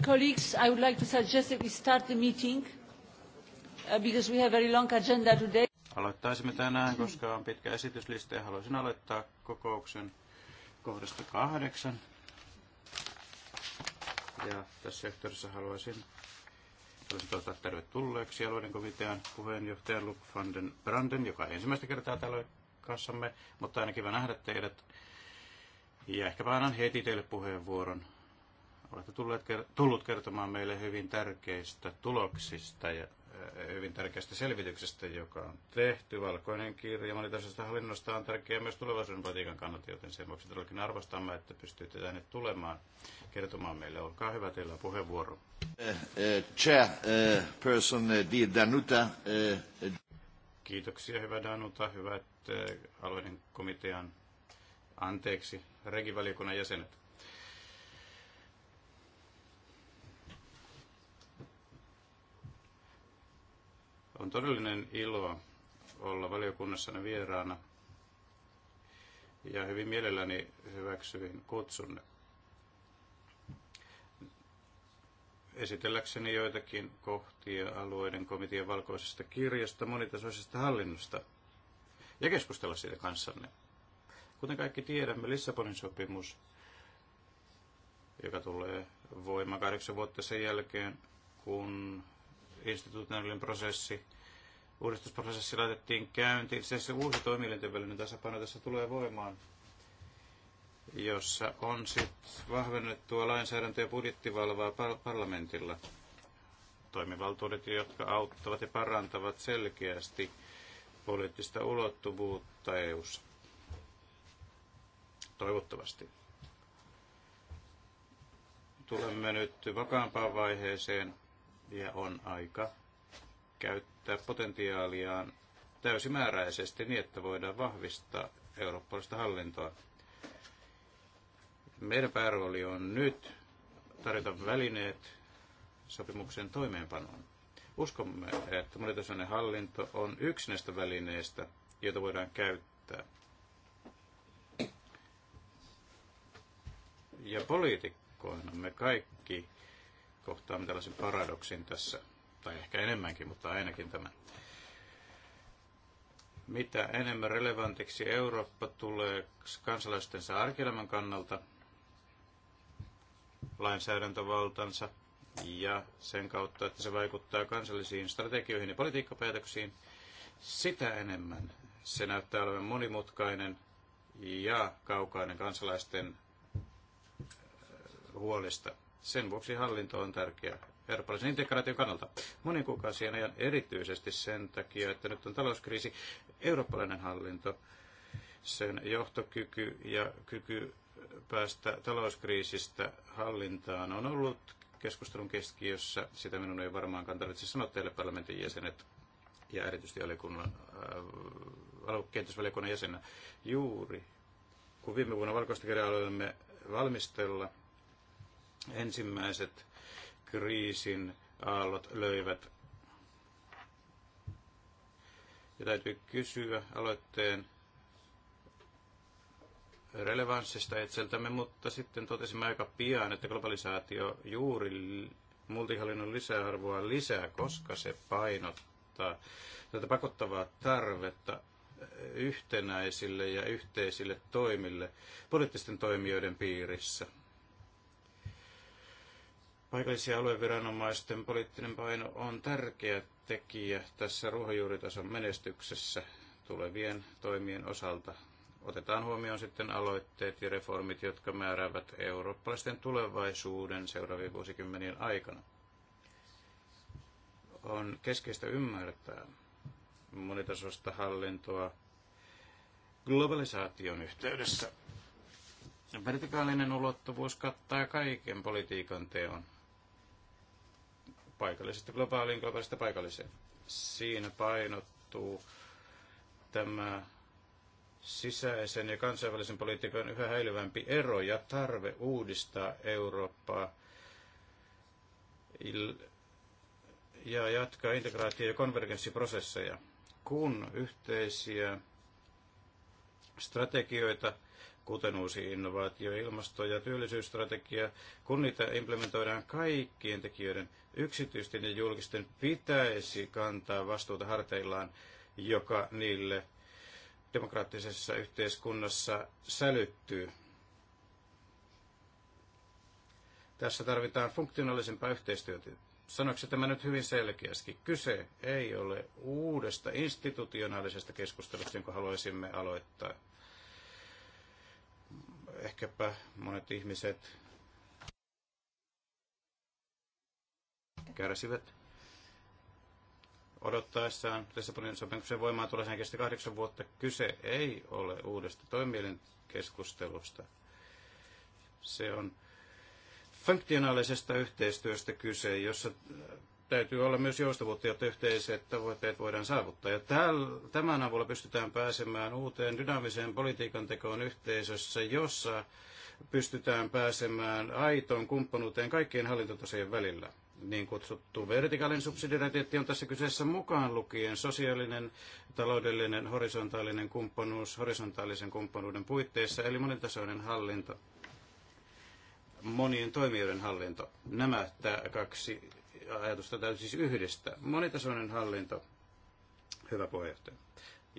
Dear colleagues, I would like to suggest that we start the meeting uh, because we have a very long agenda today. Aloittaisimme tänään, koska on pitkä esityslista ja haluaisin aloittaa kokouksen kohdasta kahdeksan. Ja tässä yhteydessä haluaisin, haluaisin toivottaa tervetulleeksi alueiden komitean puheenjohtajan Luke van den Branden, joka ensimmäistä kertaa täällä kanssamme, mutta ainakin kiva nähdä teidät. Ja ehkäpä annan heti teille puheenvuoron Olette tulleet, tullut kertomaan meille hyvin tärkeistä tuloksista ja hyvin tärkeästä selvityksestä, joka on tehty. Valkoinen kirja monitasoisesta hallinnosta on tärkeä myös tulevaisuuden politiikan kannalta, joten sen vuoksi todellakin arvostamme, että pystytte tänne tulemaan kertomaan meille. Olkaa hyvä, teillä on puheenvuoro. Eh, eh, eh, Kiitoksia, hyvä Danuta. Hyvät alueiden komitean anteeksi regivaliokunnan jäsenet. On todellinen ilo olla valiokunnassanne vieraana ja hyvin mielelläni hyväksyin kutsunne. Esitelläkseni joitakin kohtia alueiden komitean valkoisesta kirjasta monitasoisesta hallinnosta ja keskustella siitä kanssanne. Kuten kaikki tiedämme, Lissabonin sopimus, joka tulee voimaan kahdeksan vuotta sen jälkeen, kun institutionaalinen prosessi, uudistusprosessi laitettiin käyntiin. se se uusi toimielinten välinen tasapaino tässä tulee voimaan, jossa on sitten vahvennettua lainsäädäntö- ja budjettivalvaa parlamentilla. Toimivaltuudet, jotka auttavat ja parantavat selkeästi poliittista ulottuvuutta EU:ssa. Toivottavasti tulemme nyt vakaampaan vaiheeseen ja on aika käyttää potentiaaliaan täysimääräisesti niin, että voidaan vahvistaa eurooppalaista hallintoa. Meidän päärooli on nyt tarjota välineet sopimuksen toimeenpanoon. Uskomme, että monitasoinen hallinto on yksi näistä välineistä, joita voidaan käyttää. Ja poliitikkoina me kaikki kohtaan tällaisen paradoksin tässä, tai ehkä enemmänkin, mutta ainakin tämän. Mitä enemmän relevantiksi Eurooppa tulee kansalaistensa arkielämän kannalta, lainsäädäntövaltansa ja sen kautta, että se vaikuttaa kansallisiin strategioihin ja politiikkapäätöksiin, sitä enemmän se näyttää olevan monimutkainen ja kaukainen kansalaisten huolista. Sen vuoksi hallinto on tärkeä eurooppalaisen integraation kannalta. Monen kuukausien ajan erityisesti sen takia, että nyt on talouskriisi, eurooppalainen hallinto, sen johtokyky ja kyky päästä talouskriisistä hallintaan on ollut keskustelun keskiössä. Sitä minun ei varmaankaan tarvitse sanoa teille parlamentin jäsenet ja erityisesti valiokunnan, äh, kehitysvaliokunnan jäsenä juuri. Kun viime vuonna valkoista kirjaa aloimme valmistella Ensimmäiset kriisin aallot löivät. Ja täytyy kysyä aloitteen relevanssista itseltämme, mutta sitten totesimme aika pian, että globalisaatio juuri multihallinnon lisäarvoa lisää, koska se painottaa tätä pakottavaa tarvetta yhtenäisille ja yhteisille toimille poliittisten toimijoiden piirissä – Paikallisia alueviranomaisten poliittinen paino on tärkeä tekijä tässä ruohonjuuritason menestyksessä tulevien toimien osalta. Otetaan huomioon sitten aloitteet ja reformit, jotka määräävät eurooppalaisten tulevaisuuden seuraavien vuosikymmenien aikana. On keskeistä ymmärtää monitasosta hallintoa globalisaation yhteydessä. Vertikaalinen ulottuvuus kattaa kaiken politiikan teon paikallisesta globaaliin, globaalista paikalliseen. Siinä painottuu tämä sisäisen ja kansainvälisen politiikan yhä häilyvämpi ero ja tarve uudistaa Eurooppaa ja jatkaa integraatio- ja konvergenssiprosesseja, kun yhteisiä strategioita – kuten uusi innovaatio, ilmasto- ja työllisyysstrategia, kun niitä implementoidaan kaikkien tekijöiden, yksityisten ja julkisten, pitäisi kantaa vastuuta harteillaan, joka niille demokraattisessa yhteiskunnassa sälyttyy. Tässä tarvitaan funktionaalisempaa yhteistyötä. Sanoiko tämä nyt hyvin selkeästi? Kyse ei ole uudesta institutionaalisesta keskustelusta, jonka haluaisimme aloittaa ehkäpä monet ihmiset kärsivät odottaessaan Lissabonin sopimuksen voimaan tulee kesti kahdeksan vuotta. Kyse ei ole uudesta toimielin keskustelusta. Se on funktionaalisesta yhteistyöstä kyse, jossa täytyy olla myös joustavuutta, jotta yhteiset tavoitteet voidaan saavuttaa. Ja tämän avulla pystytään pääsemään uuteen dynaamiseen politiikan tekoon yhteisössä, jossa pystytään pääsemään aitoon kumppanuuteen kaikkien hallintotasojen välillä. Niin kutsuttu vertikaalinen subsidiariteetti on tässä kyseessä mukaan lukien sosiaalinen, taloudellinen, horisontaalinen kumppanuus horisontaalisen kumppanuuden puitteissa, eli monitasoinen hallinto monien toimijoiden hallinto. Nämä kaksi ajatusta täytyy siis yhdistää. Monitasoinen hallinto, hyvä puheenjohtaja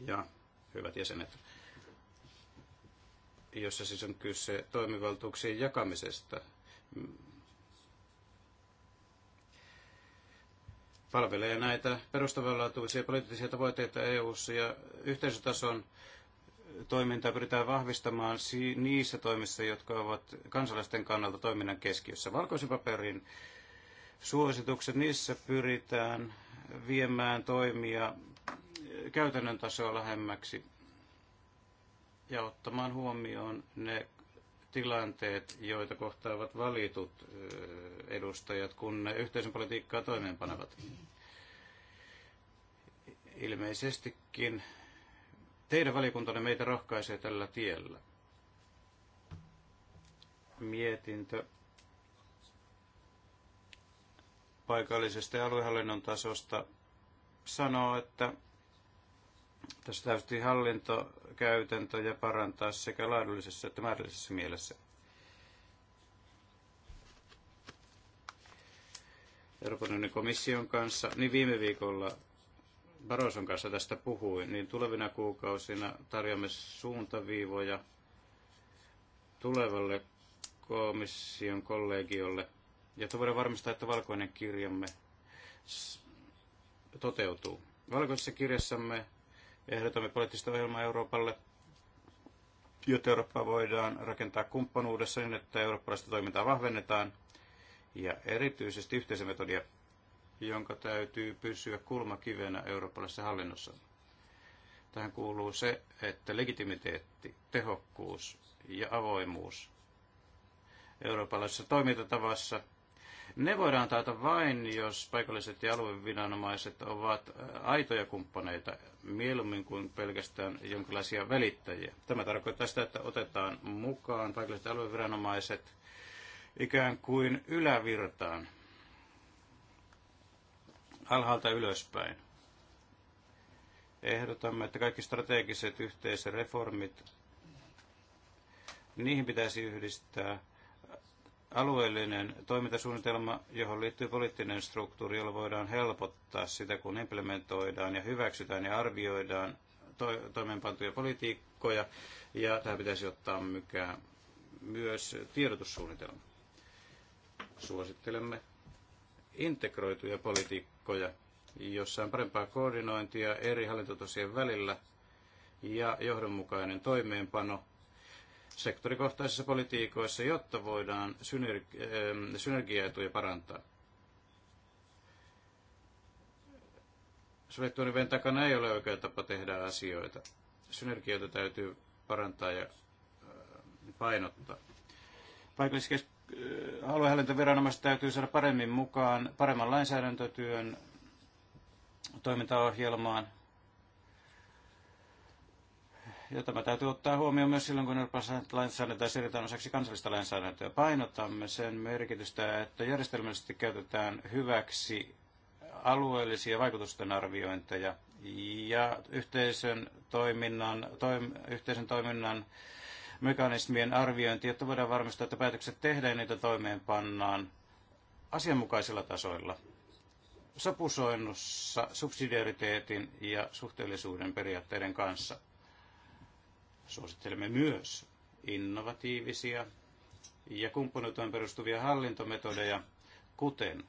ja hyvät jäsenet, jossa siis on kyse toimivaltuuksien jakamisesta, palvelee näitä perustavanlaatuisia poliittisia tavoitteita EU-ssa ja yhteisötason toimintaa pyritään vahvistamaan niissä toimissa, jotka ovat kansalaisten kannalta toiminnan keskiössä. Valkoisen paperin suositukset, niissä pyritään viemään toimia käytännön tasoa lähemmäksi ja ottamaan huomioon ne tilanteet, joita kohtaavat valitut edustajat, kun ne yhteisön politiikkaa toimeenpanevat. Ilmeisestikin teidän valiokuntanne meitä rohkaisee tällä tiellä. Mietintö paikallisesta ja aluehallinnon tasosta sanoo, että tässä täytyy hallintokäytäntöjä parantaa sekä laadullisessa että määrällisessä mielessä. Euroopan unionin komission kanssa, niin viime viikolla Baroson kanssa tästä puhuin, niin tulevina kuukausina tarjoamme suuntaviivoja tulevalle komission kollegiolle – jotta voidaan varmistaa, että valkoinen kirjamme toteutuu. Valkoisessa kirjassamme ehdotamme poliittista ohjelmaa Euroopalle, jotta Eurooppaa voidaan rakentaa kumppanuudessa niin, että eurooppalaista toimintaa vahvennetaan ja erityisesti yhteisömetodia, jonka täytyy pysyä kulmakivenä eurooppalaisessa hallinnossa. Tähän kuuluu se, että legitimiteetti, tehokkuus ja avoimuus eurooppalaisessa toimintatavassa – ne voidaan taata vain, jos paikalliset ja alueviranomaiset ovat aitoja kumppaneita mieluummin kuin pelkästään jonkinlaisia välittäjiä. Tämä tarkoittaa sitä, että otetaan mukaan paikalliset ja alueviranomaiset ikään kuin ylävirtaan, alhaalta ylöspäin. Ehdotamme, että kaikki strategiset yhteisreformit, niihin pitäisi yhdistää alueellinen toimintasuunnitelma, johon liittyy poliittinen struktuuri, jolla voidaan helpottaa sitä, kun implementoidaan ja hyväksytään ja arvioidaan to- toimeenpantuja politiikkoja. Ja tämä pitäisi ottaa mykään myös tiedotussuunnitelma. Suosittelemme integroituja politiikkoja, jossa on parempaa koordinointia eri hallintotosien välillä ja johdonmukainen toimeenpano sektorikohtaisissa politiikoissa, jotta voidaan ähm, synergiaetuja parantaa. Suljettuun takana ei ole oikea tapa tehdä asioita. Synergioita täytyy parantaa ja äh, painottaa. Paikalliskes- äh, aluehallintoviranomaiset täytyy saada paremmin mukaan paremman lainsäädäntötyön toimintaohjelmaan – ja tämä täytyy ottaa huomioon myös silloin, kun Euroopan lainsäädäntöä siirretään osaksi kansallista lainsäädäntöä. Painotamme sen merkitystä, että järjestelmällisesti käytetään hyväksi alueellisia vaikutusten arviointeja ja yhteisön toiminnan, toim, yhteisön toiminnan mekanismien arviointi, jotta voidaan varmistaa, että päätökset tehdään ja niitä toimeenpannaan asianmukaisilla tasoilla sopusoinnussa subsidiariteetin ja suhteellisuuden periaatteiden kanssa. Suosittelemme myös innovatiivisia ja kumppanuuteen perustuvia hallintometodeja, kuten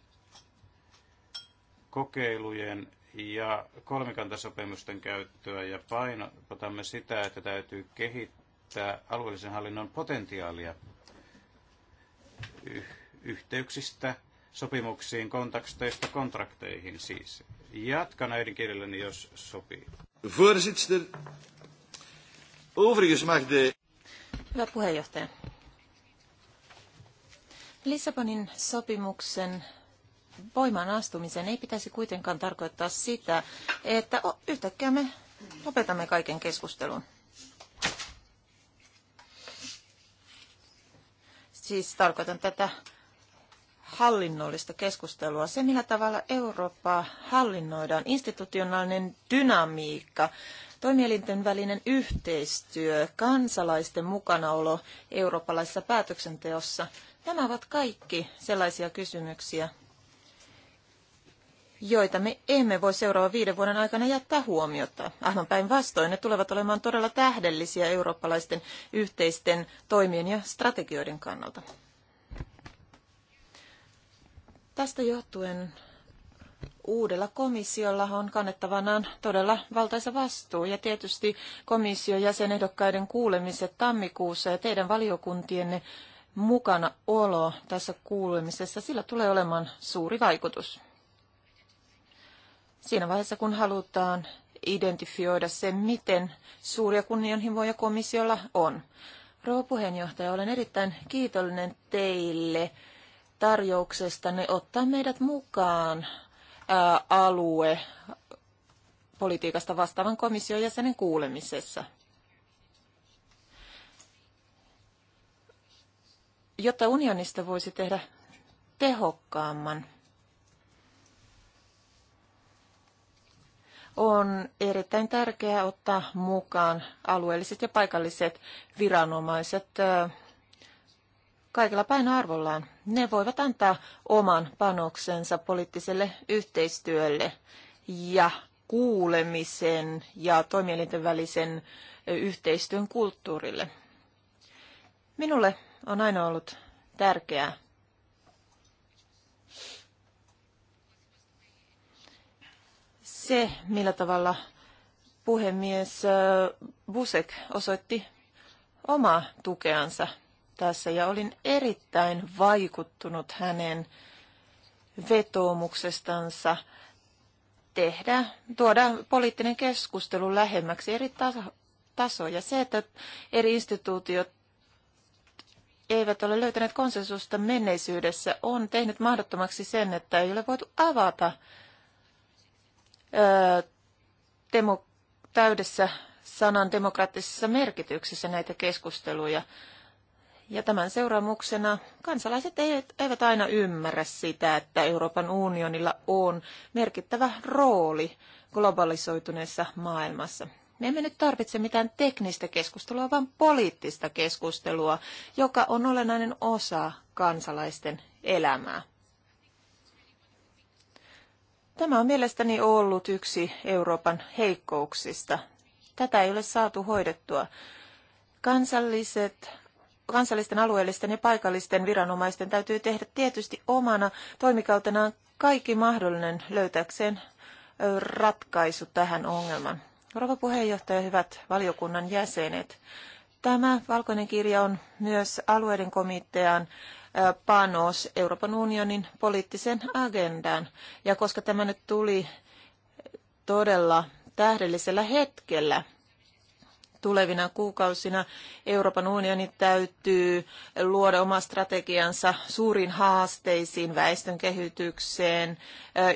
kokeilujen ja kolmikantasopimusten käyttöä ja painotamme sitä, että täytyy kehittää alueellisen hallinnon potentiaalia yhteyksistä sopimuksiin, kontakteista kontrakteihin siis. Jatkan äidinkielelläni, jos sopii. Voorzitter, Overigens mag de... Hyvä puheenjohtaja. Lissabonin sopimuksen voimaan astumisen ei pitäisi kuitenkaan tarkoittaa sitä, että yhtäkkiä me lopetamme kaiken keskustelun. Siis tarkoitan tätä hallinnollista keskustelua, se millä tavalla Eurooppaa hallinnoidaan, institutionaalinen dynamiikka, Toimielinten välinen yhteistyö, kansalaisten mukanaolo eurooppalaisessa päätöksenteossa, nämä ovat kaikki sellaisia kysymyksiä, joita me emme voi seuraavan viiden vuoden aikana jättää huomiota. Aivan päinvastoin ne tulevat olemaan todella tähdellisiä eurooppalaisten yhteisten toimien ja strategioiden kannalta. Tästä johtuen uudella komissiolla on kannettavanaan todella valtaisa vastuu. Ja tietysti komission jäsenehdokkaiden kuulemiset tammikuussa ja teidän valiokuntienne mukana olo tässä kuulemisessa, sillä tulee olemaan suuri vaikutus. Siinä vaiheessa, kun halutaan identifioida se, miten suuria kunnianhimoja komissiolla on. Rouva puheenjohtaja, olen erittäin kiitollinen teille tarjouksestanne ottaa meidät mukaan alue politiikasta vastaavan komission jäsenen kuulemisessa. Jotta unionista voisi tehdä tehokkaamman, on erittäin tärkeää ottaa mukaan alueelliset ja paikalliset viranomaiset kaikilla arvollaan ne voivat antaa oman panoksensa poliittiselle yhteistyölle ja kuulemisen ja toimielinten välisen yhteistyön kulttuurille. Minulle on aina ollut tärkeää se, millä tavalla puhemies Busek osoitti omaa tukeansa tässä ja olin erittäin vaikuttunut hänen vetoomuksestansa tehdä, tuoda poliittinen keskustelu lähemmäksi eri tasoja. Se, että eri instituutiot eivät ole löytäneet konsensusta menneisyydessä, on tehnyt mahdottomaksi sen, että ei ole voitu avata öö, demo, täydessä sanan demokraattisessa merkityksessä näitä keskusteluja. Ja tämän seuraamuksena kansalaiset eivät aina ymmärrä sitä, että Euroopan unionilla on merkittävä rooli globalisoituneessa maailmassa. Me emme nyt tarvitse mitään teknistä keskustelua, vaan poliittista keskustelua, joka on olennainen osa kansalaisten elämää. Tämä on mielestäni ollut yksi Euroopan heikkouksista. Tätä ei ole saatu hoidettua. Kansalliset kansallisten, alueellisten ja paikallisten viranomaisten täytyy tehdä tietysti omana toimikautenaan kaikki mahdollinen löytääkseen ratkaisu tähän ongelmaan. Rouva puheenjohtaja, hyvät valiokunnan jäsenet. Tämä valkoinen kirja on myös alueiden komitean panos Euroopan unionin poliittisen agendaan. Ja koska tämä nyt tuli todella tähdellisellä hetkellä, tulevina kuukausina Euroopan unioni täytyy luoda oma strategiansa suuriin haasteisiin, väestön kehitykseen,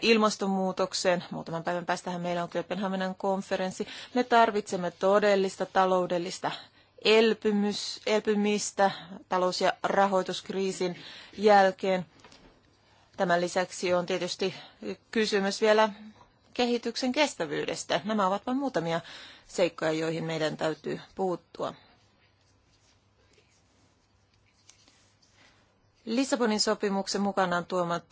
ilmastonmuutokseen. Muutaman päivän päästähän meillä on Kööpenhaminan konferenssi. Me tarvitsemme todellista taloudellista elpymys, elpymistä talous- ja rahoituskriisin jälkeen. Tämän lisäksi on tietysti kysymys vielä kehityksen kestävyydestä. Nämä ovat vain muutamia seikkoja, joihin meidän täytyy puuttua. Lissabonin sopimuksen mukanaan tuomat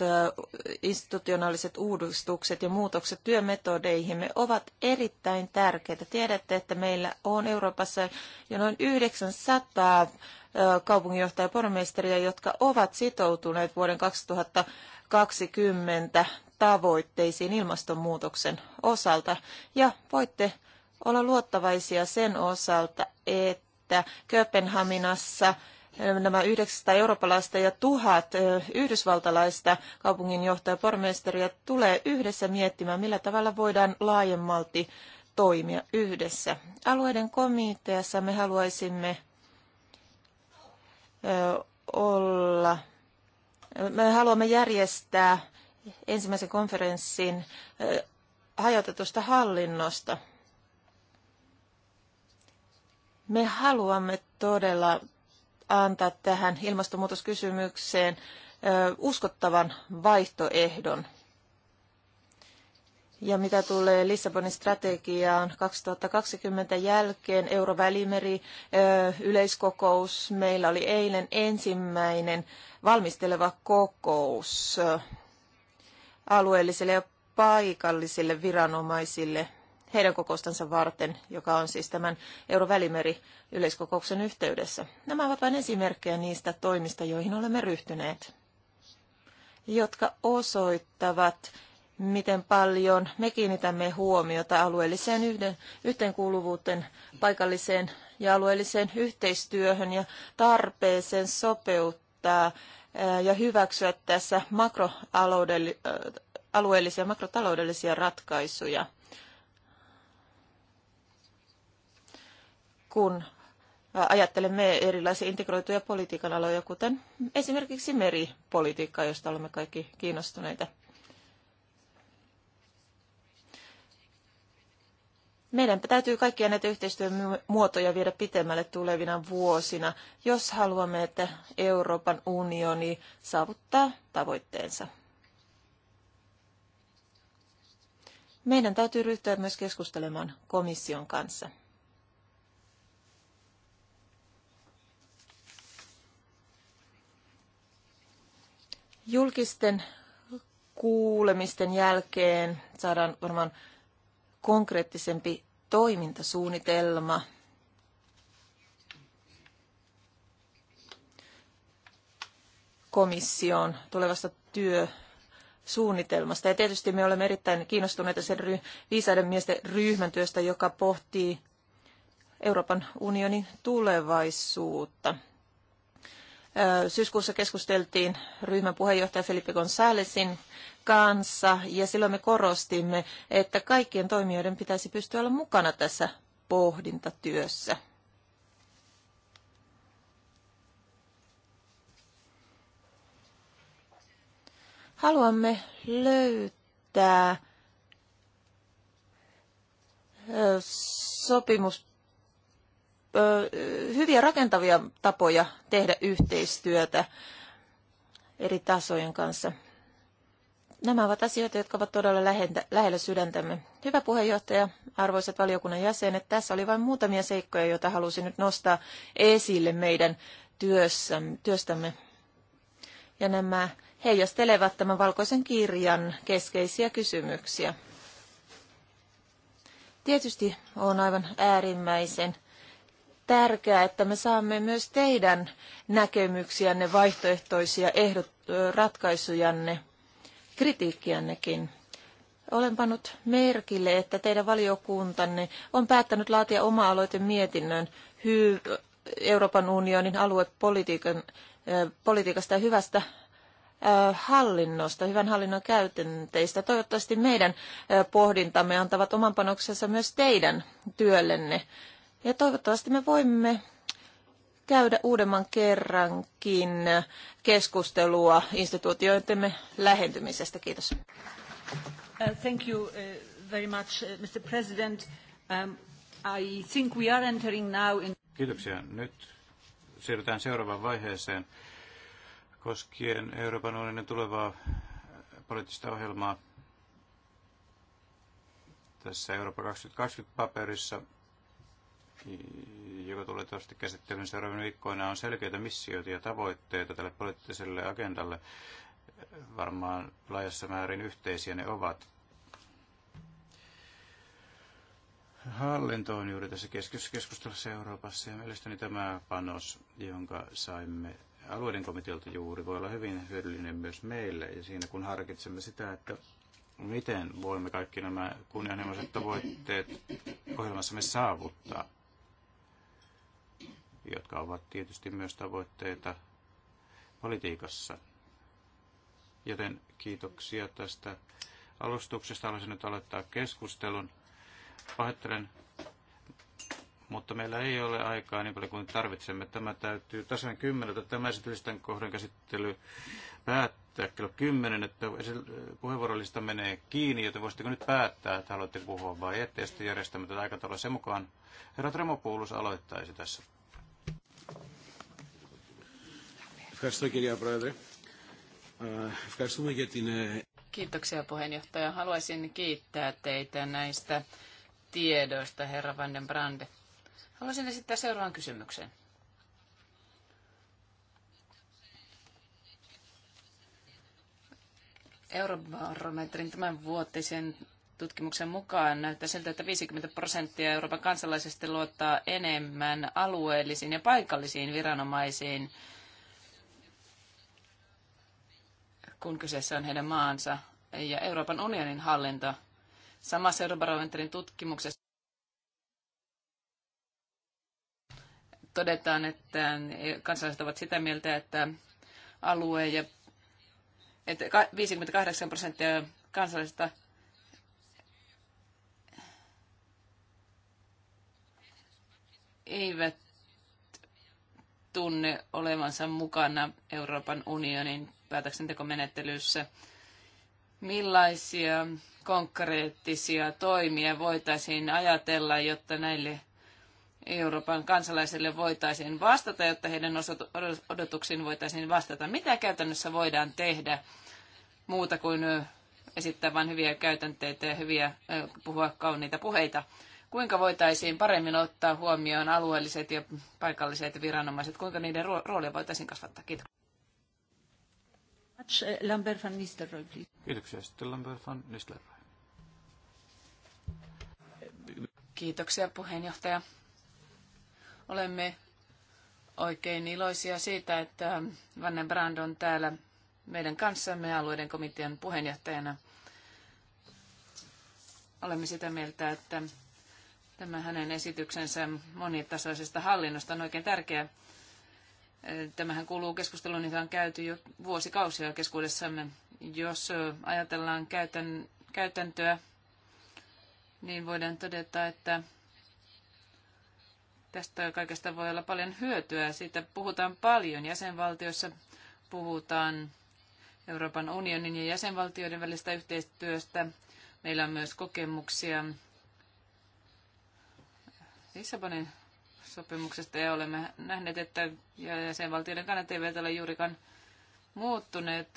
institutionaaliset uudistukset ja muutokset työmetodeihimme ovat erittäin tärkeitä. Tiedätte, että meillä on Euroopassa jo noin 900 kaupunginjohtaja ja pormestaria, jotka ovat sitoutuneet vuoden 2020 tavoitteisiin ilmastonmuutoksen osalta. Ja voitte olla luottavaisia sen osalta, että Kööpenhaminassa nämä 900 eurooppalaista ja tuhat yhdysvaltalaista kaupunginjohtaja pormestaria tulee yhdessä miettimään, millä tavalla voidaan laajemmalti toimia yhdessä. Alueiden komiteassa me haluaisimme olla, me haluamme järjestää ensimmäisen konferenssin hajautetusta hallinnosta. Me haluamme todella antaa tähän ilmastonmuutoskysymykseen uskottavan vaihtoehdon. Ja mitä tulee Lissabonin strategiaan 2020 jälkeen, Eurovälimeri, yleiskokous, meillä oli eilen ensimmäinen valmisteleva kokous alueellisille ja paikallisille viranomaisille heidän kokoustansa varten, joka on siis tämän Eurovälimeri yleiskokouksen yhteydessä. Nämä ovat vain esimerkkejä niistä toimista, joihin olemme ryhtyneet, jotka osoittavat, miten paljon me kiinnitämme huomiota alueelliseen yhden, yhteenkuuluvuuteen, paikalliseen ja alueelliseen yhteistyöhön ja tarpeeseen sopeuttaa ja hyväksyä tässä makroalueellisia, makrotaloudellisia ratkaisuja, kun ajattelemme erilaisia integroituja politiikan aloja, kuten esimerkiksi meripolitiikkaa, josta olemme kaikki kiinnostuneita – Meidän täytyy kaikkia näitä yhteistyömuotoja viedä pitemmälle tulevina vuosina, jos haluamme, että Euroopan unioni saavuttaa tavoitteensa. Meidän täytyy ryhtyä myös keskustelemaan komission kanssa. Julkisten kuulemisten jälkeen saadaan varmaan konkreettisempi toimintasuunnitelma. komission tulevasta työsuunnitelmasta. Ja tietysti me olemme erittäin kiinnostuneita sen ry- viisaiden miesten ryhmän työstä, joka pohtii Euroopan unionin tulevaisuutta. Syyskuussa keskusteltiin ryhmän puheenjohtaja Felipe Gonzalesin kanssa ja silloin me korostimme, että kaikkien toimijoiden pitäisi pystyä olla mukana tässä pohdintatyössä. Haluamme löytää sopimus hyviä rakentavia tapoja tehdä yhteistyötä eri tasojen kanssa. Nämä ovat asioita, jotka ovat todella lähentä, lähellä sydäntämme. Hyvä puheenjohtaja, arvoisat valiokunnan jäsenet, tässä oli vain muutamia seikkoja, joita halusin nyt nostaa esille meidän työstämme. Ja nämä heijastelevat tämän valkoisen kirjan keskeisiä kysymyksiä. Tietysti on aivan äärimmäisen tärkeää, että me saamme myös teidän näkemyksiänne, vaihtoehtoisia ehdot, ratkaisujanne, kritiikkiännekin. Olen pannut merkille, että teidän valiokuntanne on päättänyt laatia oma-aloitemietinnön Euroopan unionin aluepolitiikasta ja hyvästä hallinnosta, hyvän hallinnon käytänteistä. Toivottavasti meidän pohdintamme antavat oman panoksensa myös teidän työllenne ja toivottavasti me voimme käydä uudemman kerrankin keskustelua instituutioidemme lähentymisestä. Kiitos. Uh, thank you uh, very much, uh, Mr. President. Um, I think we are entering now in... Kiitoksia. Nyt siirrytään seuraavaan vaiheeseen koskien Euroopan unionin tulevaa poliittista ohjelmaa. Tässä Eurooppa 2020-paperissa joka tulee toivottavasti käsittelyyn seuraavina viikkoina, on selkeitä missioita ja tavoitteita tälle poliittiselle agendalle. Varmaan laajassa määrin yhteisiä ne ovat. Hallinto on juuri tässä keskustelussa Euroopassa ja mielestäni tämä panos, jonka saimme alueiden komitealta juuri, voi olla hyvin hyödyllinen myös meille ja siinä kun harkitsemme sitä, että miten voimme kaikki nämä kunnianhimoiset tavoitteet ohjelmassamme saavuttaa jotka ovat tietysti myös tavoitteita politiikassa. Joten kiitoksia tästä alustuksesta. Haluaisin nyt aloittaa keskustelun. Pahoittelen, mutta meillä ei ole aikaa niin paljon kuin tarvitsemme. Tämä täytyy tasan kymmeneltä tämä esitellisten kohdan käsittely päättää kello kymmenen, että puheenvuorolista menee kiinni, joten voisitteko nyt päättää, että haluatte puhua vai ette, ja sitten järjestämme tätä aikataulua sen mukaan. Herra Tremopuulus aloittaisi tässä. Ευχαριστώ κυρία Πρόεδρε. Ευχαριστούμε για την... Kiitoksia puheenjohtaja. Haluaisin kiittää teitä näistä tiedoista, herra Van den Brande. Haluaisin esittää seuraavan kysymyksen. Eurobarometrin tämän vuotisen tutkimuksen mukaan näyttää siltä, että 50 prosenttia Euroopan kansalaisista luottaa enemmän alueellisiin ja paikallisiin viranomaisiin kun kyseessä on heidän maansa ja Euroopan unionin hallinta. Samassa Eurobarometrin tutkimuksessa todetaan, että kansalaiset ovat sitä mieltä, että alue ja että 58 prosenttia kansalaisista eivät tunne olevansa mukana Euroopan unionin päätöksentekomenettelyssä. Millaisia konkreettisia toimia voitaisiin ajatella, jotta näille Euroopan kansalaisille voitaisiin vastata, jotta heidän odotuksiin voitaisiin vastata. Mitä käytännössä voidaan tehdä muuta kuin esittää vain hyviä käytänteitä ja hyviä, puhua kauniita puheita? Kuinka voitaisiin paremmin ottaa huomioon alueelliset ja paikalliset viranomaiset? Kuinka niiden roolia voitaisiin kasvattaa? Kiitos. Uh, Lambert van Nistelrooy, please. Kiitoksia. Sitten Lambert van Nistelrooy. Kiitoksia puheenjohtaja. Olemme oikein iloisia siitä, että Vanne Brand on täällä meidän kanssamme alueiden komitean puheenjohtajana. Olemme sitä mieltä, että tämä hänen esityksensä monitasoisesta hallinnosta on oikein tärkeä Tämähän kuuluu keskusteluun, jota on käyty jo vuosikausia keskuudessamme. Jos ajatellaan käytän, käytäntöä, niin voidaan todeta, että tästä kaikesta voi olla paljon hyötyä. Siitä puhutaan paljon. Jäsenvaltiossa puhutaan Euroopan unionin ja jäsenvaltioiden välistä yhteistyöstä. Meillä on myös kokemuksia Lissabonin sopimuksesta ja olemme nähneet, että jäsenvaltioiden kannat eivät ole juurikaan muuttuneet.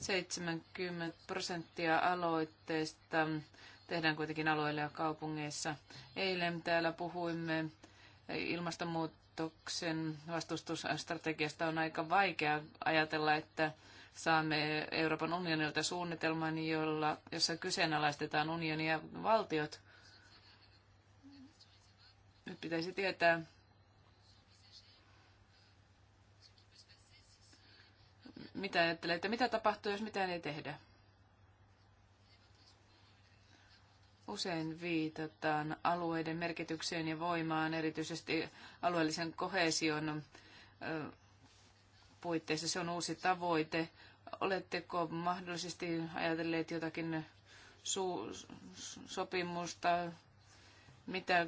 70 prosenttia aloitteista tehdään kuitenkin alueilla ja kaupungeissa. Eilen täällä puhuimme ilmastonmuutoksen vastustusstrategiasta. On aika vaikea ajatella, että saamme Euroopan unionilta suunnitelman, jolla, jossa kyseenalaistetaan unionia valtiot – nyt pitäisi tietää, mitä ajattelee, että mitä tapahtuu, jos mitään ei tehdä. Usein viitataan alueiden merkitykseen ja voimaan, erityisesti alueellisen kohesion puitteissa. Se on uusi tavoite. Oletteko mahdollisesti ajatelleet jotakin sopimusta mitä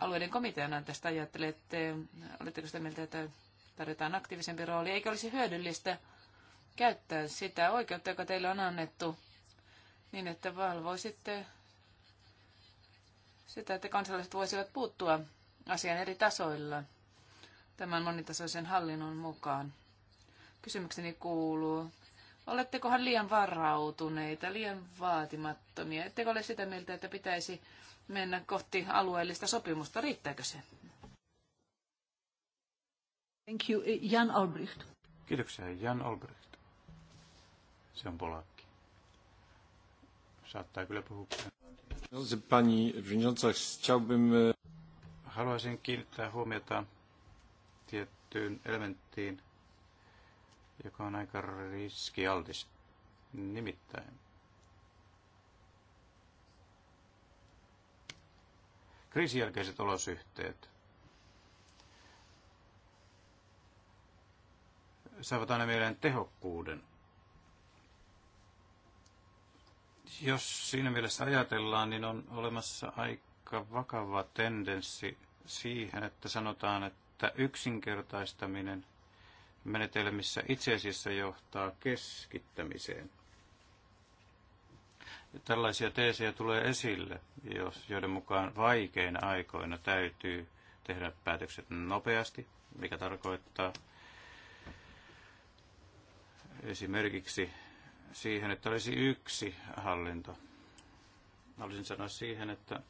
alueiden komiteana tästä ajattelette? Oletteko sitä mieltä, että tarvitaan aktiivisempi rooli? Eikö olisi hyödyllistä käyttää sitä oikeutta, joka teille on annettu, niin että valvoisitte sitä, että kansalaiset voisivat puuttua asian eri tasoilla tämän monitasoisen hallinnon mukaan. Kysymykseni kuuluu, olettekohan liian varautuneita, liian vaatimattomia? Ettekö ole sitä mieltä, että pitäisi mennä kohti alueellista sopimusta. Riittääkö se? Thank you. Jan Albrecht. Kiitoksia. Jan Albrecht. Se on polakki. Saattaa kyllä puhua. Pani chciałbym... E, Haluaisin kiinnittää huomiota tiettyyn elementtiin, joka on aika riskialtis. Nimittäin kriisijälkeiset olosyhteet saavat aina mieleen tehokkuuden. Jos siinä mielessä ajatellaan, niin on olemassa aika vakava tendenssi siihen, että sanotaan, että yksinkertaistaminen menetelmissä itse asiassa johtaa keskittämiseen. Tällaisia teesejä tulee esille, jos, joiden mukaan vaikeina aikoina täytyy tehdä päätökset nopeasti, mikä tarkoittaa esimerkiksi siihen, että olisi yksi hallinto. Haluaisin sanoa siihen, että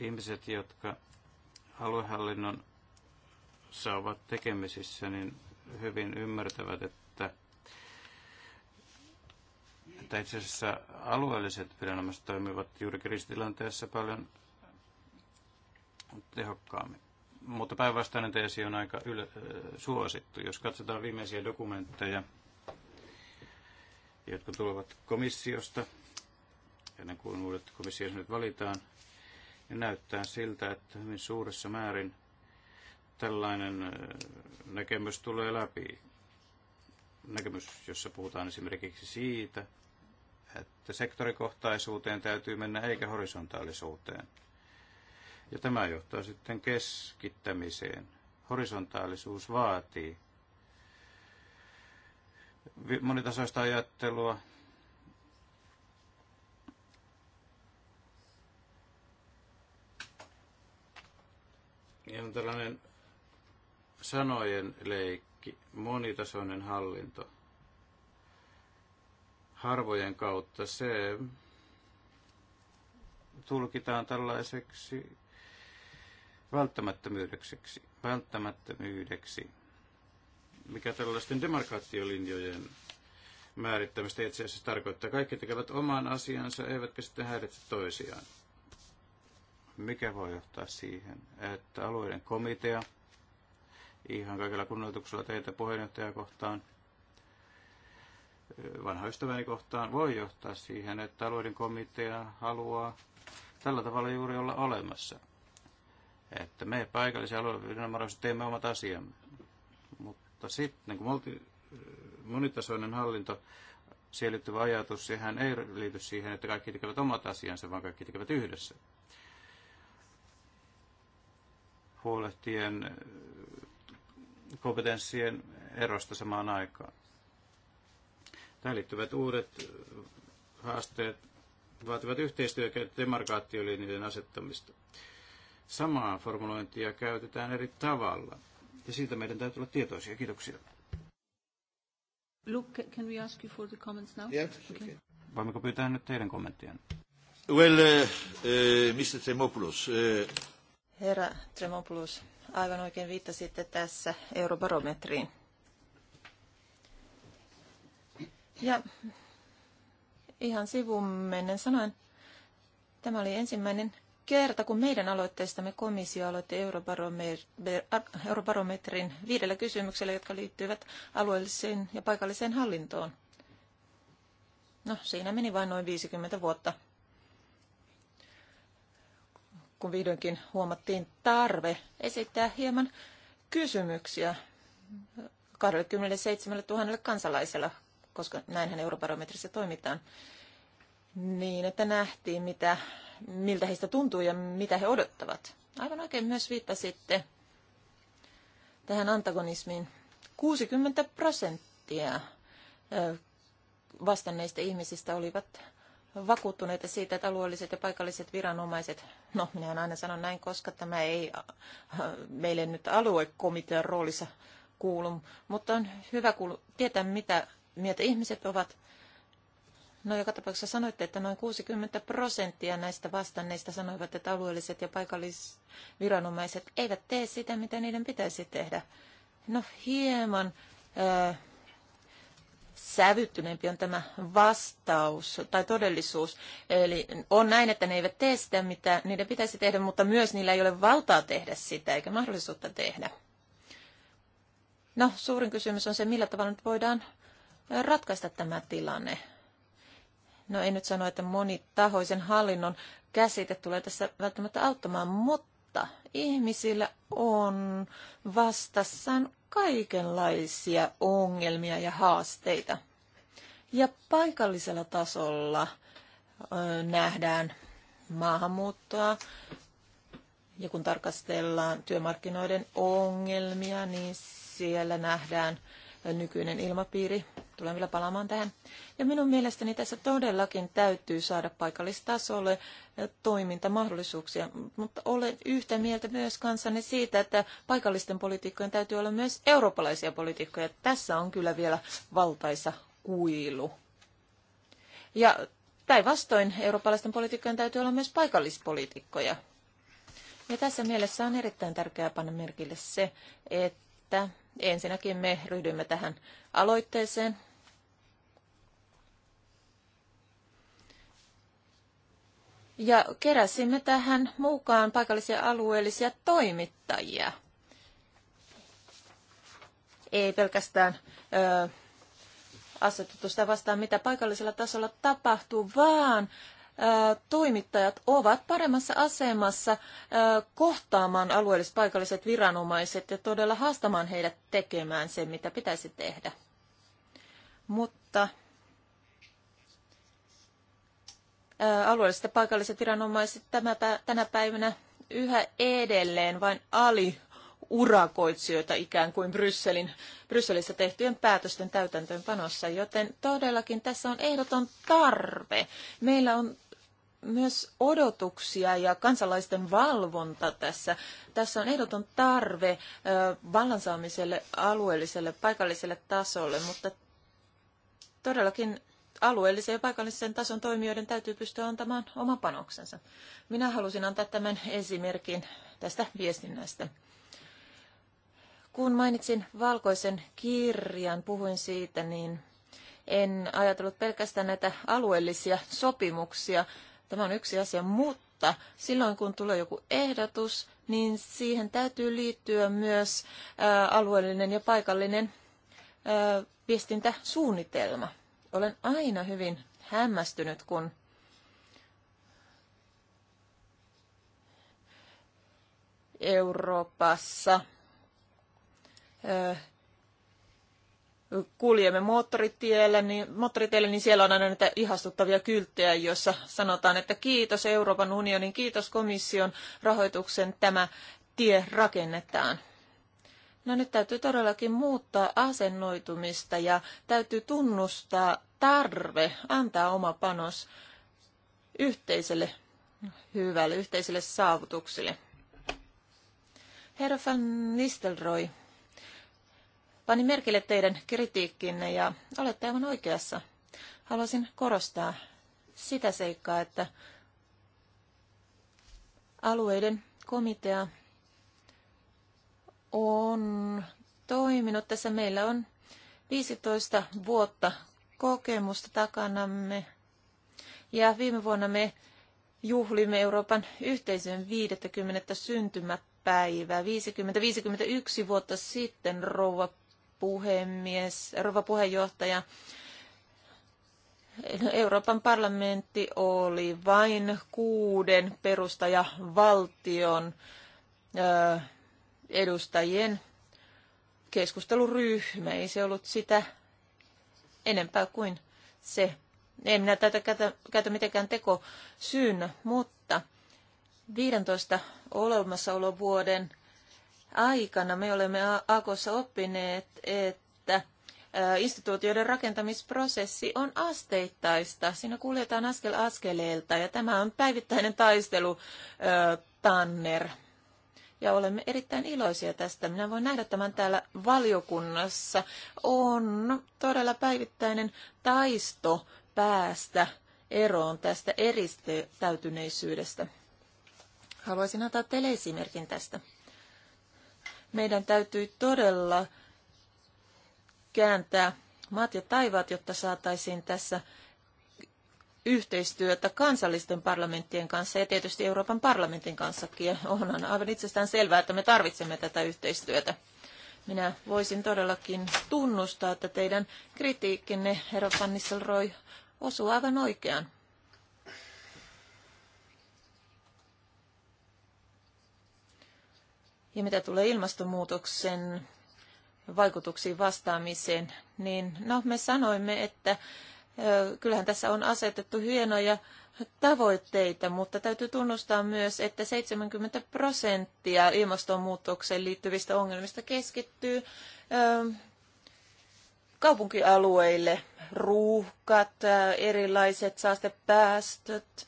ihmiset, jotka aluehallinnon saavat tekemisissä, niin hyvin ymmärtävät, että että itse asiassa alueelliset viranomaiset toimivat juuri kriisitilanteessa paljon tehokkaammin. Mutta päinvastainen teesi on aika yl- suosittu. Jos katsotaan viimeisiä dokumentteja, jotka tulevat komissiosta, ennen kuin uudet nyt valitaan, niin näyttää siltä, että hyvin suuressa määrin tällainen näkemys tulee läpi. Näkemys, jossa puhutaan esimerkiksi siitä, että sektorikohtaisuuteen täytyy mennä eikä horisontaalisuuteen. Ja tämä johtaa sitten keskittämiseen. Horisontaalisuus vaatii monitasoista ajattelua, ja on tällainen sanojen leikki, monitasoinen hallinto – harvojen kautta, se tulkitaan tällaiseksi välttämättömyydeksi, välttämättömyydeksi mikä tällaisten demarkaatiolinjojen määrittämistä itse asiassa tarkoittaa. Kaikki tekevät oman asiansa, eivätkä sitten häiritse toisiaan. Mikä voi johtaa siihen, että alueiden komitea, ihan kaikilla kunnioituksella teitä puheenjohtajakohtaan, kohtaan, vanha ystäväni kohtaan voi johtaa siihen, että alueiden komitea haluaa tällä tavalla juuri olla olemassa. Että me paikallisia alueviranomaiset teemme omat asiamme. Mutta sitten niin kun multi, monitasoinen hallinto, siihen liittyvä ajatus, sehän ei liity siihen, että kaikki tekevät omat asiansa, vaan kaikki tekevät yhdessä. Huolehtien kompetenssien erosta samaan aikaan. Tähän liittyvät uudet äh, haasteet vaativat yhteistyötä ja demarkaatiolinjojen asettamista. Samaa formulointia käytetään eri tavalla, ja siitä meidän täytyy olla tietoisia. Kiitoksia. Luke, can we ask you for the comments now? Yes, okay. okay. Voimmeko pyytää nyt teidän kommenttia? Well, uh, äh, uh, äh, Mr. Tremopoulos. Uh... Herra Tremopoulos, aivan oikein viittasitte tässä eurobarometriin. Ja ihan sivun mennen sanoen, tämä oli ensimmäinen kerta, kun meidän aloitteestamme komissio aloitti äh, eurobarometrin viidellä kysymyksellä, jotka liittyvät alueelliseen ja paikalliseen hallintoon. No, siinä meni vain noin 50 vuotta, kun vihdoinkin huomattiin tarve esittää hieman kysymyksiä 27 000 kansalaisella koska näinhän eurobarometrissä toimitaan, niin että nähtiin, mitä, miltä heistä tuntuu ja mitä he odottavat. Aivan oikein myös viittasitte tähän antagonismiin. 60 prosenttia vastanneista ihmisistä olivat vakuuttuneita siitä, että alueelliset ja paikalliset viranomaiset, no minä aina sanon näin, koska tämä ei meille nyt aluekomitean roolissa kuulu, mutta on hyvä tietää, mitä mieltä ihmiset ovat. No joka tapauksessa sanoitte, että noin 60 prosenttia näistä vastanneista sanoivat, että alueelliset ja paikallisviranomaiset eivät tee sitä, mitä niiden pitäisi tehdä. No hieman äh, sävyttyneempi on tämä vastaus tai todellisuus. Eli on näin, että ne eivät tee sitä, mitä niiden pitäisi tehdä, mutta myös niillä ei ole valtaa tehdä sitä eikä mahdollisuutta tehdä. No, suurin kysymys on se, millä tavalla nyt voidaan ratkaista tämä tilanne. No ei nyt sano, että monitahoisen hallinnon käsite tulee tässä välttämättä auttamaan, mutta ihmisillä on vastassaan kaikenlaisia ongelmia ja haasteita. Ja paikallisella tasolla nähdään maahanmuuttoa, ja kun tarkastellaan työmarkkinoiden ongelmia, niin siellä nähdään nykyinen ilmapiiri Tulen vielä palaamaan tähän. Ja minun mielestäni tässä todellakin täytyy saada paikallistasolle eh, toimintamahdollisuuksia, mutta olen yhtä mieltä myös kanssani siitä, että paikallisten poliitikkojen täytyy olla myös eurooppalaisia poliitikkoja. Tässä on kyllä vielä valtaisa kuilu. Ja päinvastoin eurooppalaisten poliitikkojen täytyy olla myös paikallispoliitikkoja. Ja tässä mielessä on erittäin tärkeää panna merkille se, että Ensinnäkin me ryhdymme tähän aloitteeseen. Ja keräsimme tähän mukaan paikallisia alueellisia toimittajia. Ei pelkästään ö, asetettu sitä vastaan, mitä paikallisella tasolla tapahtuu, vaan toimittajat ovat paremmassa asemassa kohtaamaan alueelliset paikalliset viranomaiset ja todella haastamaan heidät tekemään sen, mitä pitäisi tehdä. Mutta alueelliset ja paikalliset viranomaiset tänä päivänä yhä edelleen vain ali urakoitsijoita ikään kuin Brysselin, Brysselissä tehtyjen päätösten täytäntöönpanossa, joten todellakin tässä on ehdoton tarve. Meillä on myös odotuksia ja kansalaisten valvonta tässä. Tässä on ehdoton tarve vallan saamiselle alueelliselle, paikalliselle tasolle, mutta todellakin alueellisen ja paikallisen tason toimijoiden täytyy pystyä antamaan oman panoksensa. Minä halusin antaa tämän esimerkin tästä viestinnästä. Kun mainitsin valkoisen kirjan, puhuin siitä, niin en ajatellut pelkästään näitä alueellisia sopimuksia, Tämä on yksi asia, mutta silloin kun tulee joku ehdotus, niin siihen täytyy liittyä myös alueellinen ja paikallinen viestintäsuunnitelma. Olen aina hyvin hämmästynyt, kun Euroopassa kuljemme moottoritiellä, niin, niin siellä on aina näitä ihastuttavia kylttejä, joissa sanotaan, että kiitos Euroopan unionin, kiitos komission rahoituksen tämä tie rakennetaan. No nyt täytyy todellakin muuttaa asennoitumista ja täytyy tunnustaa tarve antaa oma panos yhteiselle hyvälle, yhteiselle saavutuksille. Herra van Nistelrooy Panin merkille teidän kritiikkinne ja olette aivan oikeassa. Haluaisin korostaa sitä seikkaa, että alueiden komitea on toiminut tässä. Meillä on 15 vuotta kokemusta takanamme ja viime vuonna me juhlimme Euroopan yhteisön 50. syntymäpäivää. 50-51 vuotta sitten rouva puhemies, rouva puheenjohtaja. No, Euroopan parlamentti oli vain kuuden perustajavaltion edustajien keskusteluryhmä. Ei se ollut sitä enempää kuin se. En minä tätä käytä, käytä mitenkään teko syynä, mutta 15 olemassaolovuoden aikana me olemme Akossa oppineet, että instituutioiden rakentamisprosessi on asteittaista. Siinä kuljetaan askel askeleelta ja tämä on päivittäinen taistelu, Tanner. Ja olemme erittäin iloisia tästä. Minä voin nähdä tämän täällä valiokunnassa. On todella päivittäinen taisto päästä eroon tästä eristäytyneisyydestä. Haluaisin antaa teille esimerkin tästä meidän täytyy todella kääntää maat ja taivaat, jotta saataisiin tässä yhteistyötä kansallisten parlamenttien kanssa ja tietysti Euroopan parlamentin kanssakin. Ja onhan aivan itsestään selvää, että me tarvitsemme tätä yhteistyötä. Minä voisin todellakin tunnustaa, että teidän kritiikkinne, herra Van Nistelrooy, osuu aivan oikeaan. Ja mitä tulee ilmastonmuutoksen vaikutuksiin vastaamiseen, niin no, me sanoimme, että kyllähän tässä on asetettu hienoja tavoitteita, mutta täytyy tunnustaa myös, että 70 prosenttia ilmastonmuutokseen liittyvistä ongelmista keskittyy kaupunkialueille. Ruuhkat, erilaiset saastepäästöt,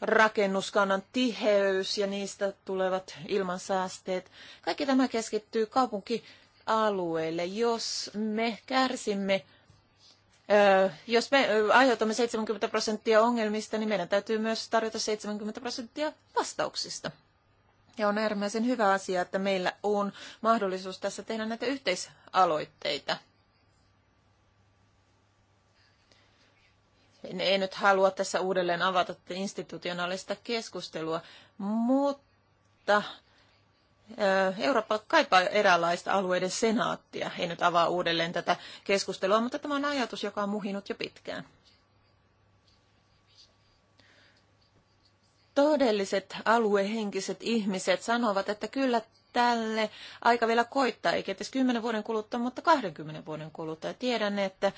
rakennuskannan tiheys ja niistä tulevat ilmansaasteet. Kaikki tämä keskittyy kaupunkialueille. Jos me kärsimme jos me aiheutamme 70 prosenttia ongelmista, niin meidän täytyy myös tarjota 70 prosenttia vastauksista. Ja on äärimmäisen hyvä asia, että meillä on mahdollisuus tässä tehdä näitä yhteisaloitteita – En, en nyt halua tässä uudelleen avata institutionaalista keskustelua, mutta Eurooppa kaipaa eräänlaista alueiden senaattia. En nyt avaa uudelleen tätä keskustelua, mutta tämä on ajatus, joka on muhinut jo pitkään. Todelliset aluehenkiset ihmiset sanovat, että kyllä tälle aika vielä koittaa, eikä edes 10 vuoden kuluttua, mutta 20 vuoden kuluttua. Tiedän, että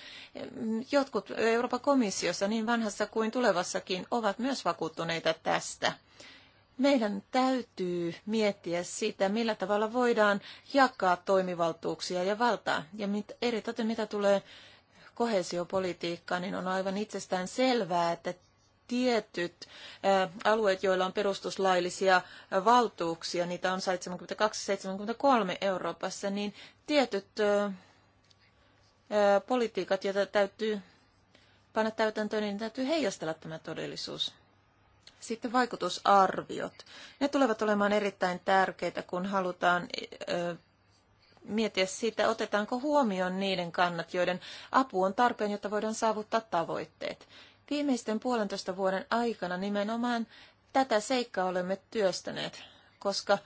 jotkut Euroopan komissiossa, niin vanhassa kuin tulevassakin, ovat myös vakuuttuneita tästä. Meidän täytyy miettiä sitä, millä tavalla voidaan jakaa toimivaltuuksia ja valtaa. Ja mit, eri mitä tulee kohesiopolitiikkaan, niin on aivan itsestään selvää, että tietyt alueet, joilla on perustuslaillisia valtuuksia, niitä on 72-73 Euroopassa, niin tietyt politiikat, joita täytyy panna täytäntöön, niin täytyy heijastella tämä todellisuus. Sitten vaikutusarviot. Ne tulevat olemaan erittäin tärkeitä, kun halutaan miettiä sitä, otetaanko huomioon niiden kannat, joiden apu on tarpeen, jotta voidaan saavuttaa tavoitteet. Viimeisten puolentoista vuoden aikana nimenomaan tätä seikkaa olemme työstäneet, koska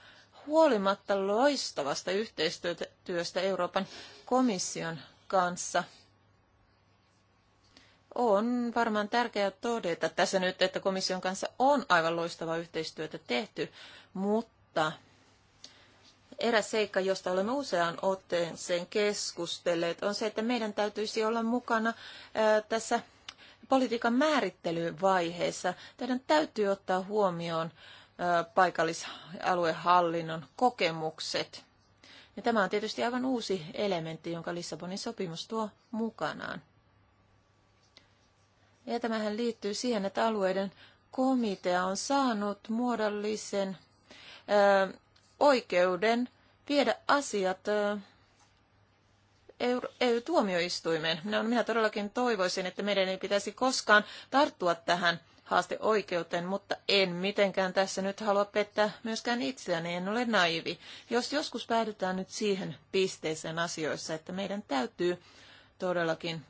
huolimatta loistavasta yhteistyöstä Euroopan komission kanssa on varmaan tärkeää todeta tässä nyt, että komission kanssa on aivan loistavaa yhteistyötä tehty, mutta eräs seikka, josta olemme useaan otteeseen keskustelleet, on se, että meidän täytyisi olla mukana tässä politiikan määrittelyvaiheessa teidän täytyy ottaa huomioon paikallisaluehallinnon kokemukset. Ja tämä on tietysti aivan uusi elementti, jonka Lissabonin sopimus tuo mukanaan. Ja tämähän liittyy siihen, että alueiden komitea on saanut muodollisen ö, oikeuden viedä asiat ö, EU-tuomioistuimeen. No, minä todellakin toivoisin, että meidän ei pitäisi koskaan tarttua tähän haasteoikeuteen, mutta en mitenkään tässä nyt halua pettää myöskään itseäni, en ole naivi. Jos joskus päädytään nyt siihen pisteeseen asioissa, että meidän täytyy todellakin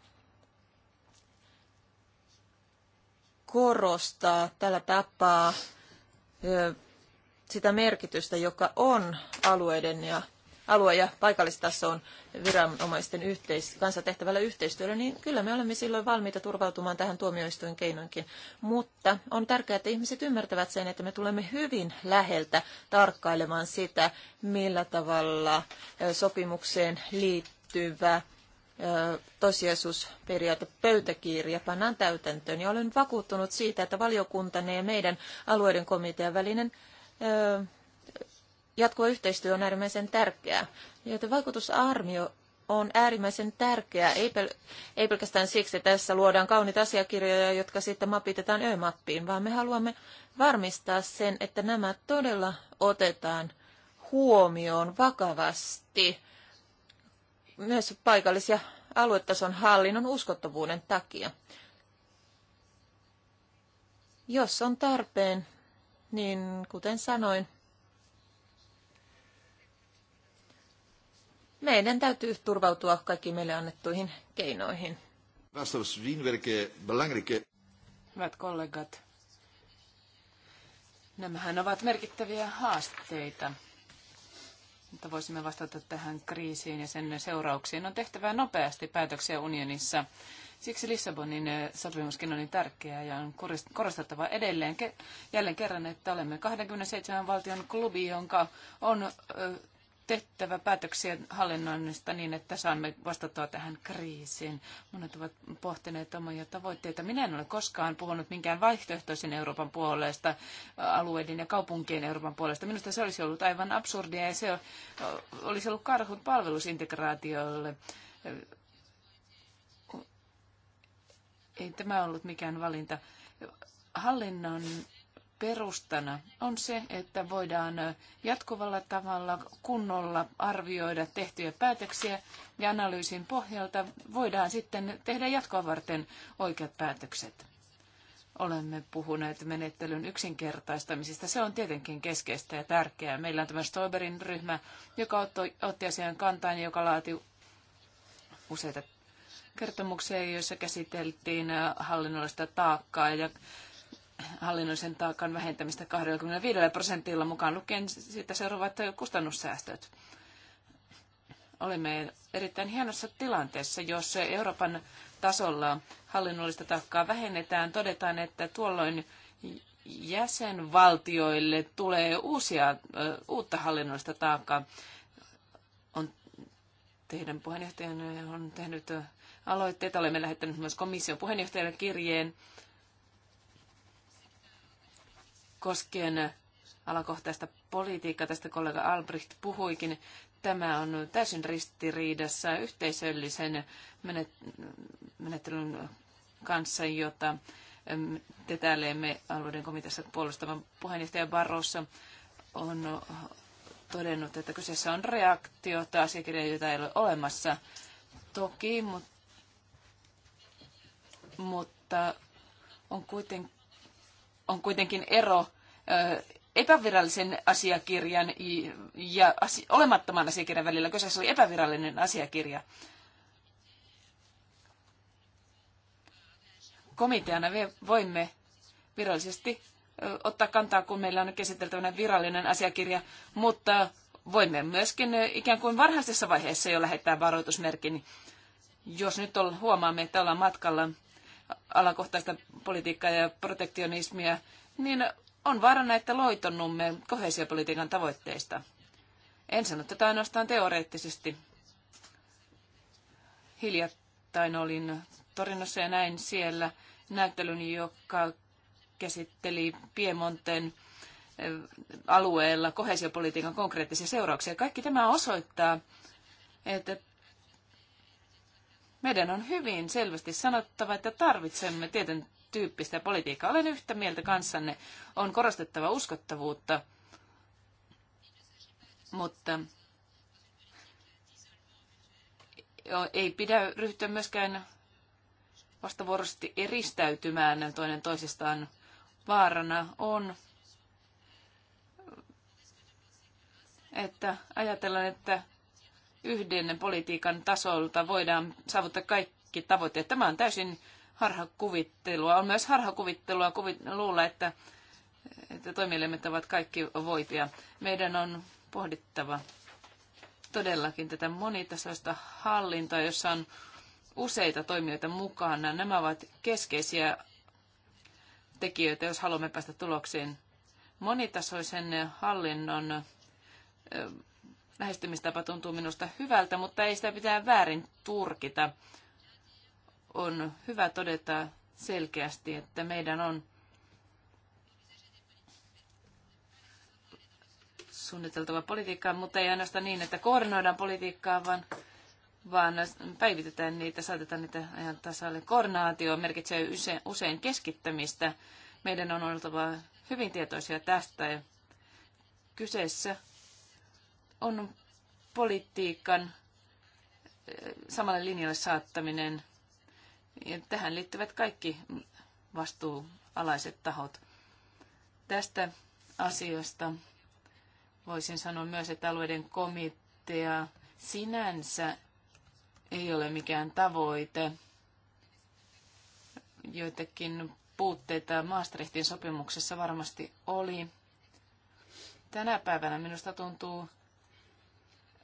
korostaa tällä tapaa sitä merkitystä, joka on alueiden ja alue- ja paikallistason viranomaisten yhteis- kanssa tehtävällä yhteistyöllä, niin kyllä me olemme silloin valmiita turvautumaan tähän tuomioistuin keinoinkin. Mutta on tärkeää, että ihmiset ymmärtävät sen, että me tulemme hyvin läheltä tarkkailemaan sitä, millä tavalla sopimukseen liittyvä tosiasuusperiaate pöytäkirja pannaan täytäntöön. Ja olen vakuuttunut siitä, että valiokuntanne ja meidän alueiden komitean välinen jatkuva yhteistyö on äärimmäisen tärkeää, joten vaikutusarvio on äärimmäisen tärkeää, ei, pel- ei pelkästään siksi, että tässä luodaan kauniita asiakirjoja, jotka sitten mapitetaan ö-mappiin, vaan me haluamme varmistaa sen, että nämä todella otetaan huomioon vakavasti myös paikallis- ja aluetason hallinnon uskottavuuden takia. Jos on tarpeen, niin kuten sanoin, meidän täytyy turvautua kaikki meille annettuihin keinoihin. Vastaus Winwerke, belangrike. Hyvät kollegat, nämähän ovat merkittäviä haasteita, Mutta voisimme vastata tähän kriisiin ja sen seurauksiin. On tehtävä nopeasti päätöksiä unionissa. Siksi Lissabonin sopimuskin on niin tärkeä ja on korostettava edelleen jälleen kerran, että olemme 27 valtion klubi, jonka on tehtävä päätöksiä hallinnoinnista niin, että saamme vastattua tähän kriisiin. Monet ovat pohtineet omia tavoitteita. Minä en ole koskaan puhunut minkään vaihtoehtoisen Euroopan puolesta, alueiden ja kaupunkien Euroopan puolesta. Minusta se olisi ollut aivan absurdia ja se olisi ollut karhun palvelusintegraatiolle. Ei tämä ollut mikään valinta. Hallinnon perustana on se, että voidaan jatkuvalla tavalla kunnolla arvioida tehtyjä päätöksiä ja analyysin pohjalta voidaan sitten tehdä jatkoa varten oikeat päätökset. Olemme puhuneet menettelyn yksinkertaistamisesta. Se on tietenkin keskeistä ja tärkeää. Meillä on tämä Stoiberin ryhmä, joka otti asian kantaan ja joka laati useita kertomuksia, joissa käsiteltiin hallinnollista taakkaa ja hallinnollisen taakan vähentämistä 25 prosentilla mukaan lukien siitä seuraavat kustannussäästöt. Olemme erittäin hienossa tilanteessa, jos Euroopan tasolla hallinnollista taakkaa vähennetään. Todetaan, että tuolloin jäsenvaltioille tulee uusia, uutta hallinnollista taakkaa. On, teidän puheenjohtajanne on tehnyt aloitteita. Olemme lähettäneet myös komission puheenjohtajalle kirjeen koskien alakohtaista politiikkaa, tästä kollega Albrecht puhuikin, tämä on täysin ristiriidassa yhteisöllisen menettelyn kanssa, jota te täällä emme alueiden komiteassa puolustavan puheenjohtaja Barrossa on todennut, että kyseessä on reaktio tai asiakirja, jota ei ole olemassa. Toki, mutta, mutta on kuitenkin on kuitenkin ero epävirallisen asiakirjan ja olemattoman asiakirjan välillä. Kyseessä oli epävirallinen asiakirja. Komiteana me voimme virallisesti ottaa kantaa, kun meillä on käsiteltävänä virallinen asiakirja, mutta voimme myöskin ikään kuin varhaisessa vaiheessa jo lähettää varoitusmerkin, jos nyt huomaamme, että ollaan matkalla alakohtaista politiikkaa ja protektionismia, niin on vaarana, että loitonnumme kohesiopolitiikan tavoitteista. En sano tätä ainoastaan teoreettisesti. Hiljattain olin Torinossa ja näin siellä näyttelyn, joka käsitteli Piemonten eh, alueella kohesiopolitiikan konkreettisia seurauksia. Kaikki tämä osoittaa, että meidän on hyvin selvästi sanottava, että tarvitsemme tietyn tyyppistä politiikkaa. Olen yhtä mieltä kanssanne. On korostettava uskottavuutta, mutta ei pidä ryhtyä myöskään vastavuoroisesti eristäytymään toinen toisistaan. Vaarana on, että ajatellaan, että yhden politiikan tasolta voidaan saavuttaa kaikki tavoitteet. Tämä on täysin harhakuvittelua. On myös harhakuvittelua kuvit- luulla, että, että toimielimet ovat kaikki voipia. Meidän on pohdittava todellakin tätä monitasoista hallintoa, jossa on useita toimijoita mukana. Nämä ovat keskeisiä tekijöitä, jos haluamme päästä tulokseen. Monitasoisen hallinnon lähestymistapa tuntuu minusta hyvältä, mutta ei sitä pitää väärin turkita. On hyvä todeta selkeästi, että meidän on suunniteltava politiikkaa, mutta ei ainoastaan niin, että koordinoidaan politiikkaa, vaan, vaan päivitetään niitä, saatetaan niitä ajan tasalle. Koordinaatio merkitsee usein, keskittämistä. Meidän on oltava hyvin tietoisia tästä. Kyseessä on politiikan eh, samalle linjalle saattaminen. Ja tähän liittyvät kaikki vastuualaiset tahot. Tästä asiasta voisin sanoa myös, että alueiden komitea sinänsä ei ole mikään tavoite. Joitakin puutteita Maastrichtin sopimuksessa varmasti oli. Tänä päivänä minusta tuntuu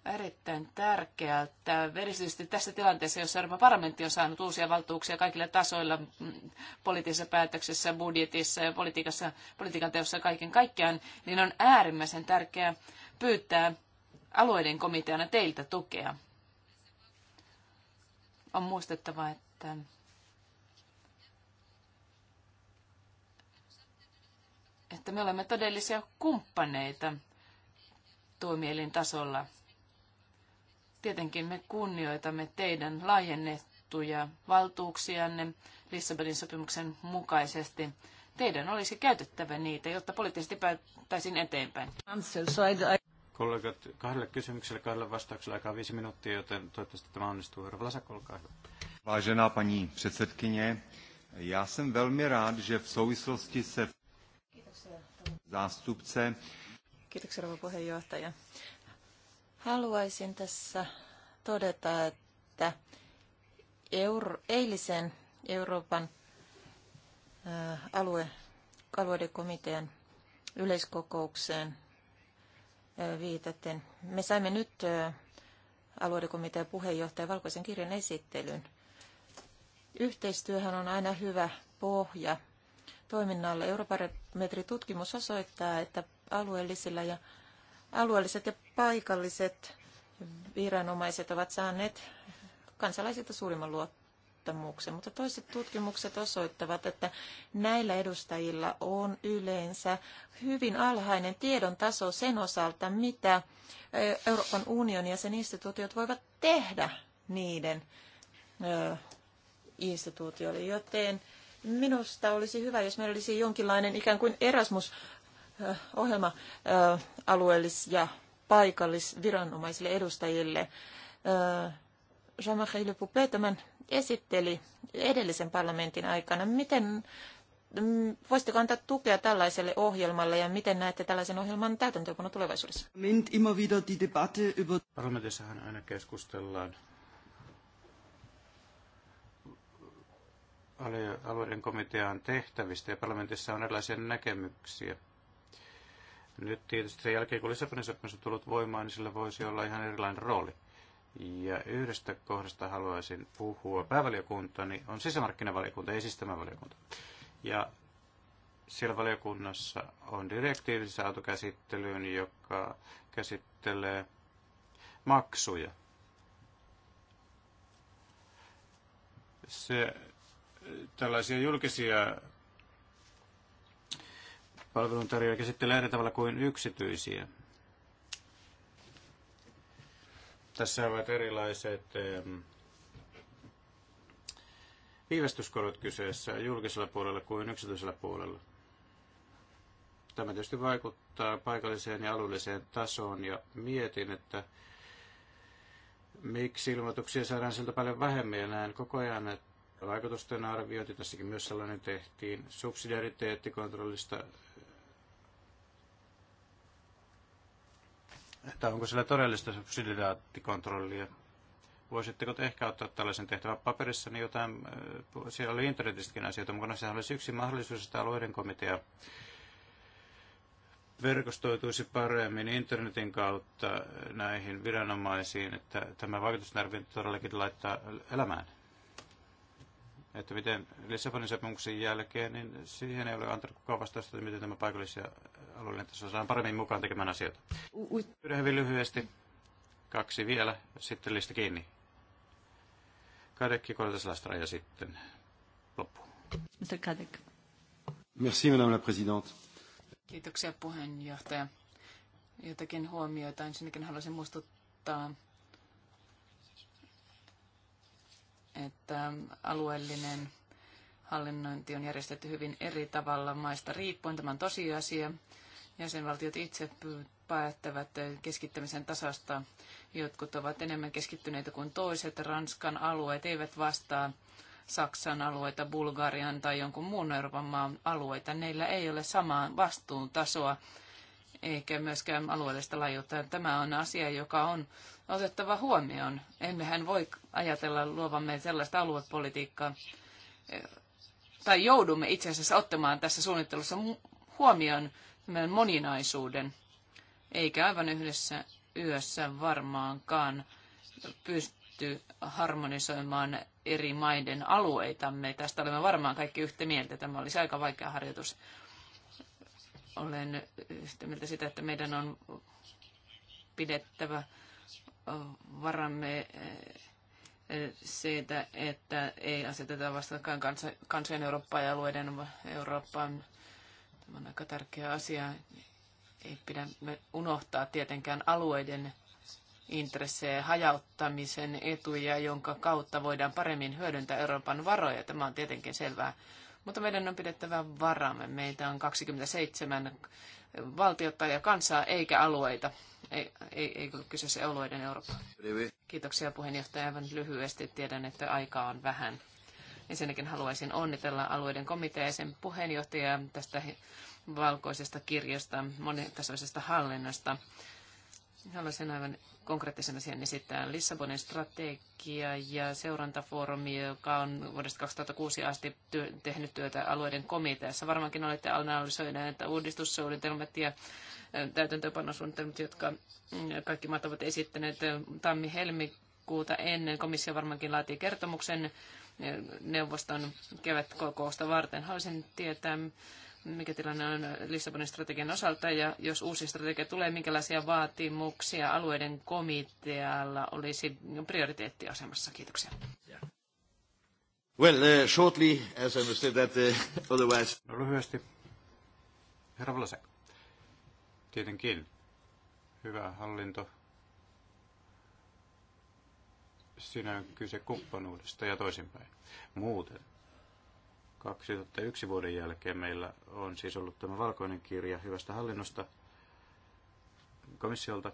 erittäin tärkeältä, erityisesti tässä tilanteessa, jossa Euroopan parlamentti on saanut uusia valtuuksia kaikilla tasoilla, mm, poliittisessa päätöksessä, budjetissa ja politiikassa, politiikan teossa kaiken kaikkiaan, niin on äärimmäisen tärkeää pyytää alueiden komiteana teiltä tukea. On muistettava, että että me olemme todellisia kumppaneita tuomielin tasolla – Tietenkin me kunnioitamme teidän laajennettuja valtuuksianne Lissabonin sopimuksen mukaisesti. Teidän olisi käytettävä niitä, jotta poliittisesti päättäisiin eteenpäin. Kollegat, kahdelle kysymykselle, kahdelle vastaukselle aikaa viisi minuuttia, joten toivottavasti tämä onnistuu. Herra Vlasak, olkaa hyvä. Vážená paní předsedkyně, já jsem velmi rád, že v souvislosti se zástupce Kiitoksia rouva puheenjohtaja. Haluaisin tässä todeta, että euro, eilisen Euroopan äh, alue, alueiden komitean yleiskokoukseen äh, viitaten. Me saimme nyt äh, alueiden komitean puheenjohtajan valkoisen kirjan esittelyn. Yhteistyöhän on aina hyvä pohja toiminnalle. Eurobarometritutkimus osoittaa, että alueellisilla ja Alueelliset ja paikalliset viranomaiset ovat saaneet kansalaisilta suurimman luottamuksen, mutta toiset tutkimukset osoittavat, että näillä edustajilla on yleensä hyvin alhainen tiedon taso sen osalta, mitä Euroopan unioni ja sen instituutiot voivat tehdä niiden instituutioille, joten Minusta olisi hyvä, jos meillä olisi jonkinlainen ikään kuin Erasmus ohjelma alueellis- ja paikallisviranomaisille edustajille. Jean-Marie Poupé tämän esitteli edellisen parlamentin aikana. Miten, voisitteko antaa tukea tällaiselle ohjelmalle ja miten näette tällaisen ohjelman täytäntöönpano tulevaisuudessa? Parlamentissahan aina keskustellaan alueiden komitean tehtävistä ja parlamentissa on erilaisia näkemyksiä nyt tietysti sen jälkeen, kun Lissabonin sopimus on tullut voimaan, niin sillä voisi olla ihan erilainen rooli. Ja yhdestä kohdasta haluaisin puhua. Päävaliokunta niin on sisämarkkinavaliokunta, ei siis tämä valiokunta. Ja siellä valiokunnassa on direktiivi saatu siis käsittelyyn, joka käsittelee maksuja. Se, tällaisia julkisia palveluntarjoajia käsittelee eri tavalla kuin yksityisiä. Tässä ovat erilaiset viivästyskorot kyseessä julkisella puolella kuin yksityisellä puolella. Tämä tietysti vaikuttaa paikalliseen ja alueelliseen tasoon ja mietin, että miksi ilmoituksia saadaan siltä paljon vähemmän ja näen koko ajan, että vaikutusten arviointi, tässäkin myös sellainen tehtiin, subsidiariteettikontrollista että onko siellä todellista subsidiaattikontrollia. Voisitteko te ehkä ottaa tällaisen tehtävän paperissa, niin jotain, äh, siellä oli internetistäkin asioita mukana, sehän olisi yksi mahdollisuus, että alueiden komitea verkostoituisi paremmin internetin kautta näihin viranomaisiin, että tämä vaikutusnärvi todellakin laittaa elämään. Että miten Lissabonin sopimuksen jälkeen, niin siihen ei ole antanut kukaan vastausta, että miten tämä paikallisia että se saadaan paremmin mukaan tekemään asioita. Pyydän hyvin lyhyesti. Kaksi vielä, sitten lista kiinni. Kadekki Korteslastra ja sitten loppu. Mr. Kadek. Merci, Madame la Présidente. Kiitoksia puheenjohtaja. Jotakin huomioita. Ensinnäkin haluaisin muistuttaa, että alueellinen hallinnointi on järjestetty hyvin eri tavalla maista riippuen. Tämä on tosiasia jäsenvaltiot itse päättävät keskittämisen tasasta. Jotkut ovat enemmän keskittyneitä kuin toiset. Ranskan alueet eivät vastaa Saksan alueita, Bulgarian tai jonkun muun Euroopan maan alueita. Neillä ei ole samaa vastuuntasoa eikä myöskään alueellista laajuutta. Tämä on asia, joka on otettava huomioon. Emmehän voi ajatella luovamme sellaista aluepolitiikkaa, tai joudumme itse asiassa ottamaan tässä suunnittelussa huomioon tämän moninaisuuden, eikä aivan yhdessä yössä varmaankaan pysty harmonisoimaan eri maiden alueitamme. Tästä olemme varmaan kaikki yhtä mieltä. Tämä olisi aika vaikea harjoitus. Olen yhtä mieltä sitä, että meidän on pidettävä varamme siitä, että ei aseteta vastakkain kansojen Eurooppaa ja alueiden Eurooppaan. Tämä on aika tärkeä asia. Ei pidä unohtaa tietenkään alueiden intressejä hajauttamisen etuja, jonka kautta voidaan paremmin hyödyntää Euroopan varoja. Tämä on tietenkin selvää. Mutta meidän on pidettävä varamme. Meitä on 27 valtiota ja kansaa eikä alueita. Ei, ei, ei ole kyseessä alueiden Eurooppa. Kiitoksia puheenjohtaja. Aivan lyhyesti tiedän, että aikaa on vähän. Ensinnäkin haluaisin onnitella alueiden komitea ja sen puheenjohtajaa tästä valkoisesta kirjasta, monitasoisesta hallinnasta. Haluaisin aivan konkreettisen asian esittää Lissabonin strategia ja seurantafoorumi, joka on vuodesta 2006 asti ty- tehnyt työtä alueiden komiteassa. Varmaankin olette analysoineet uudistussuunnitelmat ja täytäntöönpanosuunnitelmat, jotka kaikki maat ovat esittäneet tammi-helmikuuta ennen. Komissio varmaankin laatii kertomuksen neuvoston kevätkokousta varten. Haluaisin tietää, mikä tilanne on Lissabonin strategian osalta ja jos uusi strategia tulee, minkälaisia vaatimuksia alueiden komitealla olisi prioriteettiasemassa. Kiitoksia. Well, uh, shortly, as I say that, uh, otherwise... No lyhyesti. Herra Vlasek. Tietenkin. Hyvä hallinto Siinä on kyse kumppanuudesta ja toisinpäin. Muuten 2001 vuoden jälkeen meillä on siis ollut tämä valkoinen kirja hyvästä hallinnosta komissiolta.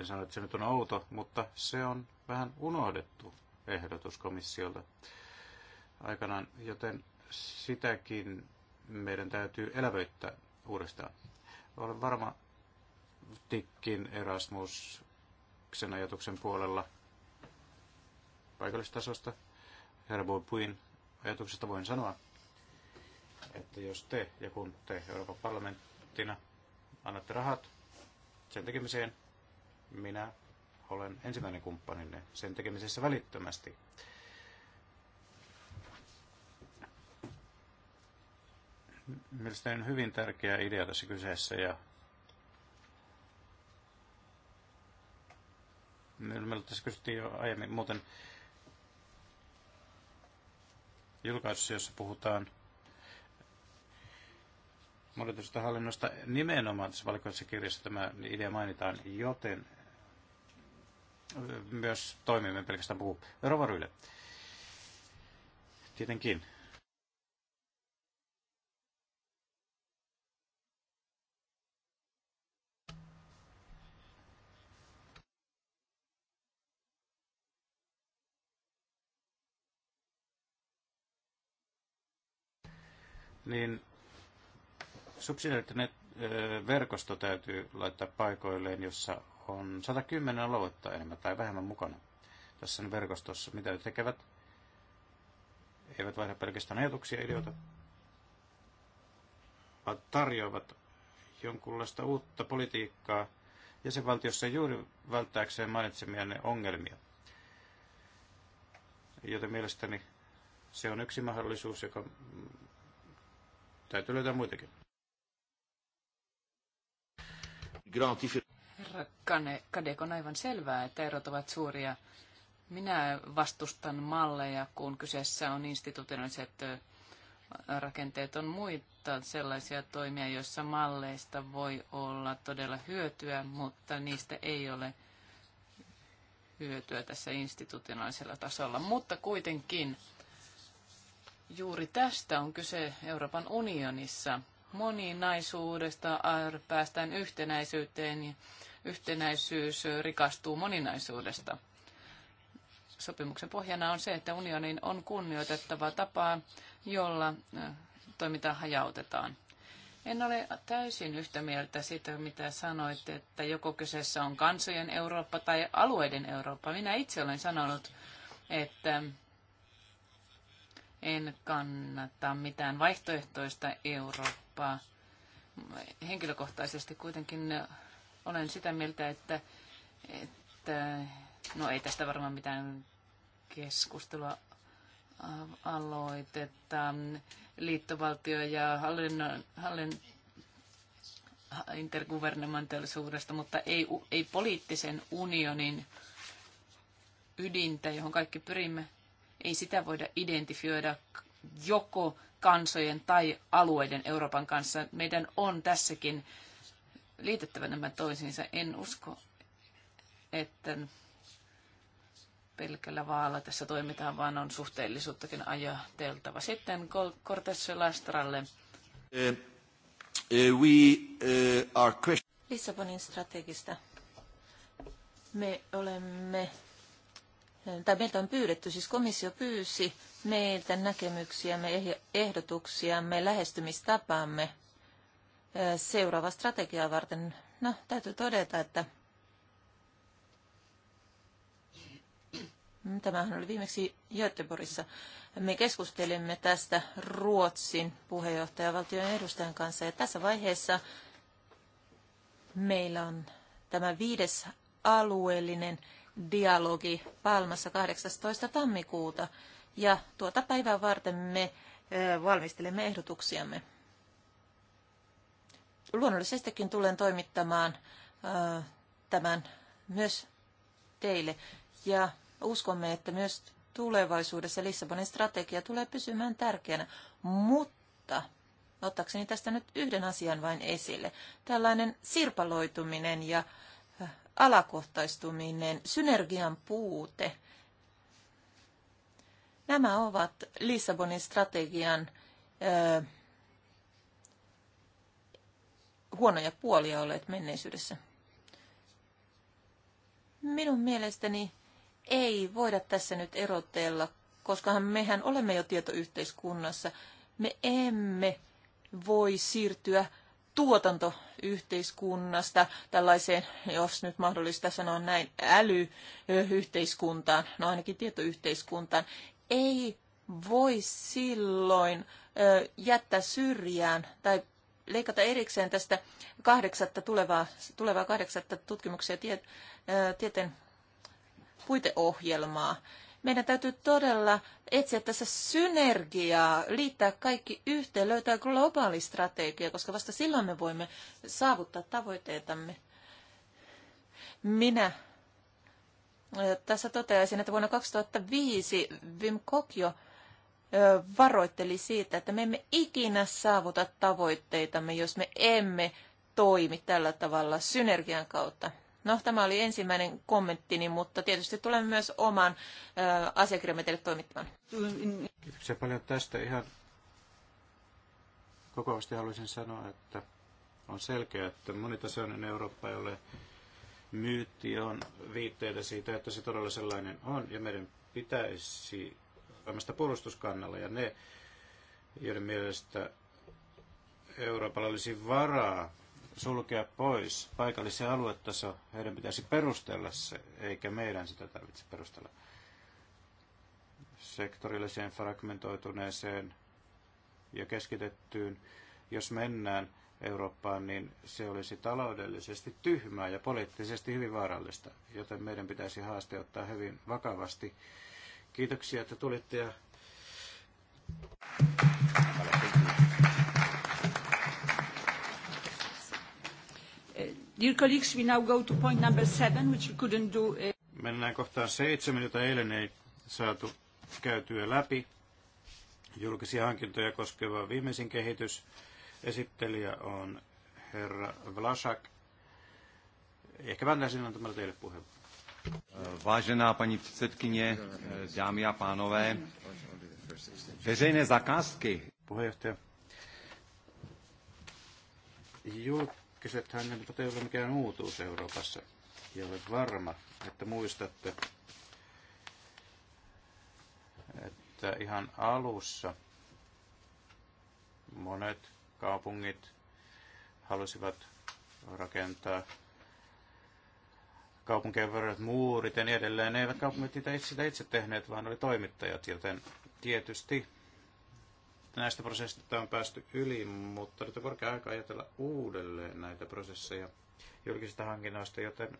En sano, että se nyt on outo, mutta se on vähän unohdettu ehdotus komissiolta aikanaan, joten sitäkin meidän täytyy elävöittää uudestaan. Olen varma, Tikkin Erasmus Kysymyksen ajatuksen puolella paikallistasosta herra Bobuin ajatuksesta voin sanoa, että jos te ja kun te Euroopan parlamenttina annatte rahat sen tekemiseen, minä olen ensimmäinen kumppaninne sen tekemisessä välittömästi. Mielestäni on hyvin tärkeä idea tässä kyseessä ja Minulla niin, tässä kysyttiin jo aiemmin muuten julkaisussa, jossa puhutaan monitusta hallinnosta nimenomaan tässä valkoisessa kirjassa tämä idea mainitaan, joten myös toimimme pelkästään puhu. Rovaryille. Tietenkin. niin subsidiaritinen eh, verkosto täytyy laittaa paikoilleen, jossa on 110 aluetta enemmän tai vähemmän mukana tässä verkostossa, mitä he tekevät. Eivät vaihda pelkästään ajatuksia, ideoita, vaan tarjoavat jonkunlaista uutta politiikkaa jäsenvaltiossa juuri välttääkseen ne ongelmia. Joten mielestäni se on yksi mahdollisuus, joka Täytyy löytää muitakin. Herra Kane, Kadek, on aivan selvää, että erot ovat suuria. Minä vastustan malleja, kun kyseessä on institutionaaliset rakenteet. On muita sellaisia toimia, joissa malleista voi olla todella hyötyä, mutta niistä ei ole hyötyä tässä institutionaalisella tasolla. Mutta kuitenkin Juuri tästä on kyse Euroopan unionissa. Moninaisuudesta päästään yhtenäisyyteen ja yhtenäisyys rikastuu moninaisuudesta. Sopimuksen pohjana on se, että unionin on kunnioitettava tapaa, jolla toimintaa hajautetaan. En ole täysin yhtä mieltä siitä, mitä sanoit, että joko kyseessä on kansojen Eurooppa tai alueiden Eurooppa. Minä itse olen sanonut, että en kannata mitään vaihtoehtoista Eurooppaa. Henkilökohtaisesti kuitenkin olen sitä mieltä, että, että no ei tästä varmaan mitään keskustelua aloiteta. Liittovaltio ja hallinnon, hallin, intergovernmentaalisuudesta, mutta ei, ei poliittisen unionin ydintä, johon kaikki pyrimme. Ei sitä voida identifioida joko kansojen tai alueiden Euroopan kanssa. Meidän on tässäkin liitettävä nämä toisiinsa. En usko, että pelkällä vaalla tässä toimitaan, vaan on suhteellisuuttakin ajateltava. Sitten Cortes Lastralle. Uh, eh, uh, eh, we, uh, are Lissabonin strategista. Me olemme tai meiltä on pyydetty, siis komissio pyysi meiltä näkemyksiämme, ehdotuksiamme, lähestymistapaamme seuraava strategiaa varten. No, täytyy todeta, että Tämähän oli viimeksi Göteborissa. Me keskustelimme tästä Ruotsin puheenjohtajavaltion edustajan kanssa ja tässä vaiheessa meillä on tämä viides alueellinen dialogi Palmassa 18. tammikuuta ja tuota päivää varten me valmistelemme ehdotuksiamme. Luonnollisestikin tulen toimittamaan tämän myös teille ja uskomme, että myös tulevaisuudessa Lissabonin strategia tulee pysymään tärkeänä, mutta ottaakseni tästä nyt yhden asian vain esille. Tällainen sirpaloituminen ja alakohtaistuminen, synergian puute. Nämä ovat Lissabonin strategian ö, huonoja puolia olleet menneisyydessä. Minun mielestäni ei voida tässä nyt erotella, koska mehän olemme jo tietoyhteiskunnassa. Me emme voi siirtyä tuotanto yhteiskunnasta tällaiseen, jos nyt mahdollista sanoa näin, älyyhteiskuntaan, no ainakin tietoyhteiskuntaan, ei voi silloin jättää syrjään tai leikata erikseen tästä kahdeksatta tulevaa, tulevaa kahdeksatta tutkimuksia tieteen puiteohjelmaa. Meidän täytyy todella etsiä tässä synergiaa, liittää kaikki yhteen, löytää globaali strategia, koska vasta silloin me voimme saavuttaa tavoitteitamme. Minä tässä toteaisin, että vuonna 2005 Wim Kok jo varoitteli siitä, että me emme ikinä saavuta tavoitteitamme, jos me emme toimi tällä tavalla synergian kautta. No, tämä oli ensimmäinen kommenttini, mutta tietysti tulen myös oman asiakirjamme teille toimittamaan. Kiitoksia paljon tästä. Ihan kokoavasti haluaisin sanoa, että on selkeää, että monitasoinen Eurooppa ei ole myytti, on viitteitä siitä, että se todella sellainen on, ja meidän pitäisi olemasta puolustuskannalla, ja ne, joiden mielestä Euroopalla olisi varaa sulkea pois paikallisen aluetaso, heidän pitäisi perustella se, eikä meidän sitä tarvitse perustella sektorilliseen fragmentoituneeseen ja keskitettyyn. Jos mennään Eurooppaan, niin se olisi taloudellisesti tyhmää ja poliittisesti hyvin vaarallista, joten meidän pitäisi haaste ottaa hyvin vakavasti. Kiitoksia, että tulitte ja Dear colleagues, we now go to point number seven, which we couldn't do. Uh, Mennään kohtaan seitsemän, jota eilen ei saatu käytyä läpi. Julkisia hankintoja koskeva viimeisin kehitys. Esittelijä on herra Vlasak. Ehkä vääntäisin antamalla teille puheenvuoron. Vážená paní předsedkyně, dámy a pánové, veřejné zakázky. Puheenjohtaja. Jul- Kysyt häneltä ei ole mikään uutuus Euroopassa. Ja olet varma, että muistatte, että ihan alussa monet kaupungit halusivat rakentaa kaupunkien verrat muurit ja niin edelleen. Ne eivät kaupungit sitä itse, sitä itse tehneet, vaan oli toimittajat, joten tietysti näistä prosesseista on päästy yli, mutta nyt on korkea aika ajatella uudelleen näitä prosesseja julkisista hankinnoista, joten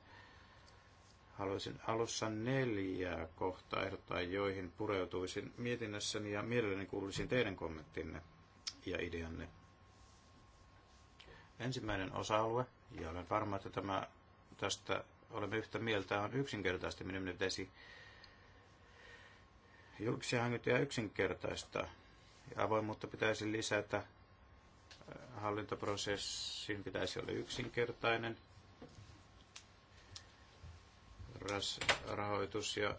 haluaisin alussa neljää kohtaa ehdottaa, joihin pureutuisin mietinnässäni ja mielelläni kuulisin teidän kommenttinne ja ideanne. Ensimmäinen osa-alue, ja olen varma, että tämä, tästä olemme yhtä mieltä, on yksinkertaistaminen, minun pitäisi julkisia hankintoja yksinkertaistaa Avoimuutta pitäisi lisätä. Äh, hallintoprosessin pitäisi olla yksinkertainen. Rahoitus ja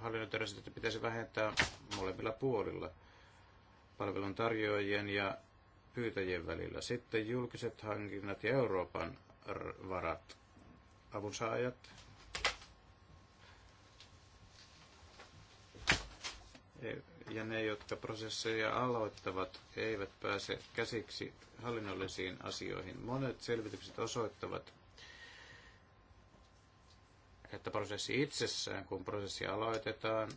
hallinnointirasitetta pitäisi vähentää molemmilla puolilla palvelun tarjoajien ja pyytäjien välillä. Sitten julkiset hankinnat ja Euroopan varat, avunsaajat ja ne, jotka prosesseja aloittavat, eivät pääse käsiksi hallinnollisiin asioihin. Monet selvitykset osoittavat, että prosessi itsessään, kun prosessi aloitetaan,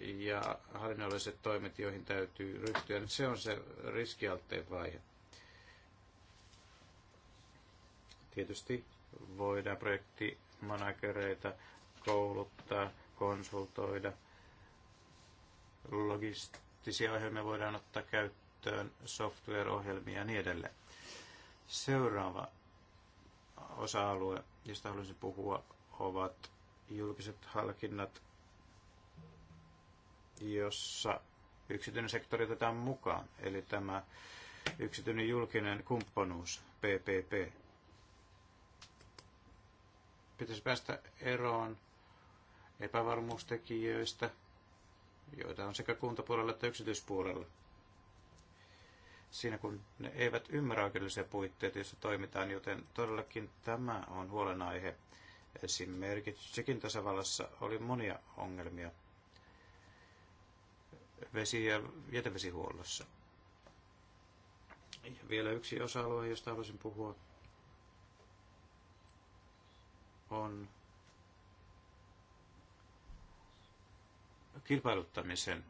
ja hallinnolliset toimet, joihin täytyy ryhtyä, niin se on se riskialtteen vaihe. Tietysti voidaan projektimanagereita kouluttaa, konsultoida – logistisia ohjelmia voidaan ottaa käyttöön, software-ohjelmia ja niin edelleen. Seuraava osa-alue, josta haluaisin puhua, ovat julkiset halkinnat, jossa yksityinen sektori otetaan mukaan, eli tämä yksityinen julkinen kumppanuus, PPP. Pitäisi päästä eroon epävarmuustekijöistä – joita on sekä kuntapuolella että yksityispuolella. Siinä kun ne eivät ymmärrä oikeudellisia puitteita, joissa toimitaan, joten todellakin tämä on huolenaihe. Esimerkiksi Tsekin tasavallassa oli monia ongelmia vesi- ja jätevesihuollossa. Ja vielä yksi osa-alue, josta haluaisin puhua, on kilpailuttamisen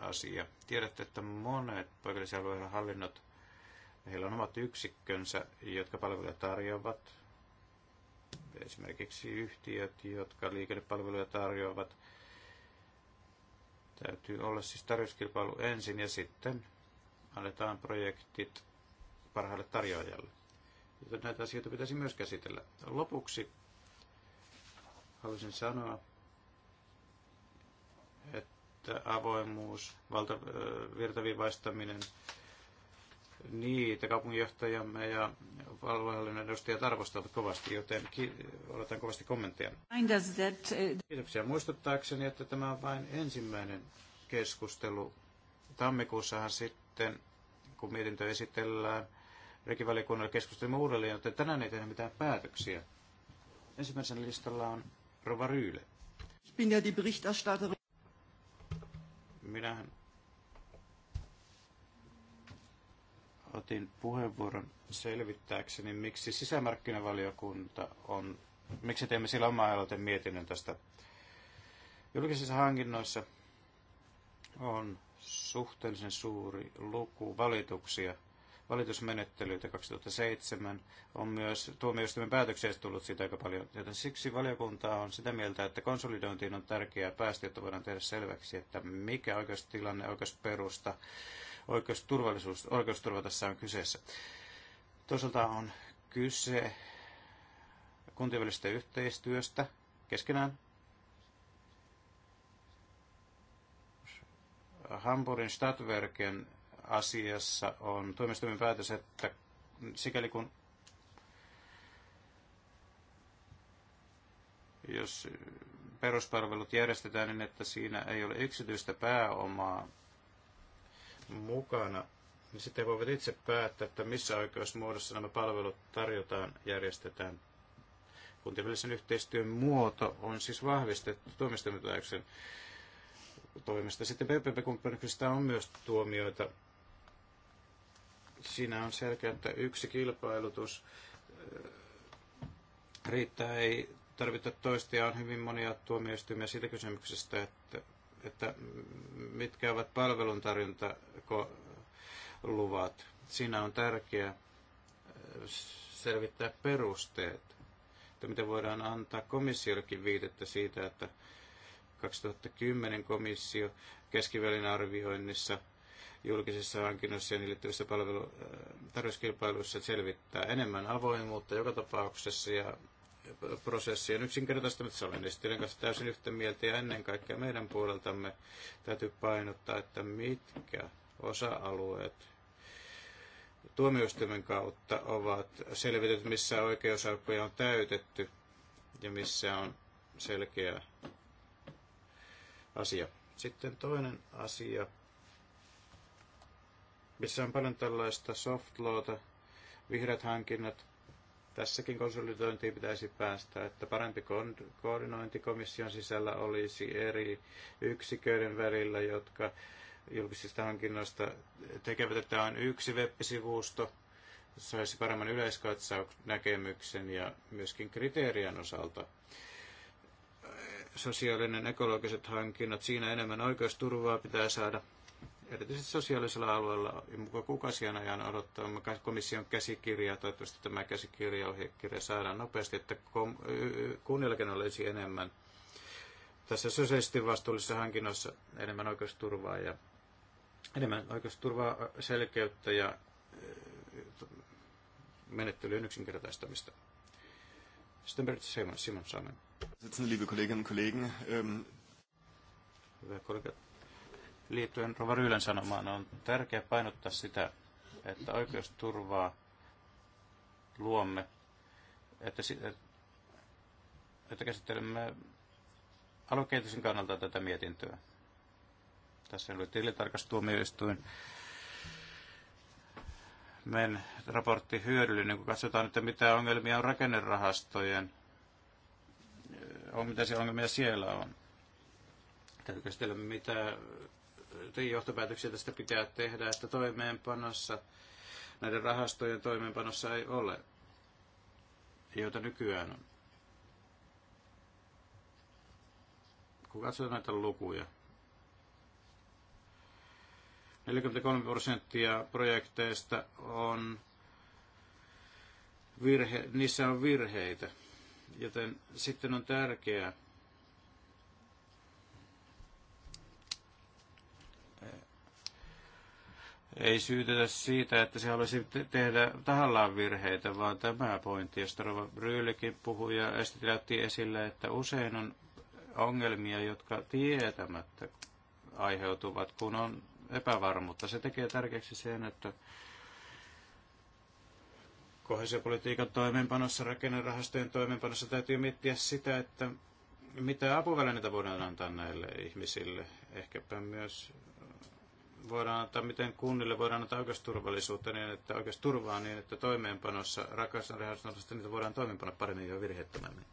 asia. Tiedätte, että monet paikallisalueilla hallinnot, heillä on omat yksikkönsä, jotka palveluja tarjoavat. Esimerkiksi yhtiöt, jotka liikennepalveluja tarjoavat. Täytyy olla siis tarjouskilpailu ensin ja sitten annetaan projektit parhaalle tarjoajalle. Joten näitä asioita pitäisi myös käsitellä. Lopuksi haluaisin sanoa, että avoimuus, valtavirtaviivaistaminen, niitä kaupunginjohtajamme ja valvohallinnon edustajat arvostavat kovasti, joten ki- odotan kovasti kommentteja. Uh, Kiitoksia muistuttaakseni, että tämä on vain ensimmäinen keskustelu. Tammikuussahan sitten, kun mietintö esitellään, rekivaliokunnalle keskustelimme uudelleen, joten tänään ei tehdä mitään päätöksiä. Ensimmäisen listalla on Rova Ryyle. Ich bin ja die Berichterstatterin. Minähän otin puheenvuoron selvittääkseni, miksi sisämarkkinavaliokunta on, miksi teemme sillä oma mietinnön tästä. Julkisissa hankinnoissa on suhteellisen suuri luku valituksia – valitusmenettelyitä 2007 on myös tuomioistuimen päätöksiä tullut siitä aika paljon, joten siksi valiokunta on sitä mieltä, että konsolidointiin on tärkeää päästä, jotta voidaan tehdä selväksi, että mikä oikeustilanne, oikeusperusta, oikeusturvallisuus, oikeusturva tässä on kyseessä. Toisaalta on kyse kuntien välisestä yhteistyöstä keskenään. Hamburgin Stadtwerken asiassa on toimistomien päätös, että sikäli kun jos peruspalvelut järjestetään niin, että siinä ei ole yksityistä pääomaa mukana, niin sitten voivat itse päättää, että missä oikeusmuodossa nämä palvelut tarjotaan, järjestetään. Kuntien yhteistyön muoto on siis vahvistettu tuomioistuimen toimesta. Sitten ppp kumppanikista on myös tuomioita Siinä on selkeä, että yksi kilpailutus äh, riittää, ei tarvita toista ja on hyvin monia tuomioistuimia siitä kysymyksestä, että, että mitkä ovat palveluntarjontaluvat. Siinä on tärkeää äh, selvittää perusteet, että miten voidaan antaa komissiollekin viitettä siitä, että 2010 komissio keskivälin arvioinnissa – julkisissa hankinnoissa ja niille liittyvissä palvelu- äh, selvittää enemmän avoimuutta joka tapauksessa ja prosessien yksinkertaistamista. olen Estilän kanssa täysin yhtä mieltä ja ennen kaikkea meidän puoleltamme täytyy painottaa, että mitkä osa-alueet tuomioistuimen kautta ovat selvitetty, missä oikeusaukkoja on täytetty ja missä on selkeä asia. Sitten toinen asia missä on paljon tällaista softlaata, vihreät hankinnat. Tässäkin konsolidointiin pitäisi päästä, että parempi koordinointi komission sisällä olisi eri yksiköiden välillä, jotka julkisista hankinnoista tekevät, että tämä on yksi web-sivusto, saisi paremman yleiskatsauksen ja myöskin kriteerien osalta sosiaalinen ekologiset hankinnat, siinä enemmän oikeusturvaa pitää saada erityisesti sosiaalisella alueella, mukaan kuukausien ajan odottaa komission käsikirjaa. Toivottavasti tämä käsikirja ohjekirja saadaan nopeasti, että kunnillakin olisi enemmän tässä sosiaalisesti vastuullisessa hankinnossa enemmän oikeusturvaa ja enemmän oikeusturvaa, selkeyttä ja menettelyyn yksinkertaistamista. Sitten Simon, Simon Saamen. Hyvät kollegat, liittyen Rova Ryylän sanomaan, on tärkeää painottaa sitä, että oikeusturvaa luomme, että, että käsittelemme aluekehityksen kannalta tätä mietintöä. Tässä oli tilintarkastustuomioistuin men raportti hyödyllinen, kun katsotaan, että mitä ongelmia on rakennerahastojen, on, mitä se ongelmia siellä on. Täytyy mitä johtopäätöksiä tästä pitää tehdä, että toimeenpanossa, näiden rahastojen toimeenpanossa ei ole, joita nykyään on. Kun katsotaan näitä lukuja, 43 prosenttia projekteista on virhe, niissä on virheitä, joten sitten on tärkeää, ei syytetä siitä, että se haluaisi tehdä tahallaan virheitä, vaan tämä pointti, josta Rova Ryylikin puhui ja otti esille, että usein on ongelmia, jotka tietämättä aiheutuvat, kun on epävarmuutta. Se tekee tärkeäksi sen, että kohesiopolitiikan toimeenpanossa, rakennerahastojen toimeenpanossa täytyy miettiä sitä, että mitä apuvälineitä voidaan antaa näille ihmisille. Ehkäpä myös voidaan antaa, miten kunnille voidaan antaa oikeusturvallisuutta niin, että oikeusturvaa niin, että toimeenpanossa rakastusrahastosta niitä voidaan toimeenpanna paremmin ja virheettömämmin.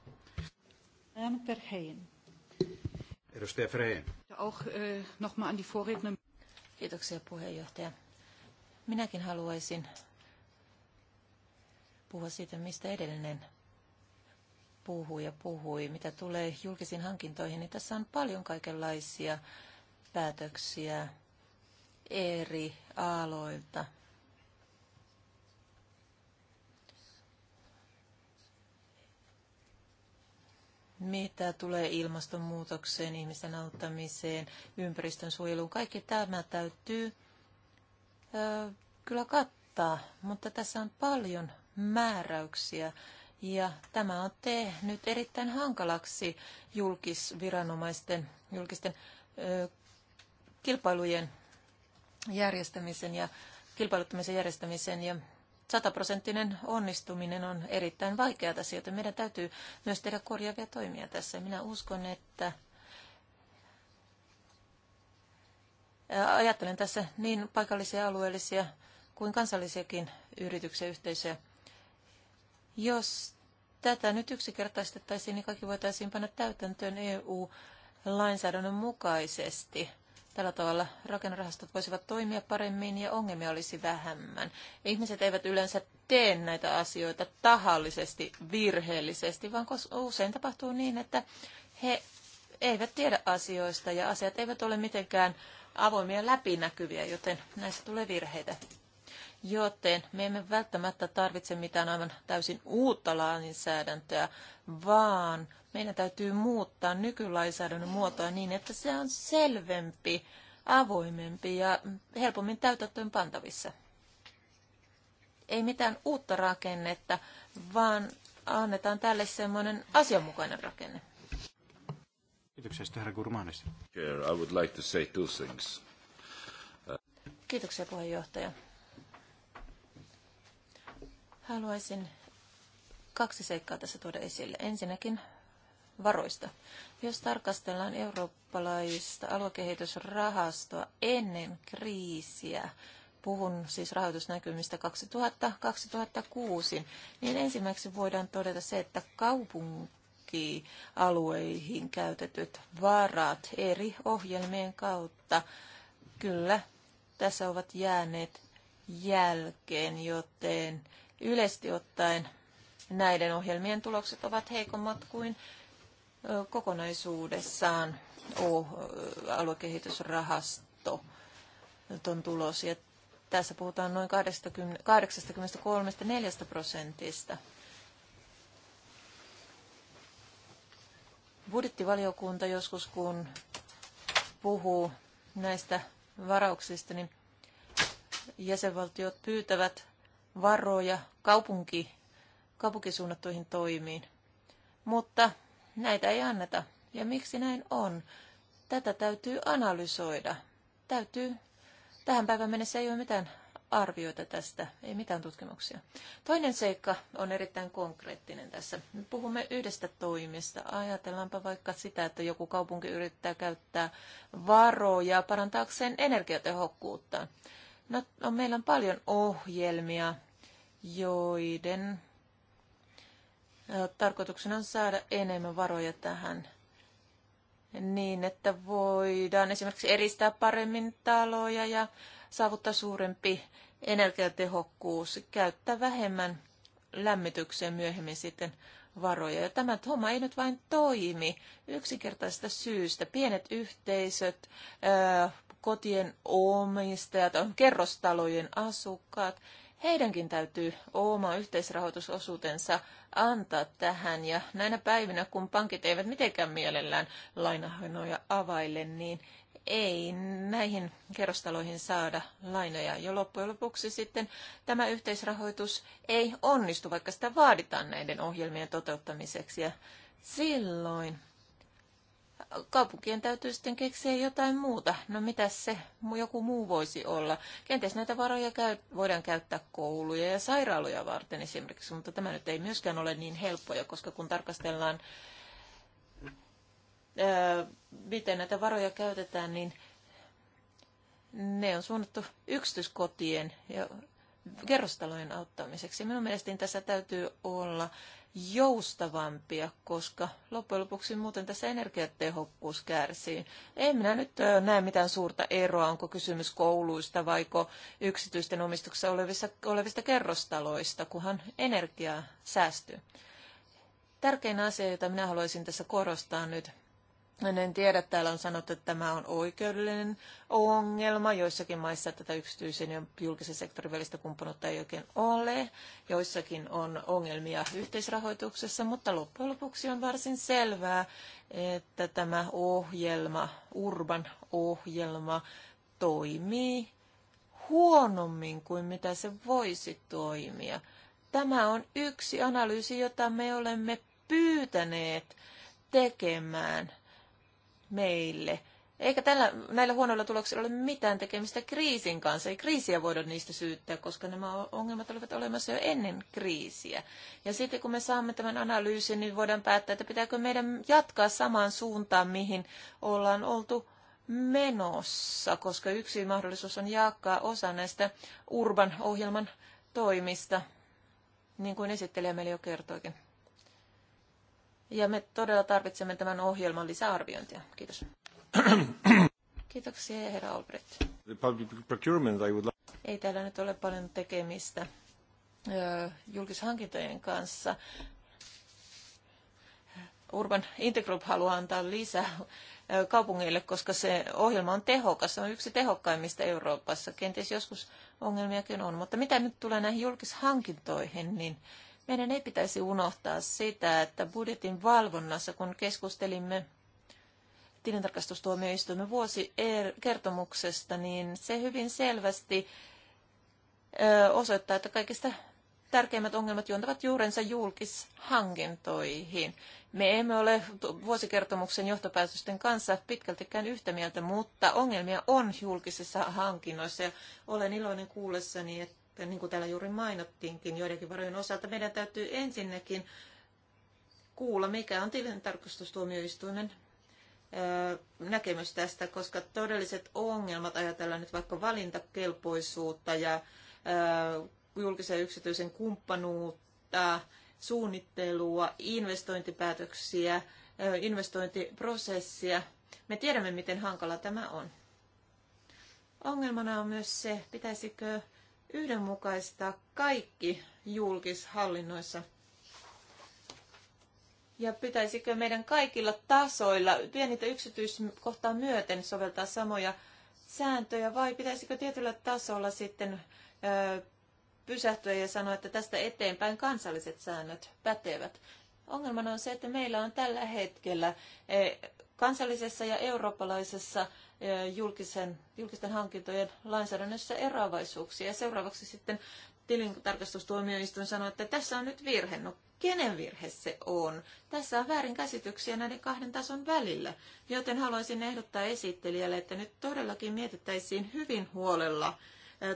Edustaja Frein. Eh, Kiitoksia puheenjohtaja. Minäkin haluaisin puhua siitä, mistä edellinen puhui ja puhui. Mitä tulee julkisiin hankintoihin, niin tässä on paljon kaikenlaisia päätöksiä eri aloilta. Mitä tulee ilmastonmuutokseen, ihmisten auttamiseen, ympäristön suojeluun, kaikki tämä täytyy ö, kyllä kattaa, mutta tässä on paljon määräyksiä ja tämä on tehnyt erittäin hankalaksi julkisviranomaisten, julkisten ö, kilpailujen järjestämisen ja kilpailuttamisen järjestämisen ja sataprosenttinen onnistuminen on erittäin vaikea sieltä. meidän täytyy myös tehdä korjaavia toimia tässä. Minä uskon, että ajattelen tässä niin paikallisia, alueellisia kuin kansallisiakin yrityksiä, yhteisöjä. Jos tätä nyt yksinkertaistettaisiin, niin kaikki voitaisiin panna täytäntöön EU-lainsäädännön mukaisesti – Tällä tavalla rakennerahastot voisivat toimia paremmin ja ongelmia olisi vähemmän. Ihmiset eivät yleensä tee näitä asioita tahallisesti, virheellisesti, vaan usein tapahtuu niin, että he eivät tiedä asioista ja asiat eivät ole mitenkään avoimia läpinäkyviä, joten näissä tulee virheitä. Joten me emme välttämättä tarvitse mitään aivan täysin uutta lainsäädäntöä, vaan meidän täytyy muuttaa nykylainsäädännön muotoa niin, että se on selvempi, avoimempi ja helpommin täytäntöön pantavissa. Ei mitään uutta rakennetta, vaan annetaan tälle semmoinen asianmukainen rakenne. Kiitoksia, herra Gurmanis. I would like to say two things. Kiitoksia, puheenjohtaja. Haluaisin kaksi seikkaa tässä tuoda esille. Ensinnäkin varoista. Jos tarkastellaan eurooppalaista aluekehitysrahastoa ennen kriisiä, puhun siis rahoitusnäkymistä 2000-2006, niin ensimmäiseksi voidaan todeta se, että kaupunkialueihin käytetyt varat eri ohjelmien kautta kyllä tässä ovat jääneet jälkeen, joten yleisesti ottaen näiden ohjelmien tulokset ovat heikommat kuin kokonaisuudessaan aluekehitysrahasto on tulos. Ja tässä puhutaan noin 83-4 prosentista. Budjettivaliokunta joskus, kun puhuu näistä varauksista, niin jäsenvaltiot pyytävät varoja kaupunki, kaupunkisuunnattuihin toimiin. Mutta näitä ei anneta. Ja miksi näin on? Tätä täytyy analysoida. Täytyy. Tähän päivään mennessä ei ole mitään arvioita tästä, ei mitään tutkimuksia. Toinen seikka on erittäin konkreettinen tässä. Me puhumme yhdestä toimista. Ajatellaanpa vaikka sitä, että joku kaupunki yrittää käyttää varoja parantaakseen energiatehokkuutta. No, no meillä on paljon ohjelmia, joiden Tarkoituksena on saada enemmän varoja tähän niin, että voidaan esimerkiksi eristää paremmin taloja ja saavuttaa suurempi energiatehokkuus, käyttää vähemmän lämmitykseen myöhemmin sitten varoja. Ja tämä homma ei nyt vain toimi yksinkertaisesta syystä. Pienet yhteisöt, kotien omistajat, kerrostalojen asukkaat, heidänkin täytyy oma yhteisrahoitusosuutensa antaa tähän. Ja näinä päivinä, kun pankit eivät mitenkään mielellään lainahanoja availe, niin ei näihin kerrostaloihin saada lainoja. Jo loppujen lopuksi sitten tämä yhteisrahoitus ei onnistu, vaikka sitä vaaditaan näiden ohjelmien toteuttamiseksi. Ja silloin kaupunkien täytyy sitten keksiä jotain muuta. No mitä se joku muu voisi olla? Kenties näitä varoja käy, voidaan käyttää kouluja ja sairaaloja varten esimerkiksi, mutta tämä nyt ei myöskään ole niin helppoja, koska kun tarkastellaan, ää, miten näitä varoja käytetään, niin ne on suunnattu yksityiskotien ja kerrostalojen auttamiseksi. Minun mielestäni tässä täytyy olla joustavampia, koska loppujen lopuksi muuten tässä energiatehokkuus kärsii. En minä nyt näe mitään suurta eroa, onko kysymys kouluista vaiko yksityisten omistuksessa olevista, olevista kerrostaloista, kunhan energiaa säästyy. Tärkein asia, jota minä haluaisin tässä korostaa nyt, en tiedä, täällä on sanottu, että tämä on oikeudellinen ongelma. Joissakin maissa tätä yksityisen ja julkisen sektorin välistä kumppanuutta ei oikein ole. Joissakin on ongelmia yhteisrahoituksessa, mutta loppujen lopuksi on varsin selvää, että tämä ohjelma, Urban ohjelma, toimii huonommin kuin mitä se voisi toimia. Tämä on yksi analyysi, jota me olemme pyytäneet tekemään – meille. Eikä tällä, näillä huonoilla tuloksilla ole mitään tekemistä kriisin kanssa. Ei kriisiä voida niistä syyttää, koska nämä ongelmat olivat olemassa jo ennen kriisiä. Ja sitten kun me saamme tämän analyysin, niin voidaan päättää, että pitääkö meidän jatkaa samaan suuntaan, mihin ollaan oltu menossa, koska yksi mahdollisuus on jakaa osa näistä Urban-ohjelman toimista, niin kuin esittelijä meille jo kertoikin. Ja me todella tarvitsemme tämän ohjelman lisäarviointia. Kiitos. Kiitoksia, herra Albrecht. The public procurement, I would like... Ei täällä nyt ole paljon tekemistä julkishankintojen kanssa. Urban Intergroup haluaa antaa lisää kaupungeille, koska se ohjelma on tehokas. Se on yksi tehokkaimmista Euroopassa. Kenties joskus ongelmiakin on. Mutta mitä nyt tulee näihin julkishankintoihin, niin meidän ei pitäisi unohtaa sitä, että budjetin valvonnassa, kun keskustelimme tilintarkastustuomioistuimen vuosikertomuksesta, er- niin se hyvin selvästi osoittaa, että kaikista tärkeimmät ongelmat juontavat juurensa julkishankintoihin. Me emme ole vuosikertomuksen johtopäätösten kanssa pitkältikään yhtä mieltä, mutta ongelmia on julkisissa hankinnoissa ja olen iloinen kuullessani, että niin kuin täällä juuri mainottiinkin joidenkin varojen osalta, meidän täytyy ensinnäkin kuulla, mikä on tilintarkastustuomioistuimen näkemys tästä, koska todelliset ongelmat, ajatellaan nyt vaikka valintakelpoisuutta ja julkisen ja yksityisen kumppanuutta, suunnittelua, investointipäätöksiä, investointiprosessia. Me tiedämme, miten hankala tämä on. Ongelmana on myös se, pitäisikö yhdenmukaistaa kaikki julkishallinnoissa ja pitäisikö meidän kaikilla tasoilla pienitä yksityiskohtaa myöten soveltaa samoja sääntöjä vai pitäisikö tietyllä tasolla sitten ö, pysähtyä ja sanoa, että tästä eteenpäin kansalliset säännöt pätevät? Ongelmana on se, että meillä on tällä hetkellä kansallisessa ja eurooppalaisessa julkisen, julkisten hankintojen lainsäädännössä eroavaisuuksia. Ja seuraavaksi sitten tilintarkastustuomioistuin sanoi, että tässä on nyt virhe. No kenen virhe se on? Tässä on väärinkäsityksiä näiden kahden tason välillä, joten haluaisin ehdottaa esittelijälle, että nyt todellakin mietittäisiin hyvin huolella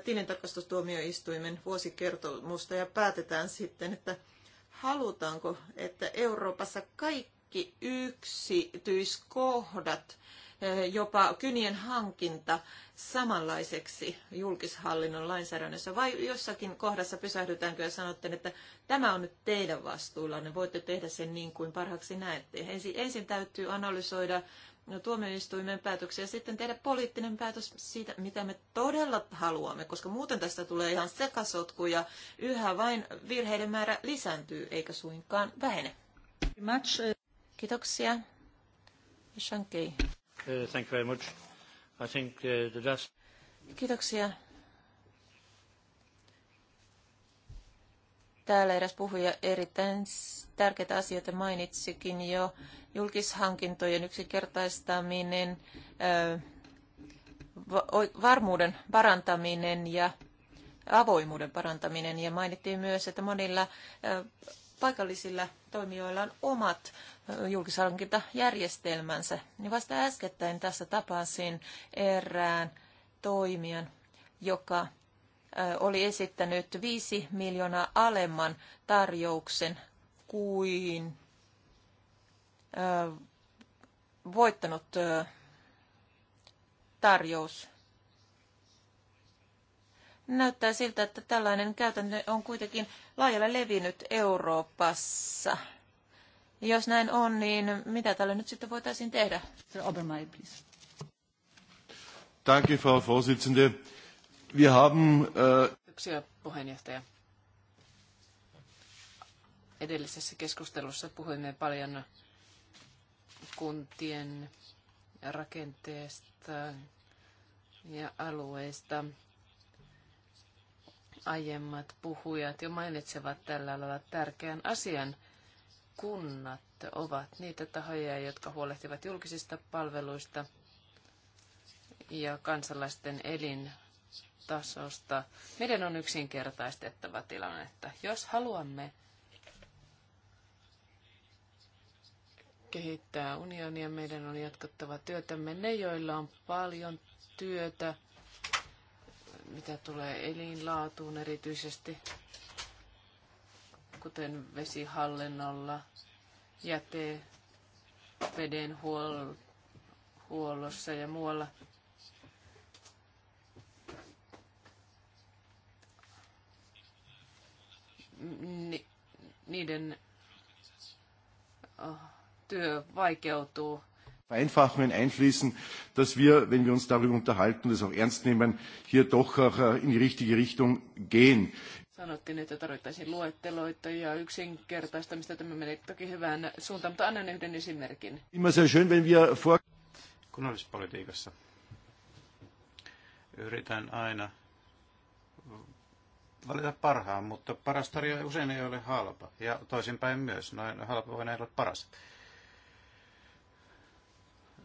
tilintarkastustuomioistuimen vuosikertomusta ja päätetään sitten, että halutaanko, että Euroopassa kaikki yksityiskohdat jopa kynien hankinta samanlaiseksi julkishallinnon lainsäädännössä? Vai jossakin kohdassa pysähdytäänkö ja sanotte, että tämä on nyt teidän vastuullanne, voitte tehdä sen niin kuin parhaaksi näette? Ensin, ensin täytyy analysoida tuomioistuimen päätöksiä ja sitten tehdä poliittinen päätös siitä, mitä me todella haluamme, koska muuten tästä tulee ihan sekasotku ja yhä vain virheiden määrä lisääntyy eikä suinkaan vähene. Kiitoksia. Shankei. Uh, thank you very much. I think uh, the last... Kiitoksia. Täällä eräs puhuja erittäin tärkeitä asioita mainitsikin jo. Julkishankintojen yksinkertaistaminen, uh, varmuuden parantaminen ja avoimuuden parantaminen. Ja mainittiin myös, että monilla paikallisilla toimijoilla on omat julkishankintajärjestelmänsä. Niin vasta äskettäin tässä tapasin erään toimijan, joka oli esittänyt 5 miljoonaa alemman tarjouksen kuin voittanut tarjous. Näyttää siltä, että tällainen käytäntö on kuitenkin laajalle levinnyt Euroopassa – jos näin on, niin mitä tälle nyt sitten voitaisiin tehdä? Obermeier, please. Danke, Frau Vorsitzende. Wir haben... Äh... Yksiä, puheenjohtaja. Edellisessä keskustelussa puhuimme paljon kuntien rakenteesta ja alueista. Aiemmat puhujat jo mainitsevat tällä lailla tärkeän asian – kunnat ovat niitä tahoja, jotka huolehtivat julkisista palveluista ja kansalaisten elintasosta. Meidän on yksinkertaistettava tilannetta. Jos haluamme kehittää unionia, meidän on jatkettava työtämme. Ne, joilla on paljon työtä, mitä tulee elinlaatuun erityisesti, kuten vesihallinnolla, jäte, veden huollossa ja muualla. Ni, niiden oh, työ vaikeutuu. Vereinfachungen einfließen, dass wir, wenn wir uns darüber unterhalten, das auch ernst nehmen, hier doch auch äh, in die richtige Richtung gehen sanottiin, että tarvittaisiin luetteloita ja yksinkertaistamista. Tämä menee toki hyvään suuntaan, mutta annan yhden esimerkin. Kunnallispolitiikassa yritän aina valita parhaan, mutta paras tarjoaja usein ei ole halpa. Ja toisinpäin myös, noin halpa voi olla paras.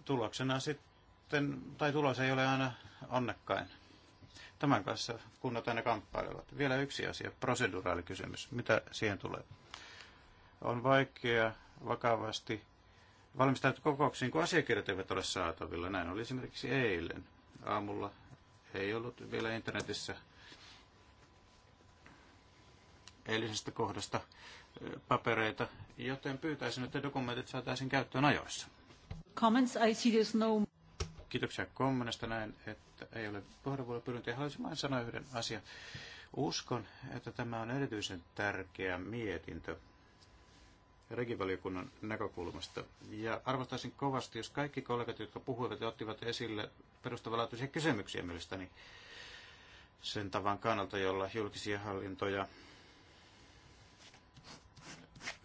Tuloksena sitten, tai tulos ei ole aina onnekkain. Tämän kanssa kunnat aina kamppailevat. Vielä yksi asia, proseduraalikysymys. Mitä siihen tulee? On vaikea vakavasti valmistautua kokouksiin, kun asiakirjat eivät ole saatavilla. Näin oli esimerkiksi eilen. Aamulla ei ollut vielä internetissä eilisestä kohdasta papereita, joten pyytäisin, että dokumentit saataisiin käyttöön ajoissa. Comments, I see there's no... Kiitoksia kommentista näin, että ei ole puheenvuoropyyntöjä. Haluaisin vain sanoa yhden asian. Uskon, että tämä on erityisen tärkeä mietintö regivaliokunnan näkökulmasta. Ja arvostaisin kovasti, jos kaikki kollegat, jotka puhuivat ja ottivat esille perustavanlaatuisia kysymyksiä mielestäni sen tavan kannalta, jolla julkisia hallintoja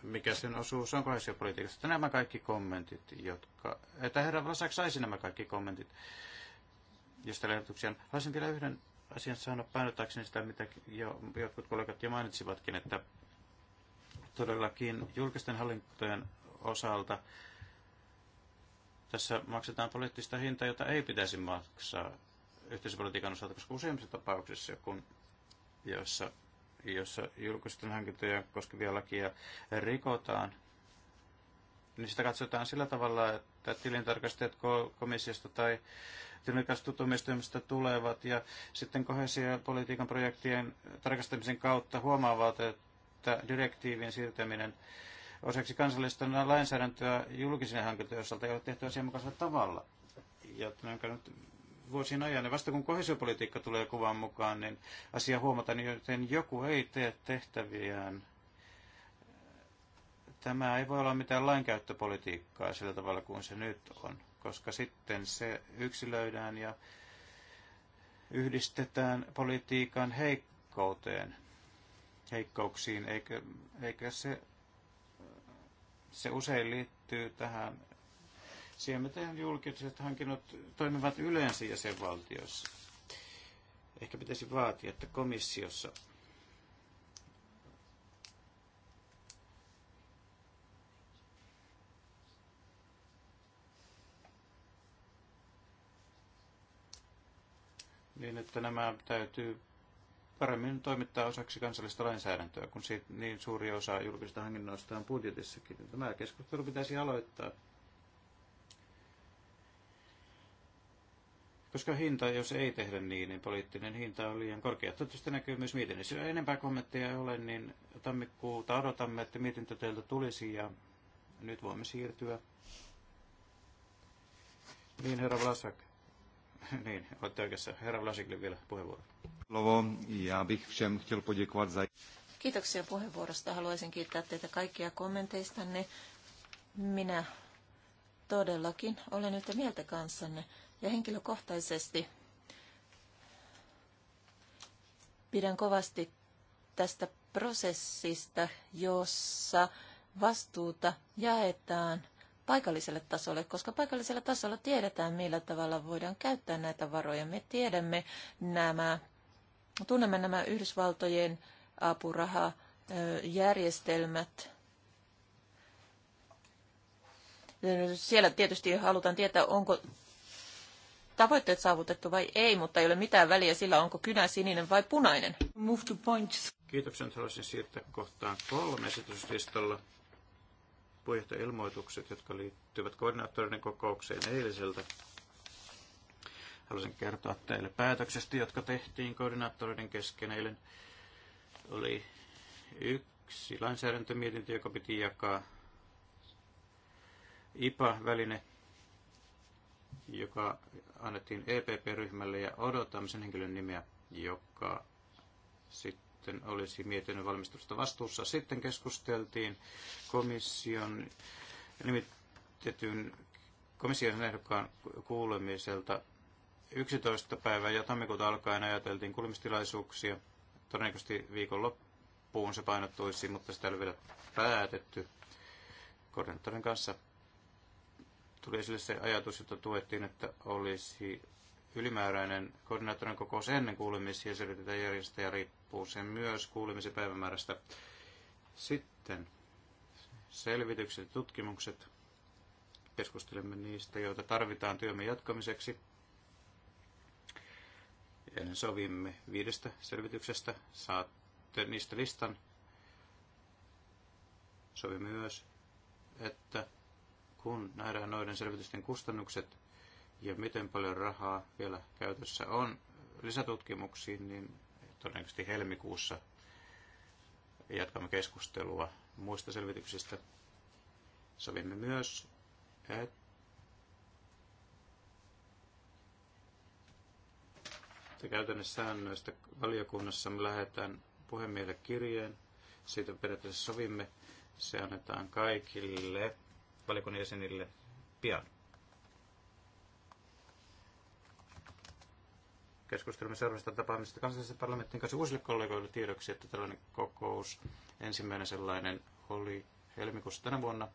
mikä sen osuus on että Nämä kaikki kommentit, jotka, että herra Vlasak saisi nämä kaikki kommentit, jos teillä ehdotuksia Haluaisin vielä yhden asian sanoa painottaakseni sitä, mitä jo, jotkut kollegat jo mainitsivatkin, että todellakin julkisten hallintojen osalta tässä maksetaan poliittista hintaa, jota ei pitäisi maksaa yhteisöpolitiikan osalta, koska useimmissa tapauksissa, kun, joissa jossa julkisten hankintoja koskevia lakia rikotaan, niin sitä katsotaan sillä tavalla, että tilintarkastajat komissiosta tai tilintarkastustuomioistuimesta tulevat ja sitten politiikan projektien tarkastamisen kautta huomaavat, että direktiivin siirtäminen osaksi kansallista lainsäädäntöä julkisen hankintojen osalta ei ole tehty asianmukaisella tavalla. Ja on vuosien ajan. Ja vasta kun kohesiopolitiikka tulee kuvan mukaan, niin asia huomataan, joten joku ei tee tehtäviään. Tämä ei voi olla mitään lainkäyttöpolitiikkaa sillä tavalla kuin se nyt on, koska sitten se yksilöidään ja yhdistetään politiikan heikkouteen, heikkouksiin, eikä, eikä se, se usein liittyy tähän siihen, miten julkiset hankinnot toimivat yleensä jäsenvaltioissa. Ehkä pitäisi vaatia, että komissiossa niin, että nämä täytyy paremmin toimittaa osaksi kansallista lainsäädäntöä, kun siitä niin suuri osa julkisista hankinnoista on budjetissakin. Tämä keskustelu pitäisi aloittaa Koska hinta, jos ei tehdä niin, niin poliittinen hinta on liian korkea. Toivottavasti näkyy myös miten, Jos enempää kommentteja ei ole, niin tammikuuta odotamme, että mietintö teiltä tulisi ja nyt voimme siirtyä. Niin, herra Vlasak. niin, olette oikeassa. Herra Vlasakille vielä puheenvuoro. Lovo, ja bych všem chtěl poděkovat za... Kiitoksia puheenvuorosta. Haluaisin kiittää teitä kaikkia kommenteistanne. Minä todellakin olen yhtä mieltä kanssanne ja henkilökohtaisesti pidän kovasti tästä prosessista, jossa vastuuta jaetaan paikalliselle tasolle, koska paikallisella tasolla tiedetään, millä tavalla voidaan käyttää näitä varoja. Me tiedämme nämä, tunnemme nämä Yhdysvaltojen apurahajärjestelmät. Siellä tietysti halutaan tietää, onko tavoitteet saavutettu vai ei, mutta ei ole mitään väliä sillä, onko kynä sininen vai punainen. Move to points. Kiitoksia. että haluaisin siirtää kohtaan kolme esityslistalla puheenjohtajailmoitukset, jotka liittyvät koordinaattorien kokoukseen eiliseltä. Haluaisin kertoa teille päätöksestä, jotka tehtiin koordinaattoreiden kesken eilen. Oli yksi lainsäädäntömietintö, joka piti jakaa IPA-väline joka annettiin EPP-ryhmälle ja odotamme sen henkilön nimeä, joka sitten olisi mietinnön valmistelusta vastuussa. Sitten keskusteltiin komission nimitetyn komission ehdokkaan kuulemiselta 11. päivää ja tammikuuta alkaen ajateltiin kuulemistilaisuuksia. Todennäköisesti viikonloppuun se painottuisi, mutta sitä ei ole vielä päätetty koordinaattorin kanssa tuli esille se ajatus, jota tuettiin, että olisi ylimääräinen koordinaattorin kokous ennen kuulemisia, se yritetään riippuu sen myös kuulemisen päivämäärästä. Sitten selvitykset ja tutkimukset. Keskustelemme niistä, joita tarvitaan työmme jatkamiseksi. Ennen sovimme viidestä selvityksestä. Saatte niistä listan. Sovimme myös, että kun nähdään noiden selvitysten kustannukset ja miten paljon rahaa vielä käytössä on lisätutkimuksiin, niin todennäköisesti helmikuussa jatkamme keskustelua muista selvityksistä. Sovimme myös, että käytännössä säännöistä valiokunnassa me lähetään puhemiehelle kirjeen. Siitä periaatteessa sovimme. Se annetaan kaikille valiokunnan jäsenille pian. Keskustelemme seuraavasta tapaamisesta kansallisen parlamentin kanssa uusille kollegoille tiedoksi, että tällainen kokous, ensimmäinen sellainen, oli helmikuussa tänä vuonna.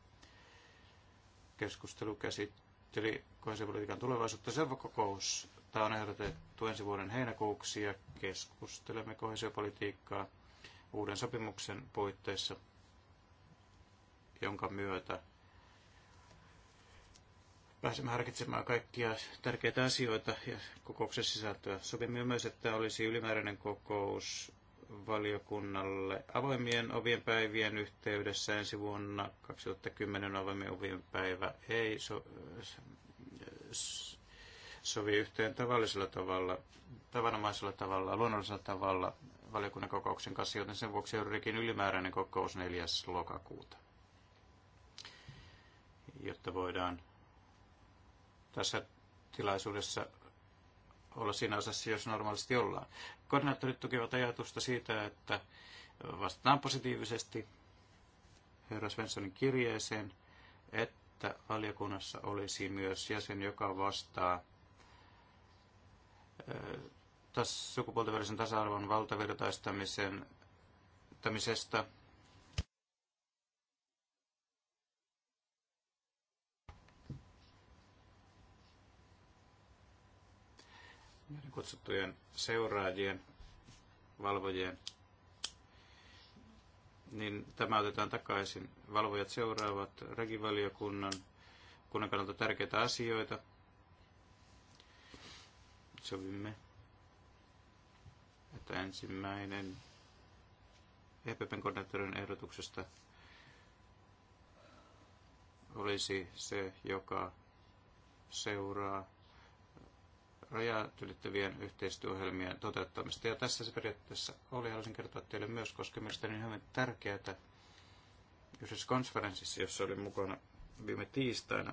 Keskustelu käsitteli kohesiopolitiikan tulevaisuutta. Selvä kokous. Tämä on ehdotettu ensi vuoden heinäkuuksi ja keskustelemme kohesiopolitiikkaa uuden sopimuksen puitteissa jonka myötä pääsemme harkitsemaan kaikkia tärkeitä asioita ja kokouksen sisältöä. Sovimme myös, että olisi ylimääräinen kokous valiokunnalle avoimien ovien päivien yhteydessä ensi vuonna 2010 avoimien ovien päivä ei so, sovi yhteen tavallisella tavalla, tavanomaisella tavalla, luonnollisella tavalla valiokunnan kokouksen kanssa, joten sen vuoksi on ylimääräinen kokous 4. lokakuuta, jotta voidaan tässä tilaisuudessa olla siinä osassa, jos normaalisti ollaan. Koordinaattorit tukevat ajatusta siitä, että vastataan positiivisesti herra Svenssonin kirjeeseen, että valiokunnassa olisi myös jäsen, joka vastaa sukupuolten välisen tasa-arvon valtavirtaistamisesta niin kutsuttujen seuraajien, valvojien, niin tämä otetaan takaisin. Valvojat seuraavat regivaliokunnan kunnan kannalta tärkeitä asioita. Sovimme, että ensimmäinen EPPn koordinaattorin ehdotuksesta olisi se, joka seuraa rajat ylittävien yhteistyöohjelmien toteuttamista. Ja tässä se periaatteessa oli. Haluaisin kertoa teille myös, koska mielestäni on hyvin tärkeää yhdessä konferenssissa, jossa olin mukana viime tiistaina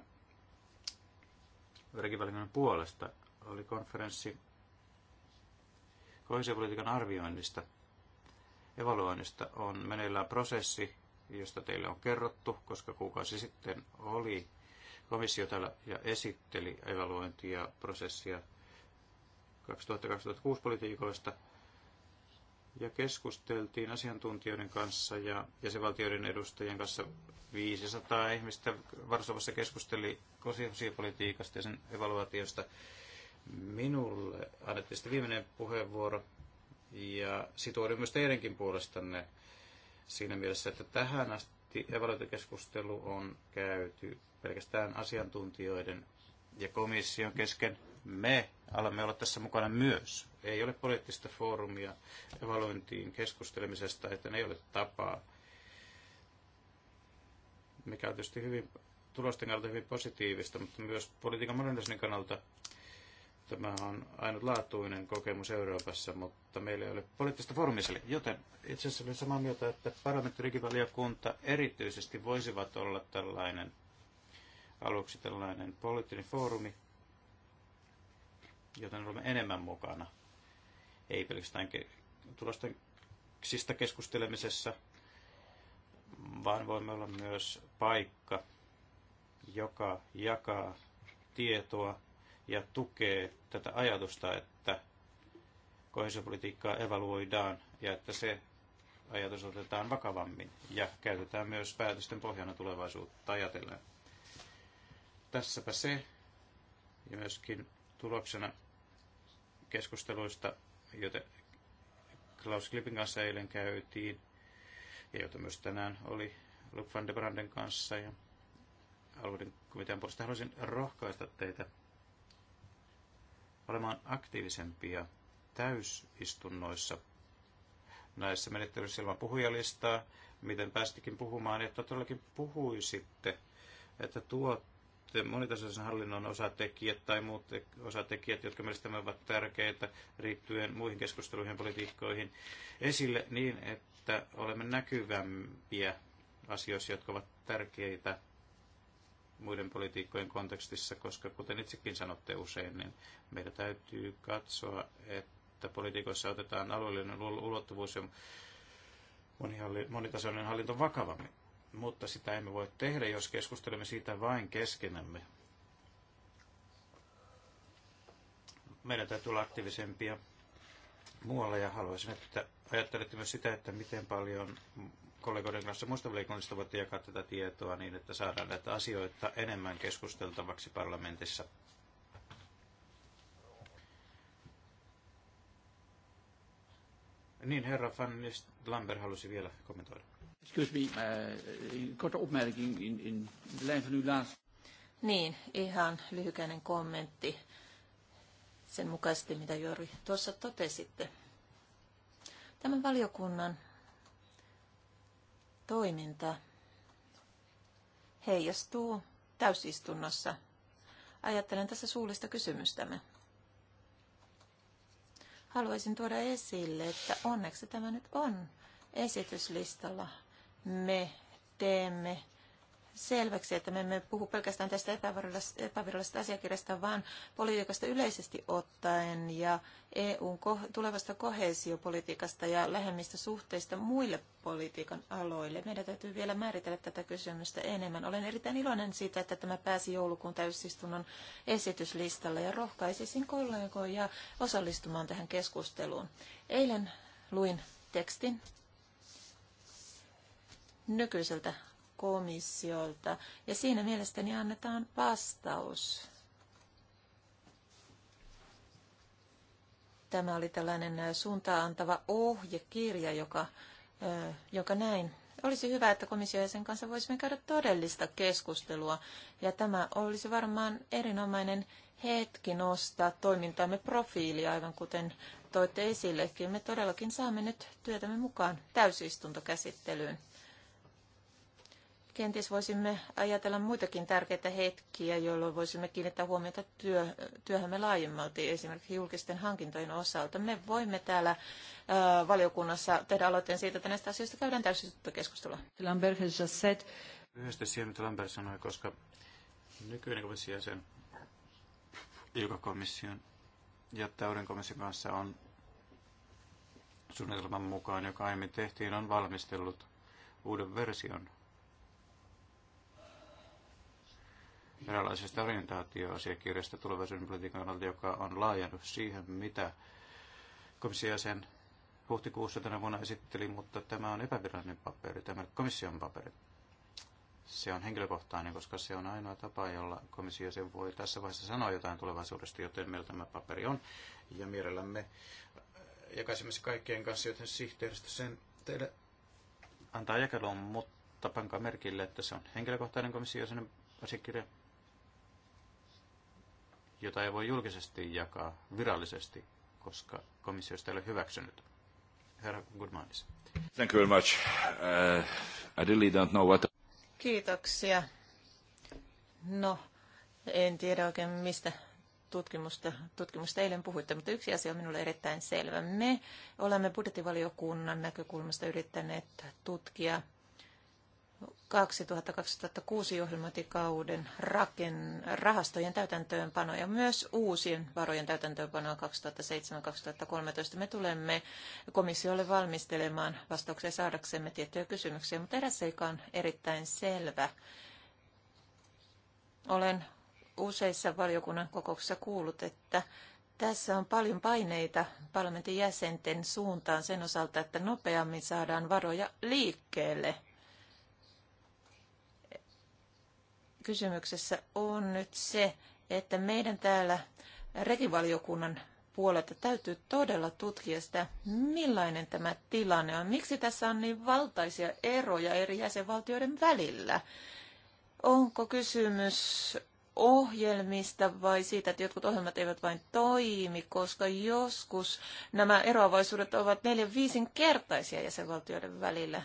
väkivallan puolesta, oli konferenssi kohesiopolitiikan arvioinnista, evaluoinnista. On meneillään prosessi, josta teille on kerrottu, koska kuukausi sitten oli komissio täällä ja esitteli evaluointia, prosessia 2006 politiikoista ja keskusteltiin asiantuntijoiden kanssa ja jäsenvaltioiden edustajien kanssa 500 ihmistä Varsovassa keskusteli kosiopolitiikasta ja sen evaluaatiosta. Minulle annettiin sitten viimeinen puheenvuoro ja sitouduin myös teidänkin puolestanne siinä mielessä, että tähän asti evaluointikeskustelu on käyty pelkästään asiantuntijoiden ja komission kesken – me alamme olla tässä mukana myös. Ei ole poliittista foorumia evaluointiin keskustelemisesta, että ne ei ole tapaa, mikä on tietysti hyvin, tulosten kannalta hyvin positiivista, mutta myös politiikan modernisoinnin kannalta tämä on ainutlaatuinen kokemus Euroopassa, mutta meillä ei ole poliittista foorumia sille. Joten itse asiassa olen samaa mieltä, että parlamenttirikivaliokunta erityisesti voisivat olla tällainen aluksi tällainen poliittinen foorumi, joten olemme enemmän mukana. Ei pelkästään tulosten sista keskustelemisessa, vaan voimme olla myös paikka, joka jakaa tietoa ja tukee tätä ajatusta, että kohesiopolitiikkaa evaluoidaan ja että se ajatus otetaan vakavammin ja käytetään myös päätösten pohjana tulevaisuutta ajatellen. Tässäpä se ja myöskin tuloksena keskusteluista, joita Klaus Klippin kanssa eilen käytiin ja joita myös tänään oli Luke van de Branden kanssa. Ja alueiden komitean puolesta haluaisin rohkaista teitä olemaan aktiivisempia täysistunnoissa näissä menettelyissä ilman puhujalistaa, miten päästikin puhumaan, että todellakin puhuisitte, että tuot sitten monitasoisen hallinnon osatekijät tai muut osatekijät, jotka mielestäni ovat tärkeitä riittyen muihin keskusteluihin ja politiikkoihin esille niin, että olemme näkyvämpiä asioissa, jotka ovat tärkeitä muiden politiikkojen kontekstissa, koska kuten itsekin sanotte usein, niin meidän täytyy katsoa, että politiikoissa otetaan alueellinen ulottuvuus ja monitasoinen hallinto vakavammin mutta sitä emme voi tehdä, jos keskustelemme siitä vain keskenämme. Meidän täytyy olla aktiivisempia muualla ja haluaisin, että ajattelette myös sitä, että miten paljon kollegoiden kanssa muista valiokunnista voitte jakaa tätä tietoa niin, että saadaan näitä asioita enemmän keskusteltavaksi parlamentissa. Niin, herra Fannist Lambert halusi vielä kommentoida. Excuse me, uh, uh, korte opmerking in, in de lijn van uw laatste. Niin, ihan lyhykäinen kommentti sen mukaisesti, mitä Jori tuossa totesitte. Tämän valiokunnan toiminta heijastuu täysistunnossa. Ajattelen tässä suullista kysymystämme. Haluaisin tuoda esille, että onneksi tämä nyt on esityslistalla me teemme selväksi, että me emme puhu pelkästään tästä epävirallisesta asiakirjasta, vaan politiikasta yleisesti ottaen ja EUn tulevasta kohesiopolitiikasta ja lähemmistä suhteista muille politiikan aloille. Meidän täytyy vielä määritellä tätä kysymystä enemmän. Olen erittäin iloinen siitä, että tämä pääsi joulukuun täysistunnon esityslistalle ja rohkaisisin kollegoja osallistumaan tähän keskusteluun. Eilen luin tekstin nykyiseltä komissiolta. Ja siinä mielestäni annetaan vastaus. Tämä oli tällainen suuntaa antava ohjekirja, joka, joka näin. Olisi hyvä, että komissio ja sen kanssa voisimme käydä todellista keskustelua. Ja tämä olisi varmaan erinomainen hetki nostaa toimintamme profiili, aivan kuten toitte esillekin. Me todellakin saamme nyt työtämme mukaan täysistuntokäsittelyyn. Kenties voisimme ajatella muitakin tärkeitä hetkiä, jolloin voisimme kiinnittää huomiota työ, työhömme laajemmalti, esimerkiksi julkisten hankintojen osalta. Me voimme täällä ää, valiokunnassa tehdä aloitteen siitä, että näistä asioista käydään täysistunto-keskustelua. Lambert has just said. Lyhyesti siihen, mitä Lambert sanoi, koska nykyinen komission jäsen, joka komission ja uuden komission kanssa on suunnitelman mukaan, joka aiemmin tehtiin, on valmistellut uuden version eräänlaisesta orientaatioasiakirjasta tulevaisuuden politiikan kannalta, joka on laajennut siihen, mitä komissio sen huhtikuussa tänä vuonna esitteli, mutta tämä on epävirallinen paperi, tämä komission paperi. Se on henkilökohtainen, koska se on ainoa tapa, jolla komissio sen voi tässä vaiheessa sanoa jotain tulevaisuudesta, joten meillä tämä paperi on. Ja mielellämme jakaisimme se kaikkien kanssa, joten sihteeristä sen teille antaa jakeluun, mutta pankaa merkille, että se on henkilökohtainen komissio sen asiakirja, jota ei voi julkisesti jakaa virallisesti, koska komissio sitä ei ole hyväksynyt. Herra Goodmanis. Thank you very much. Uh, I really don't know what... Kiitoksia. No, en tiedä oikein mistä tutkimusta, tutkimusta eilen puhuitte, mutta yksi asia on minulle erittäin selvä. Me olemme budjettivaliokunnan näkökulmasta yrittäneet tutkia 2006 ohjelmointikauden raken, rahastojen täytäntöönpano ja myös uusien varojen täytäntöönpanoa 2007-2013. Me tulemme komissiolle valmistelemaan vastauksia saadaksemme tiettyjä kysymyksiä, mutta eräs seikka on erittäin selvä. Olen useissa valiokunnan kokouksissa kuullut, että tässä on paljon paineita parlamentin jäsenten suuntaan sen osalta, että nopeammin saadaan varoja liikkeelle – kysymyksessä on nyt se, että meidän täällä rekivaliokunnan puolelta täytyy todella tutkia sitä, millainen tämä tilanne on. Miksi tässä on niin valtaisia eroja eri jäsenvaltioiden välillä? Onko kysymys ohjelmista vai siitä, että jotkut ohjelmat eivät vain toimi, koska joskus nämä eroavaisuudet ovat neljän viisin kertaisia jäsenvaltioiden välillä.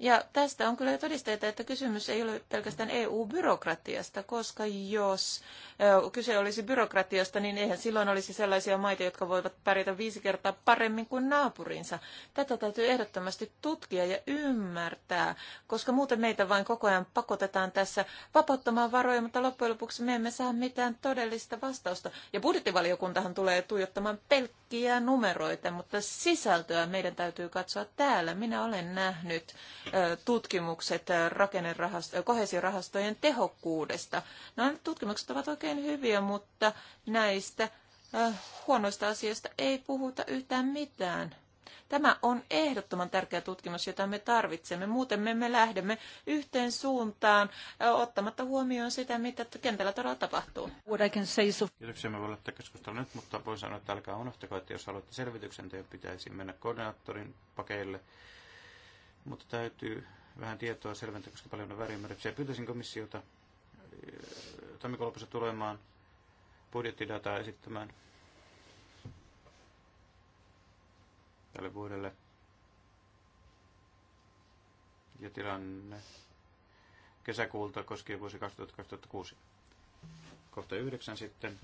Ja tästä on kyllä todisteita, että kysymys ei ole pelkästään EU-byrokratiasta, koska jos kyse olisi byrokratiasta, niin eihän silloin olisi sellaisia maita, jotka voivat pärjätä viisi kertaa paremmin kuin naapurinsa. Tätä täytyy ehdottomasti tutkia ja ymmärtää, koska muuten meitä vain koko ajan pakotetaan tässä vapauttamaan varoja, mutta loppujen lopuksi me emme saa mitään todellista vastausta. Ja budjettivaliokuntahan tulee tuijottamaan pelkkiä numeroita, mutta sisältöä meidän täytyy katsoa täällä. Minä olen nähnyt tutkimukset kohesiorahastojen tehokkuudesta. Nämä no, tutkimukset ovat oikein hyviä, mutta näistä huonoista asioista ei puhuta yhtään mitään. Tämä on ehdottoman tärkeä tutkimus, jota me tarvitsemme. Muuten me, me lähdemme yhteen suuntaan ottamatta huomioon sitä, mitä kentällä todella tapahtuu. Kiitoksia, me voimme olla keskustella nyt, mutta voin sanoa, että älkää unohtako, että jos haluatte selvityksen, teidän pitäisi mennä koordinaattorin pakeille mutta täytyy vähän tietoa selventää, koska paljon on väärinymmärryksiä. Pyytäisin komissiota eh, tammikuun lopussa tulemaan budjettidataa esittämään tälle vuodelle. Ja tilanne kesäkuulta koskien vuosi 2006. Kohta yhdeksän sitten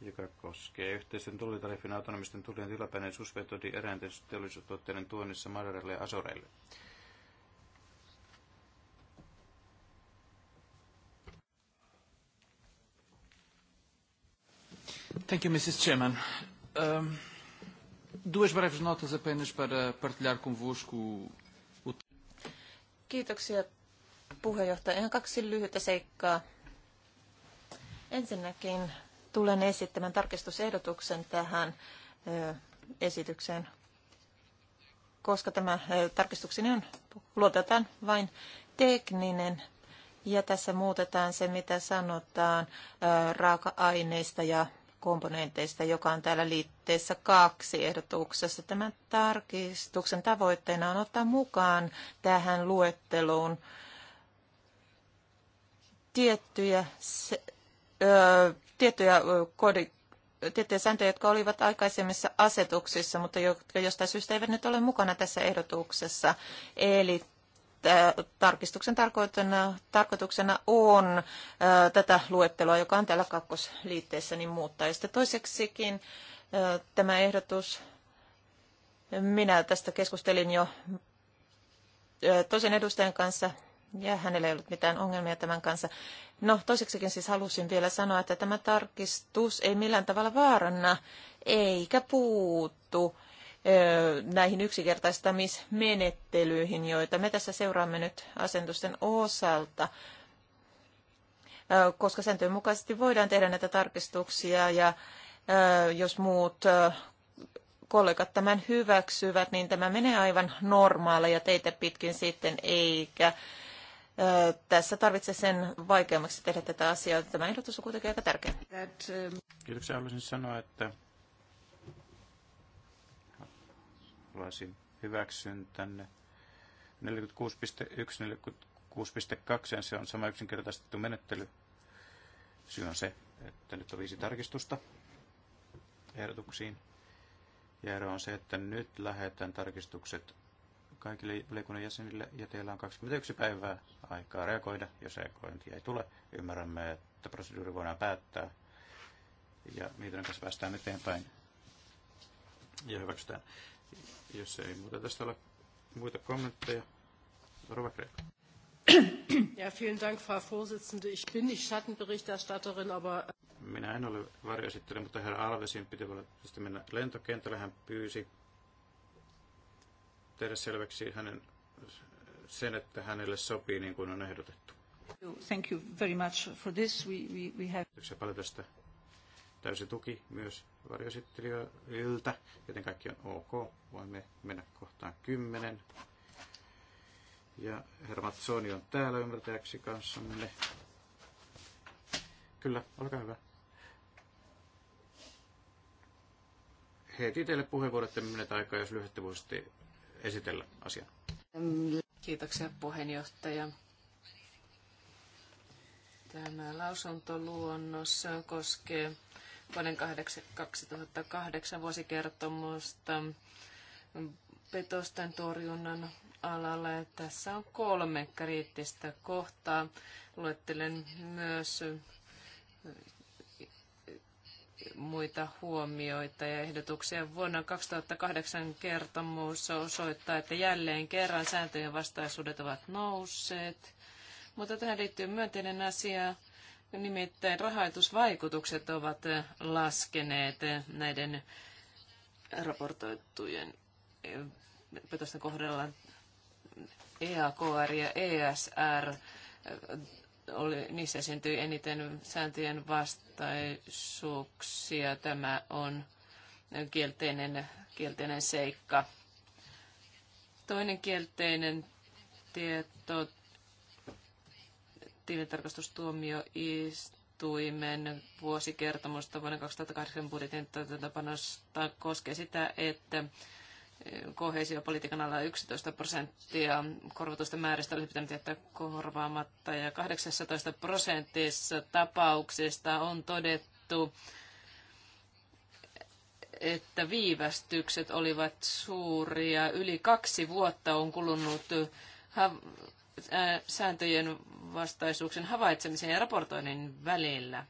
joka koskee yhteisten tullitariffin autonomisten tullien tilapäinen susvetodi eräänten teollisuustuotteiden tuonnissa Madarelle ja Azoreille. Thank you, Mrs. Chairman. Um, duas breves notas apenas para partilhar convosco o... Kiitoksia puheenjohtaja. Ihan kaksi lyhyttä seikkaa. Ensinnäkin tulen esittämään tarkistusehdotuksen tähän esitykseen, koska tämä tarkistukseni on luotetaan vain tekninen ja tässä muutetaan se, mitä sanotaan raaka-aineista ja komponenteista, joka on täällä liitteessä kaksi ehdotuksessa. Tämän tarkistuksen tavoitteena on ottaa mukaan tähän luetteluun tiettyjä se, ö, tiettyjä koodi, tiettyjä sääntöjä, jotka olivat aikaisemmissa asetuksissa, mutta jotka jostain syystä eivät nyt ole mukana tässä ehdotuksessa. Eli tarkistuksen tarkoituksena, tarkoituksena on ää, tätä luetteloa, joka on täällä kakkosliitteessä, niin muuttaa. Ja sitten toiseksikin ää, tämä ehdotus, minä tästä keskustelin jo ää, toisen edustajan kanssa ja hänellä ei ollut mitään ongelmia tämän kanssa. No, toiseksikin siis halusin vielä sanoa, että tämä tarkistus ei millään tavalla vaaranna eikä puuttu näihin yksinkertaistamismenettelyihin, joita me tässä seuraamme nyt asentusten osalta, koska sääntöjen mukaisesti voidaan tehdä näitä tarkistuksia ja jos muut kollegat tämän hyväksyvät, niin tämä menee aivan normaaleja teitä pitkin sitten, eikä tässä tarvitse sen vaikeammaksi tehdä tätä asiaa. Tämä ehdotus on kuitenkin aika tärkeä. Kiitoksia. Haluaisin sanoa, että haluaisin hyväksyn tänne 46.1, 46.2, se on sama yksinkertaistettu menettely. Syy on se, että nyt on viisi tarkistusta ehdotuksiin. Ja ero on se, että nyt lähetän tarkistukset kaikille valiokunnan jäsenille ja teillä on 21 päivää aikaa reagoida, jos reagointia ei tule. Ymmärrämme, että proseduuri voidaan päättää ja mietinnön kanssa päästään eteenpäin ja hyväksytään. Jos ei muuta tästä ole muita kommentteja, Rova Ja, vielen Dank, Frau Vorsitzende. Ich bin nicht Schattenberichterstatterin, aber... Minä en ole varjoesittelijä, mutta herra Alvesin piti valitettavasti mennä lentokentälle. Hän pyysi tehdä selväksi hänen sen, että hänelle sopii niin kuin on ehdotettu. Thank you very much for this. We, we, we have... Kiitoksia paljon tästä. Täysi tuki myös varjosittelijöiltä, joten kaikki on ok. Voimme mennä kohtaan kymmenen. Ja herra Matsoni on täällä ymmärtäjäksi kanssamme. Kyllä, olkaa hyvä. Heti teille puheenvuorot, että aikaa, jos lyhyesti voisitte esitellä asian. Kiitoksia puheenjohtaja. Tämä lausuntoluonnos koskee vuoden 2008 vuosikertomusta petosten torjunnan alalla. Ja tässä on kolme kriittistä kohtaa. Luettelen myös muita huomioita ja ehdotuksia. Vuonna 2008 kertomus osoittaa, että jälleen kerran sääntöjen vastaisuudet ovat nousseet. Mutta tähän liittyy myönteinen asia, nimittäin rahoitusvaikutukset ovat laskeneet näiden raportoitujen petosten kohdalla EAKR ja ESR oli, niissä syntyi eniten sääntöjen vastaisuuksia. Tämä on kielteinen, kielteinen seikka. Toinen kielteinen tieto tilintarkastustuomioistuimen vuosikertomusta vuoden 2008 budjetin täytäntöpanosta koskee sitä, että koheesiopolitiikan alla 11 prosenttia korvatusta määristä olisi pitänyt jättää korvaamatta ja 18 prosentissa tapauksista on todettu, että viivästykset olivat suuria. Yli kaksi vuotta on kulunut sääntöjen vastaisuuksien havaitsemisen ja raportoinnin välillä.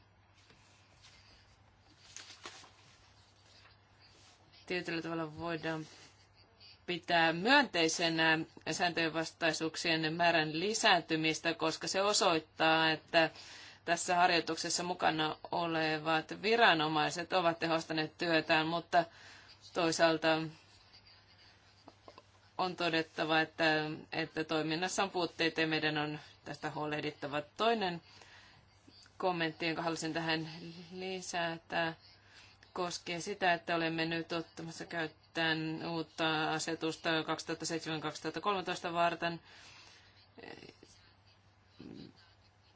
Tietyllä tavalla voidaan pitää myönteisenä sääntöjen vastaisuuksien määrän lisääntymistä, koska se osoittaa, että tässä harjoituksessa mukana olevat viranomaiset ovat tehostaneet työtään, mutta toisaalta on todettava, että, että toiminnassa on puutteita ja meidän on tästä huolehdittava. Toinen kommentti, jonka halusin tähän lisätä, koskee sitä, että olemme nyt ottamassa käyttöön sitten uutta asetusta 2007-2013 varten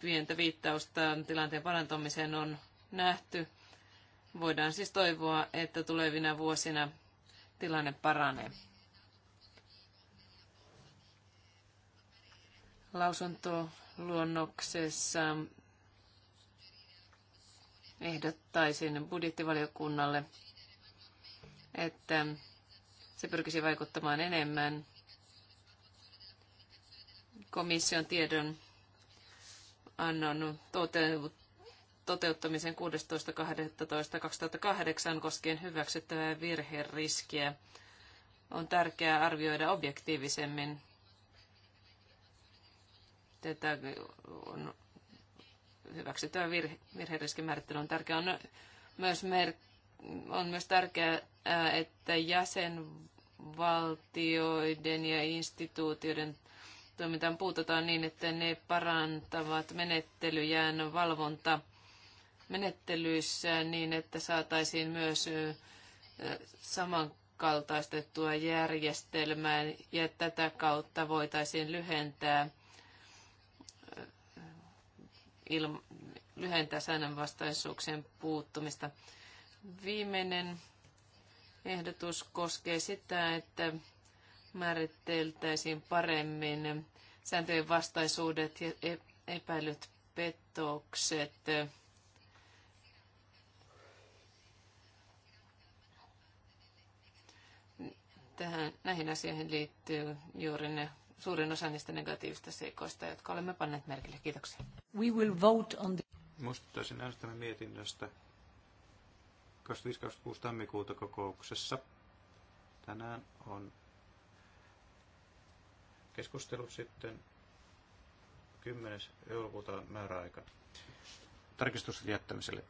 pientä viittausta tilanteen parantamiseen on nähty. Voidaan siis toivoa, että tulevina vuosina tilanne paranee. Lausuntoluonnoksessa ehdottaisin budjettivaliokunnalle, että se pyrkisi vaikuttamaan enemmän komission tiedon annon toteuttamisen 16.12.2008 koskien hyväksyttävää virheriskiä. On tärkeää arvioida objektiivisemmin tätä on hyväksyttävä virheriskin määrittely on tärkeää. On myös, mer- on myös tärkeää, että jäsen valtioiden ja instituutioiden toimintaan puututaan niin, että ne parantavat menettelyjään valvonta menettelyissä niin, että saataisiin myös samankaltaistettua järjestelmää ja tätä kautta voitaisiin lyhentää, ilma, lyhentää säännönvastaisuuksien puuttumista. Viimeinen ehdotus koskee sitä, että määritteltäisiin paremmin sääntöjen vastaisuudet ja e- epäilyt petokset. Tähän, näihin asioihin liittyy juuri ne suurin osa niistä negatiivista seikoista, jotka olemme panneet merkille. Kiitoksia. We will vote on the... Muistuttaisin äänestämme mietinnöstä 25-26 tammikuuta kokouksessa. Tänään on keskustelut sitten 10. joulukuuta määräaika tarkistusten jättämiselle.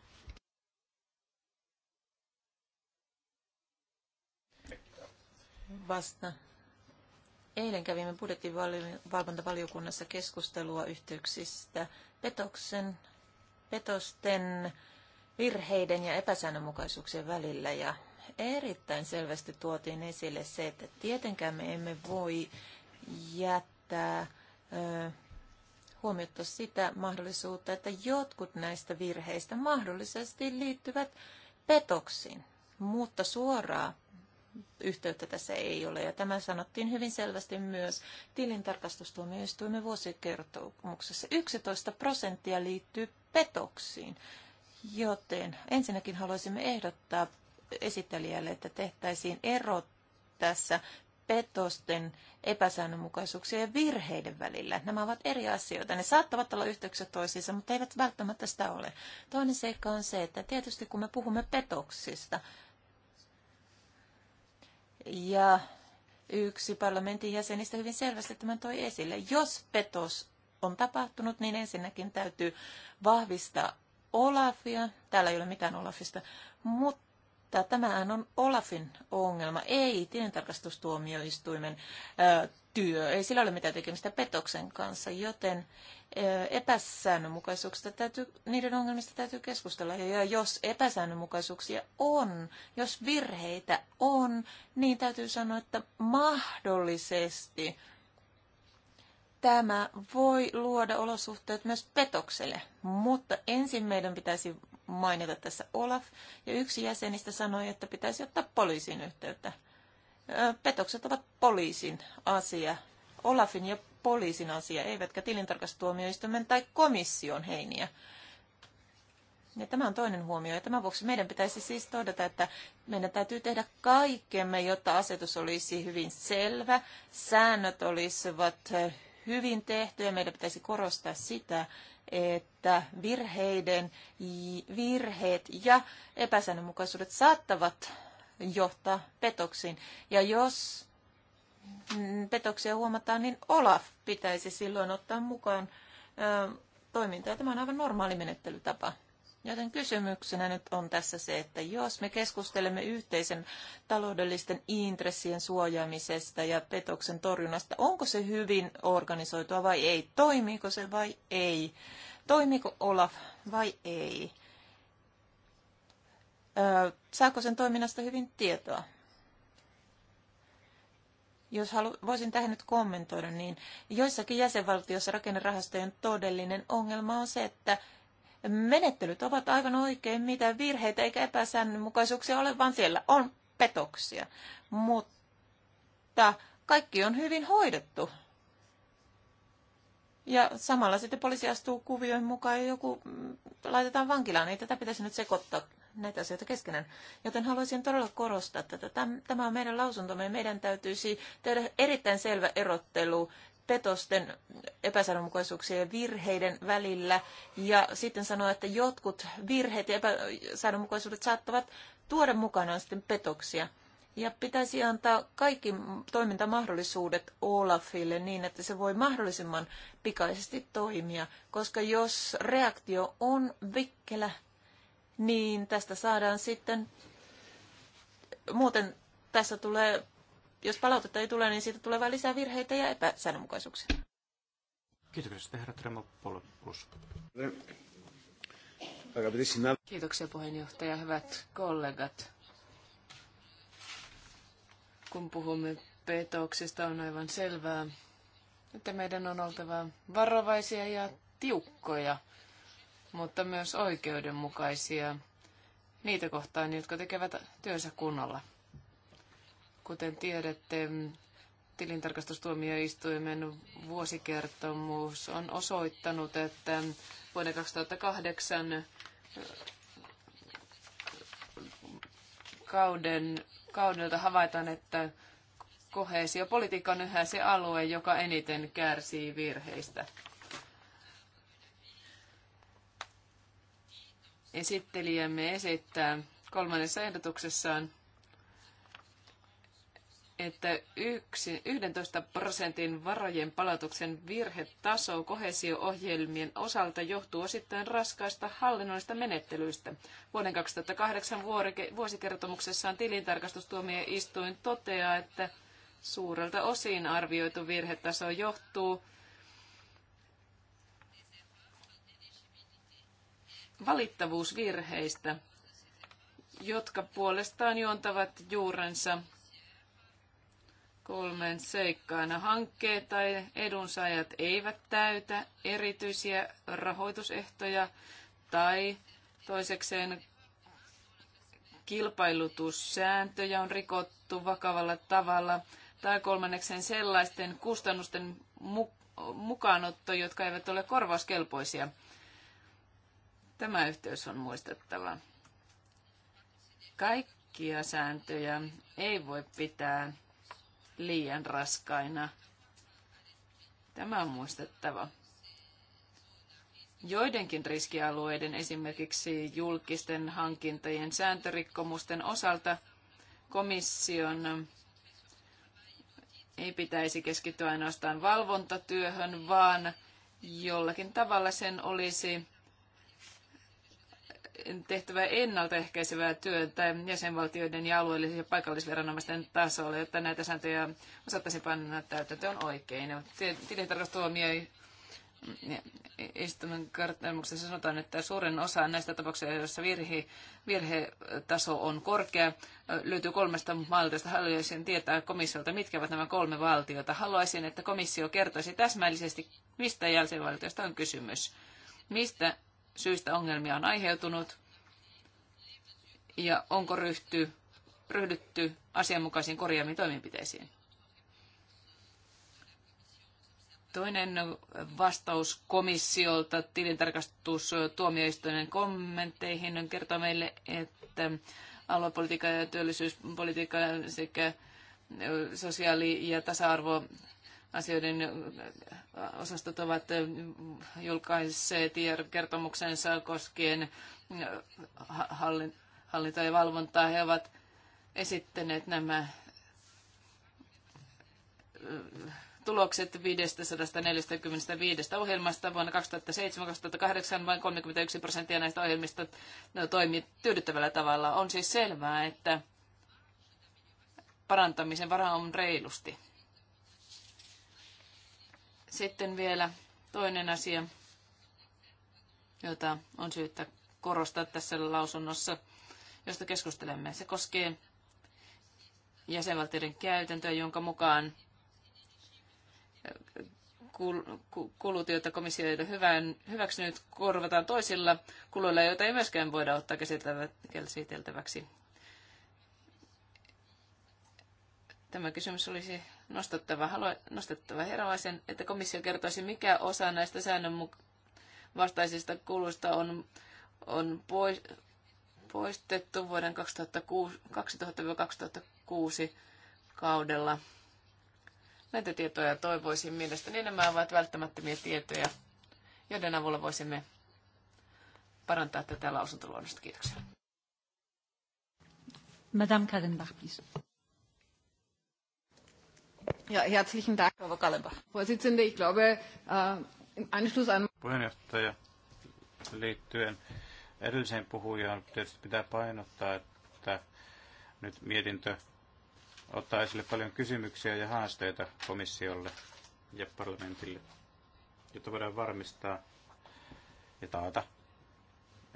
Vasta. Eilen kävimme budjettivalvontavaliokunnassa keskustelua yhteyksistä petoksen, petosten virheiden ja epäsäännönmukaisuuksien välillä ja erittäin selvästi tuotiin esille se, että tietenkään me emme voi jättää huomiota sitä mahdollisuutta, että jotkut näistä virheistä mahdollisesti liittyvät petoksiin, mutta suoraa yhteyttä tässä ei ole. Ja tämä sanottiin hyvin selvästi myös tilintarkastustuomioistuimen vuosikertomuksessa. 11 prosenttia liittyy petoksiin. Joten ensinnäkin haluaisimme ehdottaa esittelijälle, että tehtäisiin ero tässä petosten, epäsäännönmukaisuuksien ja virheiden välillä. Nämä ovat eri asioita. Ne saattavat olla yhteyksissä toisiinsa, mutta eivät välttämättä sitä ole. Toinen seikka on se, että tietysti kun me puhumme petoksista ja yksi parlamentin jäsenistä hyvin selvästi tämän toi esille. Jos petos on tapahtunut, niin ensinnäkin täytyy vahvistaa Olafia. Täällä ei ole mitään Olafista, mutta tämähän on Olafin ongelma, ei tilintarkastustuomioistuimen ö, työ. Ei sillä ole mitään tekemistä petoksen kanssa, joten epäsäännönmukaisuuksista täytyy, niiden ongelmista täytyy keskustella. Ja jos epäsäännönmukaisuuksia on, jos virheitä on, niin täytyy sanoa, että mahdollisesti – tämä voi luoda olosuhteet myös petokselle, mutta ensin meidän pitäisi mainita tässä Olaf, ja yksi jäsenistä sanoi, että pitäisi ottaa poliisin yhteyttä. Petokset ovat poliisin asia, Olafin ja poliisin asia, eivätkä tilintarkastustuomioistuimen tai komission heiniä. Ja tämä on toinen huomio. Ja tämän vuoksi meidän pitäisi siis todeta, että meidän täytyy tehdä kaikkemme, jotta asetus olisi hyvin selvä, säännöt olisivat hyvin tehty ja meidän pitäisi korostaa sitä, että virheiden, virheet ja epäsäännönmukaisuudet saattavat johtaa petoksiin. Ja jos petoksia huomataan, niin Olaf pitäisi silloin ottaa mukaan toimintaa. Tämä on aivan normaali menettelytapa. Joten kysymyksenä nyt on tässä se, että jos me keskustelemme yhteisen taloudellisten intressien suojaamisesta ja petoksen torjunnasta, onko se hyvin organisoitua vai ei? Toimiiko se vai ei? Toimiiko Olaf vai ei? Öö, saako sen toiminnasta hyvin tietoa? Jos halu, voisin tähän nyt kommentoida, niin joissakin jäsenvaltioissa rakennerahastojen todellinen ongelma on se, että menettelyt ovat aivan oikein, mitä virheitä eikä epäsäännönmukaisuuksia ole, vaan siellä on petoksia. Mutta kaikki on hyvin hoidettu. Ja samalla sitten poliisi astuu kuvioin mukaan ja joku mm, laitetaan vankilaan. Ei tätä pitäisi nyt sekoittaa näitä asioita keskenään. Joten haluaisin todella korostaa tätä. Tämä on meidän lausuntomme. Meidän täytyisi tehdä erittäin selvä erottelu petosten epäsäännönmukaisuuksien ja virheiden välillä ja sitten sanoa, että jotkut virheet ja epäsäännönmukaisuudet saattavat tuoda mukanaan sitten petoksia. Ja pitäisi antaa kaikki toimintamahdollisuudet Olafille niin, että se voi mahdollisimman pikaisesti toimia, koska jos reaktio on vikkelä, niin tästä saadaan sitten, muuten tässä tulee jos palautetta ei tule, niin siitä tulee vain lisää virheitä ja epäsäännönmukaisuuksia. Kiitoksia, herra Tremopoulos. Kiitoksia puheenjohtaja, hyvät kollegat. Kun puhumme petoksista, on aivan selvää, että meidän on oltava varovaisia ja tiukkoja, mutta myös oikeudenmukaisia niitä kohtaan, jotka tekevät työnsä kunnolla. Kuten tiedätte, tilintarkastustuomioistuimen vuosikertomus on osoittanut, että vuoden 2008 kauden, kaudelta havaitaan, että koheesiopolitiikka on yhä se alue, joka eniten kärsii virheistä. Esittelijämme esittää kolmannessa ehdotuksessaan että yksi, 11 prosentin varojen palautuksen virhetaso kohesio-ohjelmien osalta johtuu osittain raskaista hallinnollista menettelyistä. Vuoden 2008 vuosikertomuksessaan tilintarkastustuomioistuin toteaa, että suurelta osin arvioitu virhetaso johtuu valittavuusvirheistä, jotka puolestaan juontavat juurensa kolmen seikkaan. Hankkeet tai edunsaajat eivät täytä erityisiä rahoitusehtoja tai toisekseen kilpailutussääntöjä on rikottu vakavalla tavalla tai kolmanneksen sellaisten kustannusten mukaanotto, jotka eivät ole korvauskelpoisia. Tämä yhteys on muistettava. Kaikkia sääntöjä ei voi pitää liian raskaina. Tämä on muistettava. Joidenkin riskialueiden, esimerkiksi julkisten hankintojen sääntörikkomusten osalta, komission ei pitäisi keskittyä ainoastaan valvontatyöhön, vaan jollakin tavalla sen olisi tehtävä ennaltaehkäisevää työtä jäsenvaltioiden ja alueellisen ja paikallisviranomaisten tasolla, jotta näitä sääntöjä osattaisiin panna täytäntöön oikein. Tilintarkastuomio istuman kertomuksessa sanotaan, että suurin osa näistä tapauksista, joissa virhe, virhetaso on korkea, löytyy kolmesta valtiosta. Haluaisin tietää komissiolta, mitkä ovat nämä kolme valtiota. Haluaisin, että komissio kertoisi täsmällisesti, mistä jäsenvaltiosta on kysymys. Mistä syistä ongelmia on aiheutunut ja onko ryhty, ryhdytty asianmukaisiin korjaamiin toimenpiteisiin. Toinen vastaus komissiolta tilintarkastus tuomioistuinen kommentteihin kertoo meille, että aluepolitiikka ja työllisyyspolitiikka sekä sosiaali- ja tasa-arvo asioiden osastot ovat julkaisseet kertomuksensa koskien hallintaa ja valvontaa. He ovat esittäneet nämä tulokset 545 ohjelmasta vuonna 2007-2008 vain 31 prosenttia näistä ohjelmista no, toimii tyydyttävällä tavalla. On siis selvää, että parantamisen varaa on reilusti. Sitten vielä toinen asia, jota on syytä korostaa tässä lausunnossa, josta keskustelemme. Se koskee jäsenvaltioiden käytäntöä, jonka mukaan eh, kulut, joita komissio ei ole hyväksynyt, korvataan toisilla kuluilla, joita ei myöskään voida ottaa käsiteltäväksi. Tämä kysymys olisi nostettava, halu, nostettava herralaisen, että komissio kertoisi, mikä osa näistä säännönvastaisista vastaisista kuluista on, on pois, poistettu vuoden 2000-2006 kaudella. Näitä tietoja toivoisin mielestäni. Niin nämä ovat välttämättömiä tietoja, joiden avulla voisimme parantaa tätä lausuntoluonnosta. Kiitoksia. Madame Kadenbach, please. Ja, herzlichen Dank, Frau Kallenba. Vorsitzende, ich glaube, äh, Anschluss an... Puheenjohtaja, liittyen edelliseen puhujaan tietysti pitää painottaa, että nyt mietintö ottaa esille paljon kysymyksiä ja haasteita komissiolle ja parlamentille, jotta voidaan varmistaa ja taata,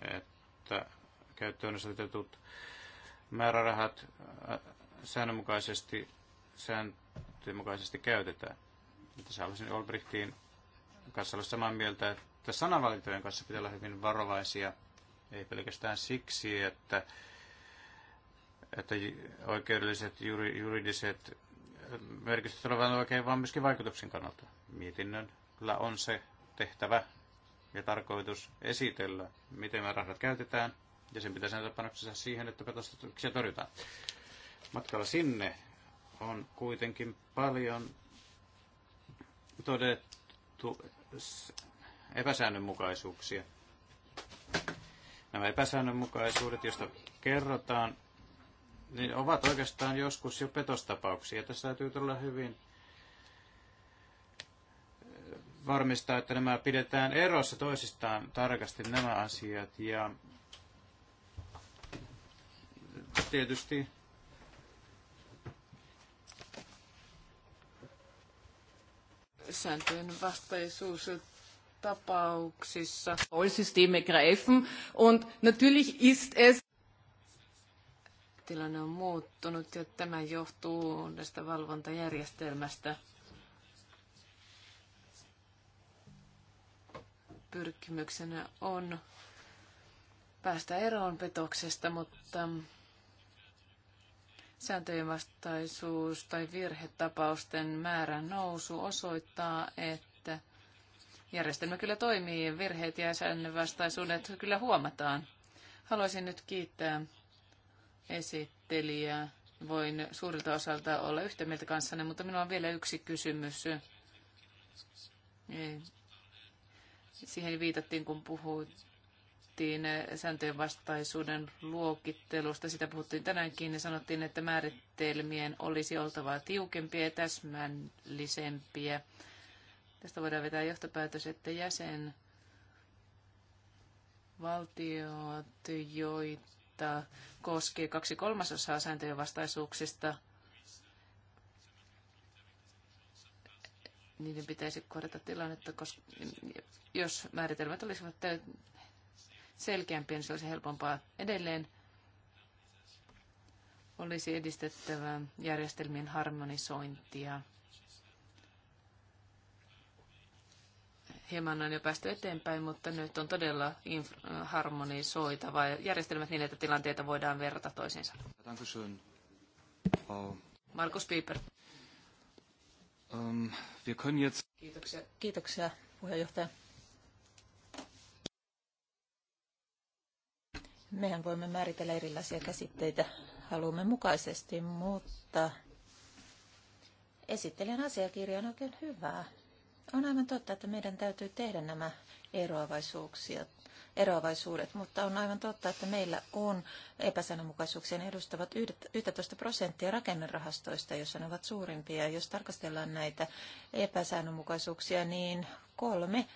että käyttöön osoitetut määrärahat äh, säännönmukaisesti sään, direktiivin mukaisesti käytetään. Tässä haluaisin Olbrichtin kanssa olla samaa mieltä, että sanavalintojen kanssa pitää olla hyvin varovaisia, ei pelkästään siksi, että, että oikeudelliset, juridiset merkitykset ovat oikein, vaan myöskin vaikutuksen kannalta. Mietinnön kyllä on se tehtävä ja tarkoitus esitellä, miten me rahat käytetään, ja sen pitäisi näyttää panoksensa siihen, että petostuksia torjutaan. Matkalla sinne on kuitenkin paljon todettu epäsäännönmukaisuuksia. Nämä epäsäännönmukaisuudet, joista kerrotaan, niin ovat oikeastaan joskus jo petostapauksia. Tässä täytyy tulla hyvin varmistaa, että nämä pidetään erossa toisistaan tarkasti nämä asiat. Ja tietysti sääntöjen vastaisuus tapauksissa. Systeme greifen und natürlich ist es tilanne on muuttunut ja tämä johtuu tästä valvontajärjestelmästä. Pyrkimyksenä on päästä eroon petoksesta, mutta sääntöjenvastaisuus tai virhetapausten määrän nousu osoittaa, että järjestelmä kyllä toimii, virheet ja säännönvastaisuudet kyllä huomataan. Haluaisin nyt kiittää esittelijää. Voin suurilta osalta olla yhtä mieltä kanssanne, mutta minulla on vielä yksi kysymys. Siihen viitattiin, kun puhuit puhuttiin sääntöjen vastaisuuden luokittelusta, sitä puhuttiin tänäänkin ja sanottiin, että määritelmien olisi oltava tiukempia ja täsmällisempiä. Tästä voidaan vetää johtopäätös, että jäsen valtiot, joita koskee kaksi kolmasosaa sääntöjen vastaisuuksista, niiden pitäisi kohdata tilannetta, koska jos määritelmät olisivat selkeämpi, niin se olisi helpompaa edelleen. Olisi edistettävä järjestelmien harmonisointia. Hieman on jo päästy eteenpäin, mutta nyt on todella inf- harmonisoitava järjestelmät niin, että tilanteita voidaan verrata toisiinsa. Markus Pieper. Ähm, Kiitoksia. Kiitoksia puheenjohtaja. Mehän voimme määritellä erilaisia käsitteitä haluamme mukaisesti, mutta esittelen asiakirja on oikein hyvää. On aivan totta, että meidän täytyy tehdä nämä eroavaisuuksia, eroavaisuudet, mutta on aivan totta, että meillä on epäsanomukaisuuksien edustavat 11 prosenttia rakennerahastoista, jossa ne ovat suurimpia. Jos tarkastellaan näitä epäsäännönmukaisuuksia, niin kolme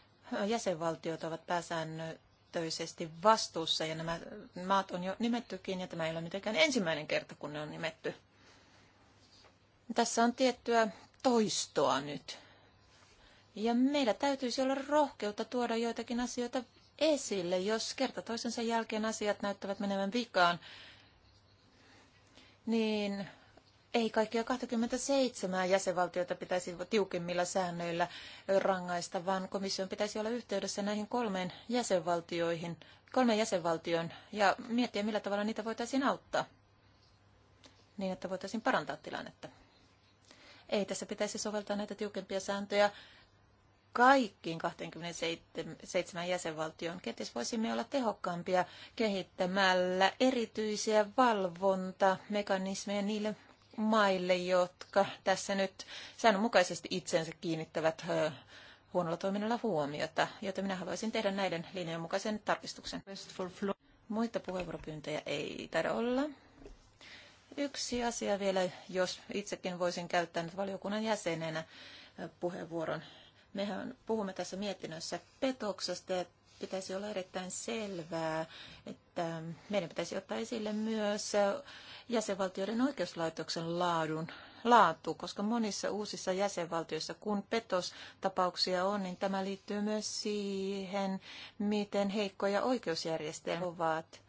jäsenvaltiot ovat pääsäännö, pääsääntöisesti vastuussa ja nämä maat on jo nimettykin ja tämä ei ole mitenkään ensimmäinen kerta, kun ne on nimetty. Tässä on tiettyä toistoa nyt. Ja meillä täytyisi olla rohkeutta tuoda joitakin asioita esille, jos kerta toisensa jälkeen asiat näyttävät menevän vikaan, niin ei kaikkia 27 jäsenvaltiota pitäisi tiukemmilla säännöillä rangaista, vaan komission pitäisi olla yhteydessä näihin kolmeen jäsenvaltioihin, kolmeen jäsenvaltioon ja miettiä, millä tavalla niitä voitaisiin auttaa niin, että voitaisiin parantaa tilannetta. Ei tässä pitäisi soveltaa näitä tiukempia sääntöjä kaikkiin 27 jäsenvaltioon. Kenties voisimme olla tehokkaampia kehittämällä erityisiä valvontamekanismeja niille maille, jotka tässä nyt säännönmukaisesti itsensä kiinnittävät huonolla toiminnalla huomiota, joten minä haluaisin tehdä näiden linjan mukaisen tarkistuksen. Muita puheenvuoropyyntöjä ei taida olla. Yksi asia vielä, jos itsekin voisin käyttää nyt valiokunnan jäsenenä puheenvuoron. Mehän puhumme tässä mietinnössä petoksesta ja pitäisi olla erittäin selvää, että meidän pitäisi ottaa esille myös jäsenvaltioiden oikeuslaitoksen laadun laatu, koska monissa uusissa jäsenvaltioissa, kun petostapauksia on, niin tämä liittyy myös siihen, miten heikkoja oikeusjärjestelmät ovat.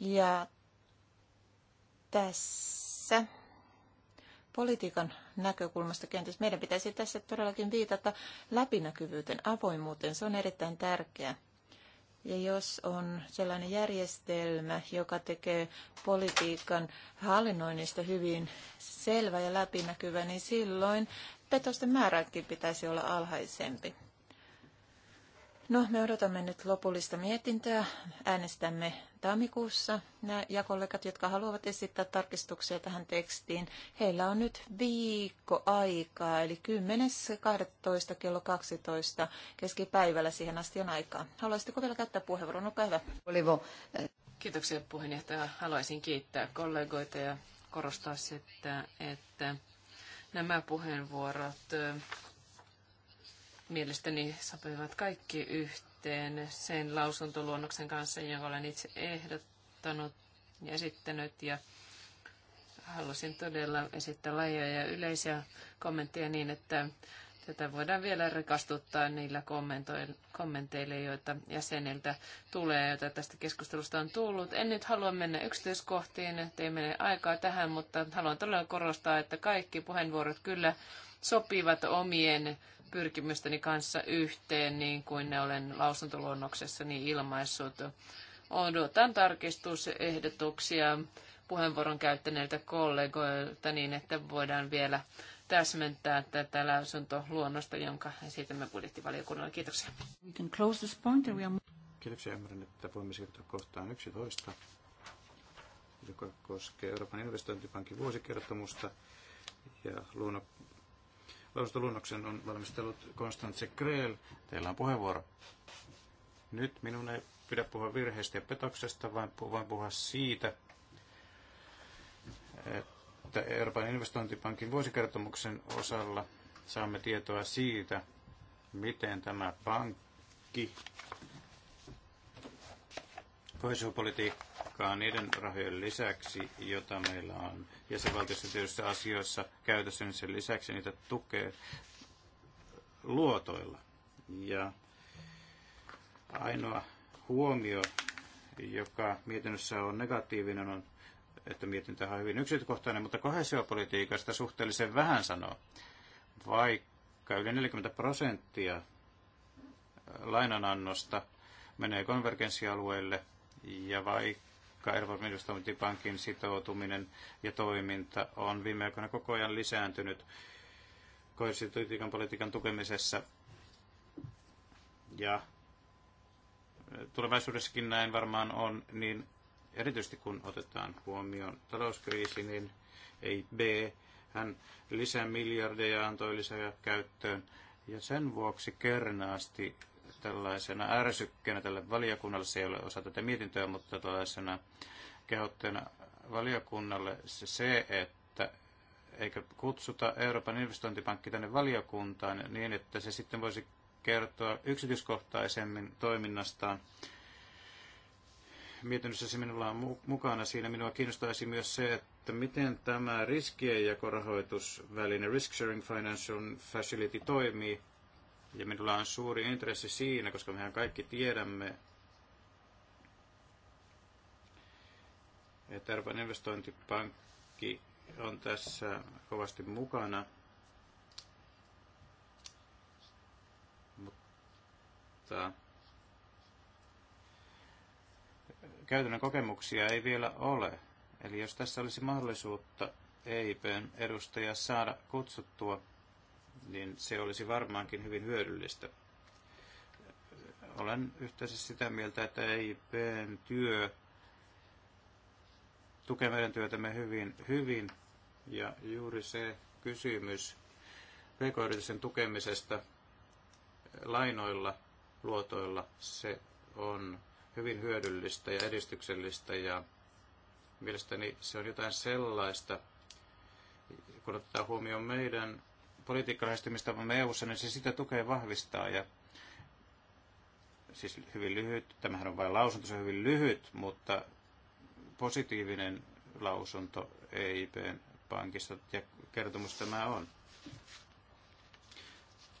Ja tässä politiikan näkökulmasta kenties. Meidän pitäisi tässä todellakin viitata läpinäkyvyyteen, avoimuuteen. Se on erittäin tärkeää. Ja jos on sellainen järjestelmä, joka tekee politiikan hallinnoinnista hyvin selvä ja läpinäkyvä, niin silloin petosten määräkin pitäisi olla alhaisempi. No, me odotamme nyt lopullista mietintöä. Äänestämme tammikuussa. Nämä jakollekat, jotka haluavat esittää tarkistuksia tähän tekstiin, heillä on nyt viikko aikaa, eli 10.12. kello 12 keskipäivällä siihen asti on aikaa. Haluaisitteko vielä käyttää puheenvuoron? Olkaa hyvä. Kiitoksia puheenjohtaja. Haluaisin kiittää kollegoita ja korostaa sitä, että nämä puheenvuorot mielestäni sopivat kaikki yhteen sen lausuntoluonnoksen kanssa, jonka olen itse ehdottanut ja esittänyt. Ja halusin todella esittää laajoja ja yleisiä kommentteja niin, että tätä voidaan vielä rikastuttaa niillä kommenteilla, joita jäseniltä tulee, joita tästä keskustelusta on tullut. En nyt halua mennä yksityiskohtiin, ettei mene aikaa tähän, mutta haluan todella korostaa, että kaikki puheenvuorot kyllä sopivat omien pyrkimysteni kanssa yhteen, niin kuin ne olen lausuntoluonnoksessani niin ilmaissut. Odotan tarkistusehdotuksia puheenvuoron käyttäneiltä kollegoilta niin, että voidaan vielä täsmentää tätä lausuntoluonnosta, jonka esitämme budjettivaliokunnalle. Kiitoksia. We can close this point we are... Kiitoksia. Ymmärrän, että voimme siirtyä kohtaan 11, joka koskee Euroopan investointipankin vuosikertomusta ja luonnon Lausuntoluonnoksen on valmistellut Konstantse Kreel. Teillä on puheenvuoro. Nyt minun ei pidä puhua virheistä ja petoksesta, vaan, vaan puhua siitä, että Euroopan investointipankin vuosikertomuksen osalla saamme tietoa siitä, miten tämä pankki kohesiopolitiikkaa niiden rahojen lisäksi, jota meillä on jäsenvaltiossa tietyissä asioissa käytössä, niin sen lisäksi niitä tukee luotoilla. Ja ainoa huomio, joka mietinnössä on negatiivinen, on, että mietintä on hyvin yksityiskohtainen, mutta kohesiopolitiikasta suhteellisen vähän sanoo, vaikka yli 40 prosenttia lainanannosta menee konvergenssialueelle – ja vaikka Euroopan investointipankin sitoutuminen ja toiminta on viime aikoina koko ajan lisääntynyt kohdistuspolitiikan politiikan tukemisessa ja tulevaisuudessakin näin varmaan on, niin erityisesti kun otetaan huomioon talouskriisi, niin ei B, hän lisää miljardeja antoi lisää käyttöön ja sen vuoksi kernaasti tällaisena ärsykkeenä tälle valiokunnalle, se ei ole osa tätä mietintöä, mutta tällaisena kehotteena valiokunnalle se, se että eikö kutsuta Euroopan investointipankki tänne valiokuntaan niin, että se sitten voisi kertoa yksityiskohtaisemmin toiminnastaan. Mietinnössä se minulla on mukana. Siinä minua kiinnostaisi myös se, että miten tämä riskienjakorahoitusväline Risk Sharing Financial Facility toimii ja minulla on suuri intressi siinä, koska mehän kaikki tiedämme, että Euroopan investointipankki on tässä kovasti mukana. Mutta käytännön kokemuksia ei vielä ole. Eli jos tässä olisi mahdollisuutta EIPn edustaja saada kutsuttua niin se olisi varmaankin hyvin hyödyllistä. Olen yhteensä sitä mieltä, että EIPn työ tukee meidän työtämme hyvin, hyvin ja juuri se kysymys pk tukemisesta lainoilla, luotoilla, se on hyvin hyödyllistä ja edistyksellistä ja mielestäni se on jotain sellaista, kun ottaa huomioon meidän politiikkalähestymistavamme EU-ssa, niin se sitä tukee vahvistaa. Ja siis hyvin lyhyt, tämähän on vain lausunto, se on hyvin lyhyt, mutta positiivinen lausunto eip pankista ja kertomus tämä on.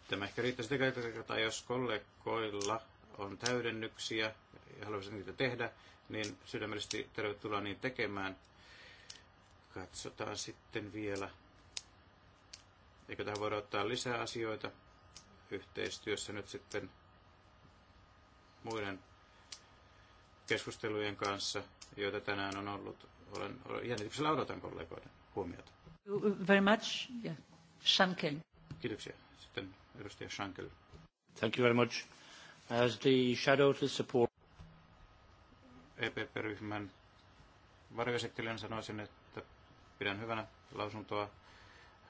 Tämä ehkä riittää sitä kertaa, jos kollegoilla on täydennyksiä ja haluaisit niitä tehdä, niin sydämellisesti tervetuloa niin tekemään. Katsotaan sitten vielä. Eikö tähän voida ottaa lisää asioita yhteistyössä nyt sitten muiden keskustelujen kanssa, joita tänään on ollut. Olen, olen jännityksellä odotan kollegoiden huomiota. Very much. Yeah. Shankel. Kiitoksia. Sitten edustaja Shankel. Thank you very much. As the shadow to support... EPP-ryhmän varjoesittelijän sanoisin, että pidän hyvänä lausuntoa.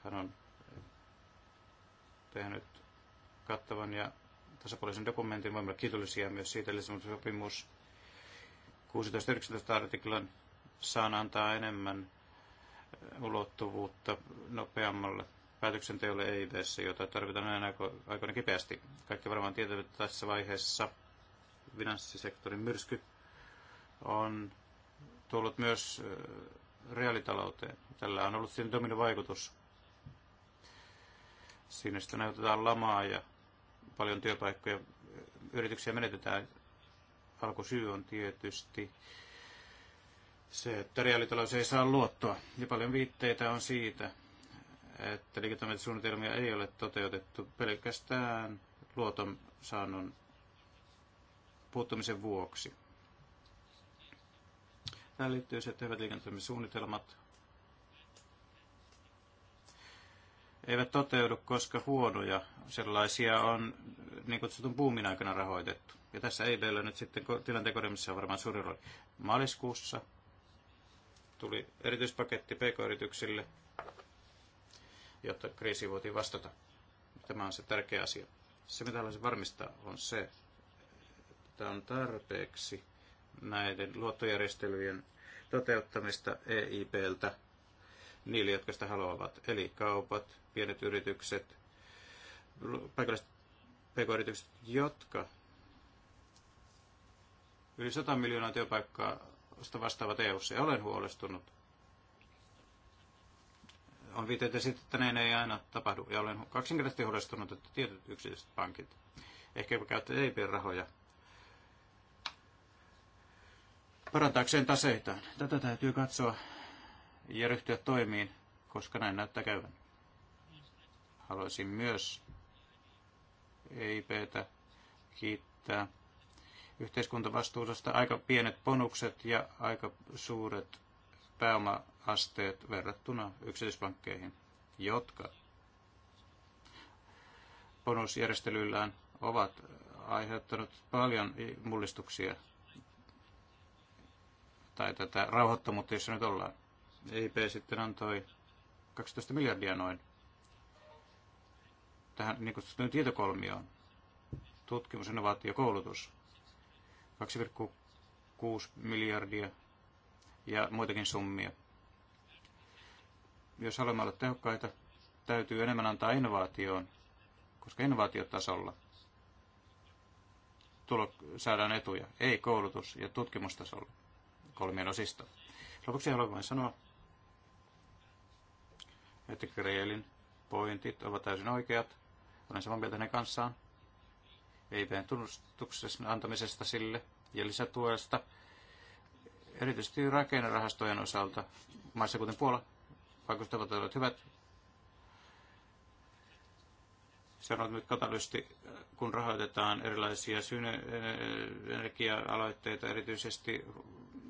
Hän on tehnyt kattavan ja tasapuolisen dokumentin. Voimme olla kiitollisia myös siitä, että sopimus 16.19 artiklan saan antaa enemmän eh, ulottuvuutta nopeammalle päätöksenteolle EIBssä, jota tarvitaan aina aikoina kipeästi. Kaikki varmaan tietävät, että tässä vaiheessa finanssisektorin myrsky on tullut myös eh, reaalitalouteen. Tällä on ollut siinä dominovaikutus Siinä sitten näytetään lamaa ja paljon työpaikkoja, yrityksiä menetetään. Alkusyy on tietysti se, että reaalitalous ei saa luottoa. Ja paljon viitteitä on siitä, että liiketoimintasuunnitelmia ei ole toteutettu pelkästään luoton saannon puuttumisen vuoksi. Tähän liittyy se, että hyvät liiketoimintasuunnitelmat eivät toteudu, koska huonoja sellaisia on niin kutsutun buumin aikana rahoitettu. Ja tässä vielä nyt sitten tilanteen korjaamisessa on varmaan suuri rooli. Maaliskuussa tuli erityispaketti pk-yrityksille, jotta kriisi voitiin vastata. Tämä on se tärkeä asia. Se, mitä haluaisin varmistaa, on se, että on tarpeeksi näiden luottojärjestelyjen toteuttamista EIPltä – niille, jotka sitä haluavat. Eli kaupat, pienet yritykset, paikalliset pk-yritykset, jotka yli 100 miljoonaa työpaikkaa vastaavat eu Ja olen huolestunut. On viitteitä siitä, että näin ei aina tapahdu. Ja olen kaksinkertaisesti huolestunut, että tietyt yksityiset pankit, ehkä jopa käyttävät EIP-rahoja, parantaakseen taseitaan. Tätä täytyy katsoa ja ryhtyä toimiin, koska näin näyttää käyvän. Haluaisin myös EIPtä kiittää yhteiskuntavastuutosta aika pienet ponukset ja aika suuret pääomaasteet verrattuna yksityispankkeihin, jotka ponusjärjestelyillään ovat aiheuttanut paljon mullistuksia tai tätä rauhoittamuutta, jossa nyt ollaan. EIP sitten antoi 12 miljardia noin tähän niin kutsuttuun tietokolmioon. Tutkimus, innovaatio, koulutus. 2,6 miljardia ja muitakin summia. Jos haluamme olla tehokkaita, täytyy enemmän antaa innovaatioon, koska innovaatiotasolla tulo, saadaan etuja, ei koulutus- ja tutkimustasolla kolmien osista. Lopuksi haluan vain sanoa, että Grealin pointit ovat täysin oikeat. Olen samaa mieltä hänen kanssaan. EIPn tunnustuksen antamisesta sille ja lisätuesta. Erityisesti rakennerahastojen osalta maissa kuten Puola vaikuttavat ovat hyvät. Se on nyt katalysti, kun rahoitetaan erilaisia eh, energia-aloitteita, erityisesti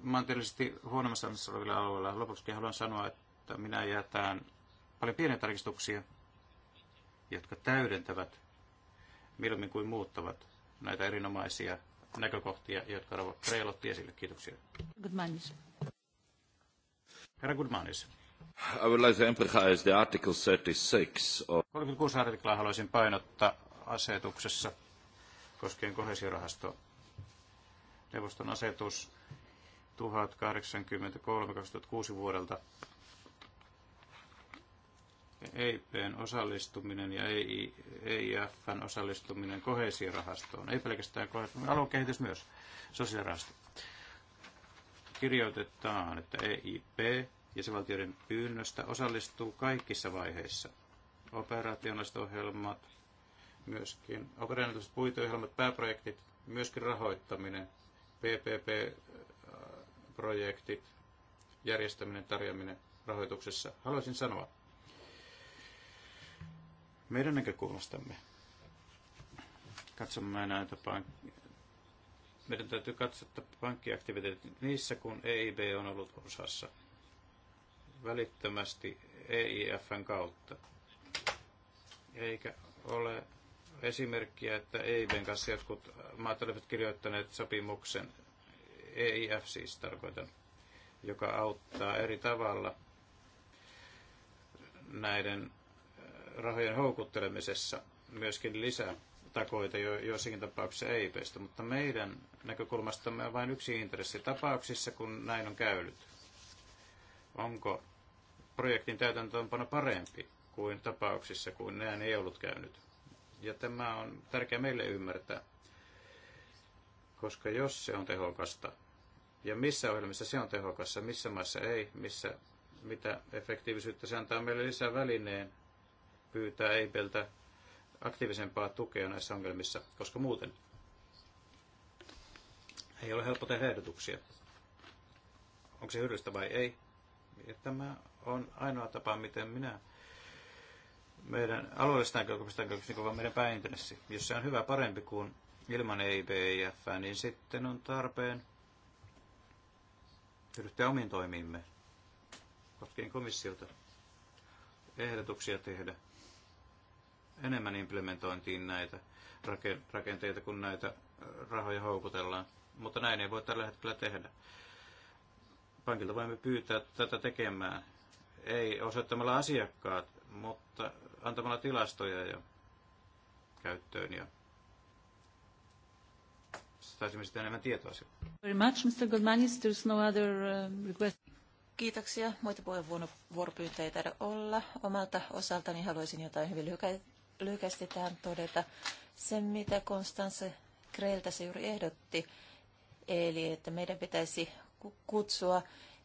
maantieteellisesti huonommassa asemassa olevilla alueilla. Lopuksi haluan sanoa, että minä jätän paljon pieniä tarkistuksia, jotka täydentävät mieluummin kuin muuttavat näitä erinomaisia näkökohtia, jotka Ravo Freel otti esille. Kiitoksia. Goodmanis. Herra Goodmanis. I would like to emphasize the article 36 of... 36 artiklaa haluaisin painottaa asetuksessa koskien kohesiorahasto. Neuvoston asetus 1083-2006 vuodelta EIPn osallistuminen ja EIFn osallistuminen kohesiirahastoon, ei pelkästään kohesiirahastoon, aluekehitys myös, sosiaalirahasto. Kirjoitetaan, että EIP ja valtioiden pyynnöstä osallistuu kaikissa vaiheissa. Operationaaliset ohjelmat, myöskin operationaaliset puitoohjelmat, pääprojektit, myöskin rahoittaminen, PPP-projektit, järjestäminen, tarjoaminen rahoituksessa. Haluaisin sanoa, meidän näkökulmastamme katsomme näitä pank- meidän täytyy katsoa pankkiaktiviteetit niissä, kun EIB on ollut osassa välittömästi EIFn kautta. Eikä ole esimerkkiä, että EIBn kanssa jotkut maat olivat kirjoittaneet sopimuksen, EIF siis tarkoitan, joka auttaa eri tavalla näiden rahojen houkuttelemisessa myöskin lisää takoita jo, joissakin tapauksissa pestä, mutta meidän näkökulmastamme on vain yksi intressi tapauksissa, kun näin on käynyt. Onko projektin täytäntöönpano parempi kuin tapauksissa, kun näin ei ollut käynyt? Ja tämä on tärkeää meille ymmärtää, koska jos se on tehokasta, ja missä ohjelmissa se on tehokassa, missä maissa ei, missä, mitä efektiivisyyttä se antaa meille lisää välineen pyytää EIPeltä aktiivisempaa tukea näissä ongelmissa, koska muuten ei ole helppo tehdä ehdotuksia. Onko se hyödyllistä vai ei? Ja tämä on ainoa tapa, miten minä meidän alueellisesta näkökulmasta näkökulmasta, niin vaan meidän pääintressi. Jos se on hyvä parempi kuin ilman EIBIF, niin sitten on tarpeen ryhtyä omiin toimiimme koskien komissiota ehdotuksia tehdä enemmän implementointiin näitä rakenteita, kun näitä äh, rahoja houkutellaan. Mutta näin ei voi tällä hetkellä tehdä. Pankilta voimme pyytää tätä tekemään. Ei osoittamalla asiakkaat, mutta antamalla tilastoja ja käyttöön ja saisimme sitten enemmän tietoa siitä. Very much, Mr. Goldmanis. no other uh, request. Kiitoksia. Muita puheenvuoropyyntöjä ei taida olla. Omalta osaltani haluaisin jotain hyvin lyhyesti tähän todeta sen, mitä Konstanse Kreiltä tässä juuri ehdotti, eli että meidän pitäisi kutsua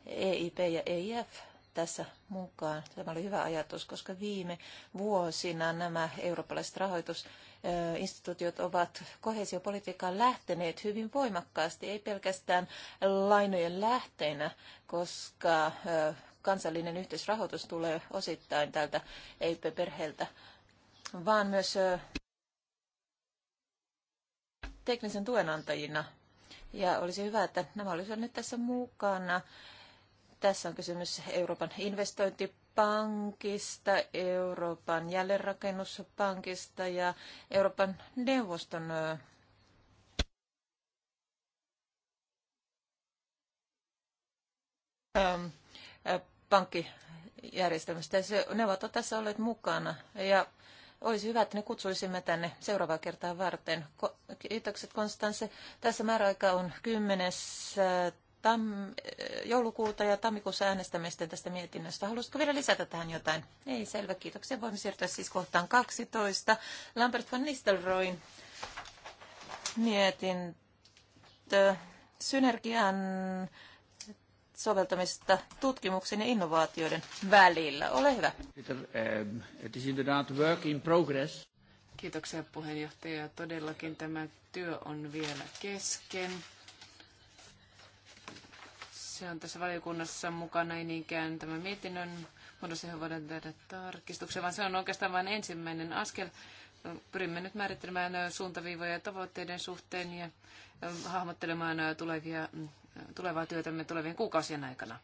EIP ja EIF tässä mukaan. Tämä oli hyvä ajatus, koska viime vuosina nämä eurooppalaiset rahoitusinstituutiot ovat kohesiopolitiikkaan lähteneet hyvin voimakkaasti, ei pelkästään lainojen lähteinä, koska kansallinen yhteisrahoitus tulee osittain tältä EIP-perheeltä vaan myös teknisen tuen antajina. Ja olisi hyvä, että nämä olisivat nyt tässä mukana. Tässä on kysymys Euroopan investointipankista, Euroopan jälleenrakennuspankista ja Euroopan neuvoston pankkijärjestelmästä. Ne ovat tässä olleet mukana. Ja olisi hyvä, että ne kutsuisimme tänne seuraavaa kertaa varten. Kiitokset Konstanse. Tässä määräaika on 10. Äh, tam, äh, joulukuuta ja tammikuussa äänestämme tästä mietinnöstä. Haluaisitko vielä lisätä tähän jotain? Ei, selvä, kiitoksia. Voimme siirtyä siis kohtaan 12. Lambert van Nistelrooyn mietintö synergian soveltamista tutkimuksen ja innovaatioiden välillä. Ole hyvä. it ehm, is work in progress. Kiitoksia puheenjohtaja. Todellakin tämä työ on vielä kesken. Se on tässä valiokunnassa mukana, ei niinkään tämä mietinnön muodossa, johon voidaan tehdä tarkistuksen, vaan se on oikeastaan vain ensimmäinen askel. Pyrimme nyt määrittelemään suuntaviivoja tavoitteiden suhteen ja ehm, hahmottelemaan ehm, tulevia mm, tulevaa työtämme tulevien kuukausien aikana.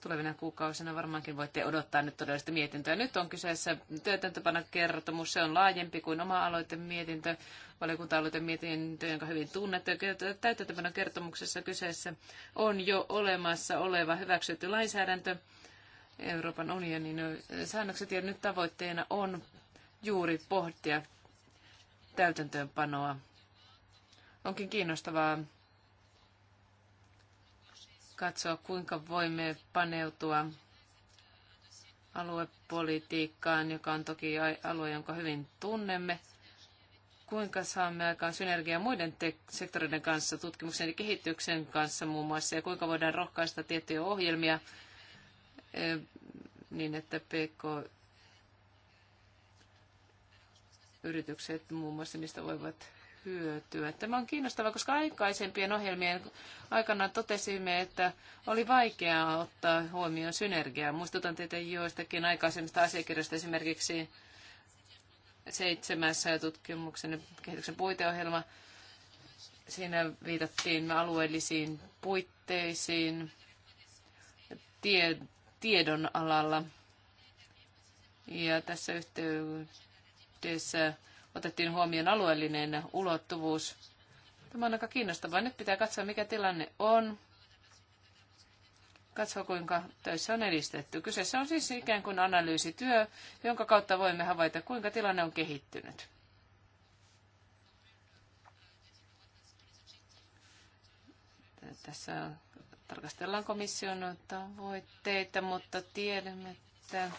Tulevina kuukausina varmaankin voitte odottaa nyt todellista mietintöä. Nyt on kyseessä työtäntöpana kertomus. Se on laajempi kuin oma mietintö, valiokunta mietintö, jonka hyvin tunnette. Täytäntöpana kertomuksessa kyseessä on jo olemassa oleva hyväksytty lainsäädäntö, Euroopan unionin säännökset. Ja nyt tavoitteena on juuri pohtia täytäntöönpanoa. Onkin kiinnostavaa katsoa, kuinka voimme paneutua aluepolitiikkaan, joka on toki alue, jonka hyvin tunnemme. Kuinka saamme aikaan synergiaa muiden te- sektoreiden kanssa, tutkimuksen ja kehityksen kanssa muun muassa, ja kuinka voidaan rohkaista tiettyjä ohjelmia niin, että PK-yritykset muun muassa niistä voivat hyötyä. Tämä on kiinnostavaa, koska aikaisempien ohjelmien aikana totesimme, että oli vaikeaa ottaa huomioon synergiaa. Muistutan teitä joistakin aikaisemmista asiakirjoista esimerkiksi seitsemässä tutkimuksen ja kehityksen puiteohjelma. Siinä viitattiin alueellisiin puitteisiin tie, tiedon alalla. Ja tässä yhteydessä otettiin huomioon alueellinen ulottuvuus. Tämä on aika kiinnostavaa. Nyt pitää katsoa, mikä tilanne on. Katsoa, kuinka töissä on edistetty. Kyseessä on siis ikään kuin analyysityö, jonka kautta voimme havaita, kuinka tilanne on kehittynyt. Tässä tarkastellaan komission tavoitteita, mutta tiedämme, että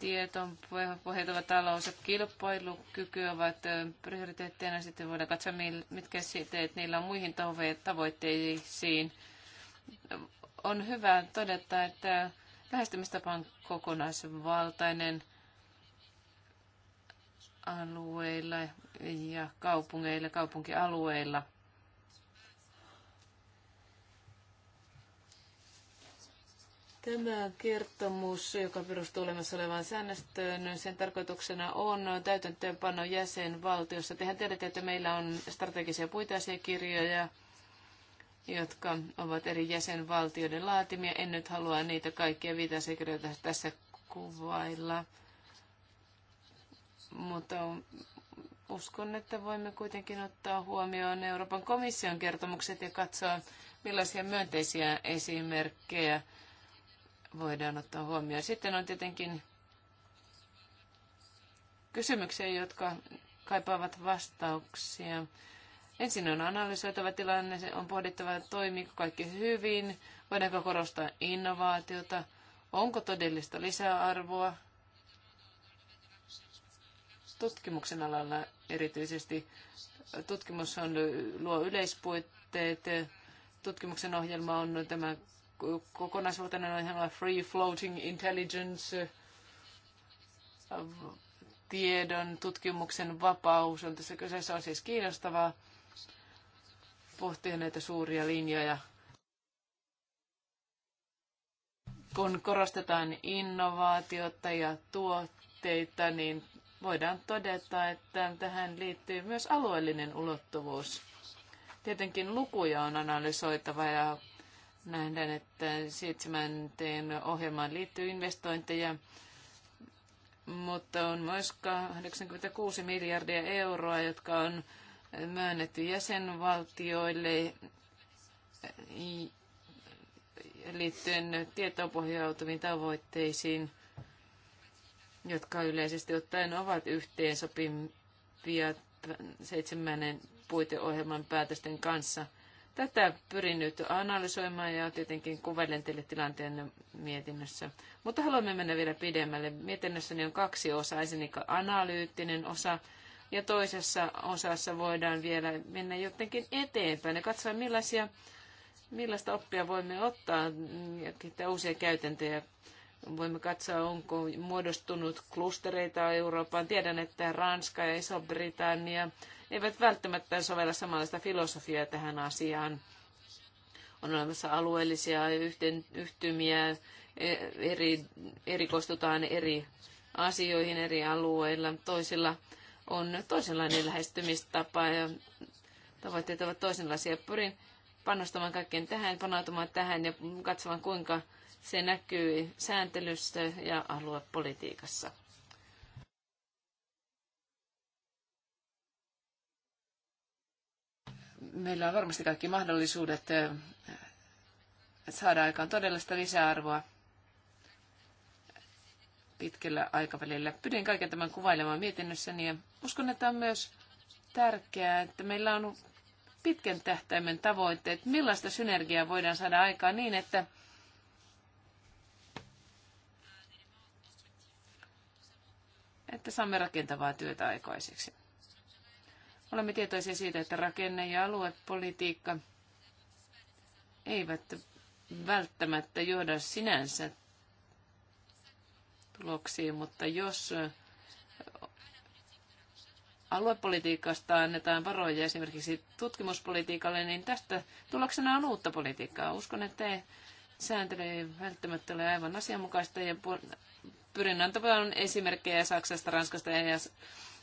tieton pohjautuva talous ja kilpailukyky ovat prioriteetteina. Sitten voidaan katsoa, mitkä siteet niillä on muihin tavoitteisiin. On hyvä todeta, että lähestymistapa on kokonaisvaltainen alueilla ja kaupungeilla, kaupunkialueilla – Tämä kertomus, joka perustuu olemassa olevaan säännöstöön, sen tarkoituksena on täytäntöönpano jäsenvaltiossa. Tehän tiedätte, että meillä on strategisia puiteasiakirjoja, jotka ovat eri jäsenvaltioiden laatimia. En nyt halua niitä kaikkia viitasekirjoja tässä kuvailla, mutta uskon, että voimme kuitenkin ottaa huomioon Euroopan komission kertomukset ja katsoa, millaisia myönteisiä esimerkkejä voidaan ottaa huomioon. Sitten on tietenkin kysymyksiä, jotka kaipaavat vastauksia. Ensin on analysoitava tilanne, on pohdittava, toimiiko kaikki hyvin, voidaanko korostaa innovaatiota, onko todellista lisäarvoa. Tutkimuksen alalla erityisesti tutkimus on, luo yleispuitteet, tutkimuksen ohjelma on tämä kokonaisuutena on ihan free floating intelligence, tiedon, tutkimuksen vapaus on tässä kyseessä. On siis kiinnostavaa pohtia näitä suuria linjoja. Kun korostetaan innovaatiota ja tuotteita, niin voidaan todeta, että tähän liittyy myös alueellinen ulottuvuus. Tietenkin lukuja on analysoitava ja Nähdään, että seitsemänteen ohjelmaan liittyy investointeja, mutta on myös 86 miljardia euroa, jotka on myönnetty jäsenvaltioille liittyen tietoon pohjautuviin tavoitteisiin, jotka yleisesti ottaen ovat yhteensopivia seitsemännen puiteohjelman päätösten kanssa – Tätä pyrin nyt analysoimaan ja tietenkin kuvailen teille tilanteen mietinnössä. Mutta haluamme mennä vielä pidemmälle. Mietinnössäni on kaksi osaa, ensinnäkin analyyttinen osa ja toisessa osassa voidaan vielä mennä jotenkin eteenpäin ja katsoa millaisia, millaista oppia voimme ottaa ja uusia käytäntöjä. Voimme katsoa, onko muodostunut klustereita Eurooppaan. Tiedän, että Ranska ja Iso-Britannia eivät välttämättä sovella samanlaista filosofiaa tähän asiaan. On olemassa alueellisia yhten, yhtymiä, e, eri, erikoistutaan eri asioihin eri alueilla. Toisilla on toisenlainen lähestymistapa ja tavoitteet ovat toisenlaisia. Pyrin panostamaan kaikkeen tähän, panautumaan tähän ja katsomaan kuinka se näkyy sääntelyssä ja aluepolitiikassa. Meillä on varmasti kaikki mahdollisuudet saada aikaan todellista lisäarvoa pitkällä aikavälillä. Pyrin kaiken tämän kuvailemaan mietinnössäni ja uskon, että on myös tärkeää, että meillä on pitkän tähtäimen tavoitteet, millaista synergiaa voidaan saada aikaan niin, että että saamme rakentavaa työtä aikaiseksi. Olemme tietoisia siitä, että rakenne- ja aluepolitiikka eivät välttämättä johda sinänsä tuloksiin, mutta jos aluepolitiikasta annetaan varoja esimerkiksi tutkimuspolitiikalle, niin tästä tuloksena on uutta politiikkaa. Uskon, että sääntely ei välttämättä ole aivan asianmukaista ja pyrin antamaan esimerkkejä Saksasta, Ranskasta ja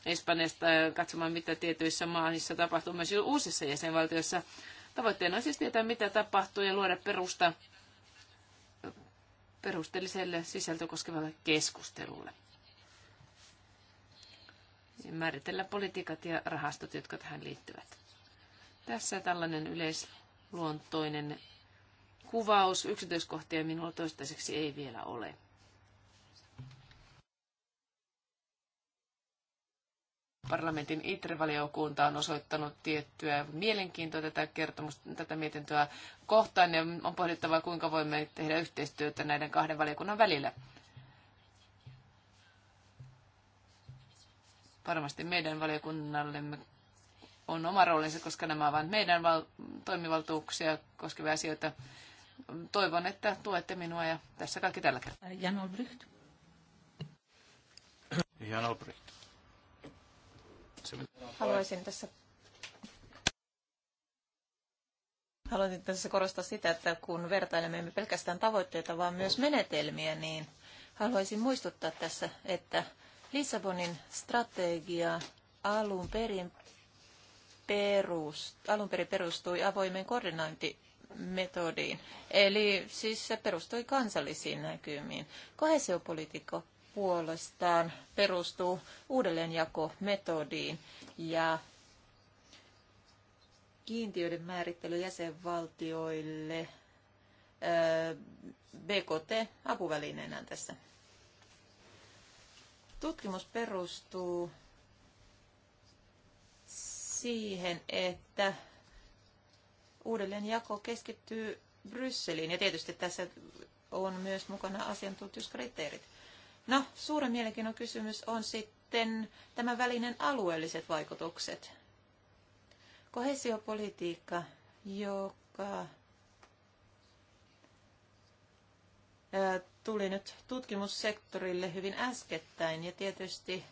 Espanjasta äh, katsomaan, mitä tietyissä maissa tapahtuu myös uusissa jäsenvaltioissa. Tavoitteena on siis tietää, mitä tapahtuu ja luoda perusta perusteelliselle sisältö koskevalle keskustelulle. Ja määritellä politiikat ja rahastot, jotka tähän liittyvät. Tässä tällainen yleisluontoinen kuvaus. Yksityiskohtia minulla toistaiseksi ei vielä ole. parlamentin ITRE-valiokunta on osoittanut tiettyä mielenkiintoa tätä, kertomusta, tätä mietintöä kohtaan ja on pohdittava, kuinka voimme tehdä yhteistyötä näiden kahden valiokunnan välillä. Varmasti meidän valiokunnallemme on oma roolinsa, koska nämä ovat meidän val- toimivaltuuksia koskevia asioita. Toivon, että tuette minua ja tässä kaikki tällä kertaa. Jan Olbricht. Jan Olbricht. Haluaisin tässä Haluaisin tässä korostaa sitä, että kun vertailemme emme pelkästään tavoitteita, vaan myös menetelmiä, niin haluaisin muistuttaa tässä, että Lissabonin strategia alun perin, perust, alun perin perustui avoimen koordinointimetodiin. Eli siis se perustui kansallisiin näkymiin. Kohesiopolitiikka puolestaan perustuu uudelleenjakometodiin ja kiintiöiden määrittely jäsenvaltioille BKT-apuvälineenä tässä. Tutkimus perustuu siihen, että uudelleenjako keskittyy Brysseliin ja tietysti tässä on myös mukana asiantuntijuuskriteerit. No, suuren mielenkiinnon kysymys on sitten tämä välinen alueelliset vaikutukset. Kohesiopolitiikka, joka tuli nyt tutkimussektorille hyvin äskettäin ja tietysti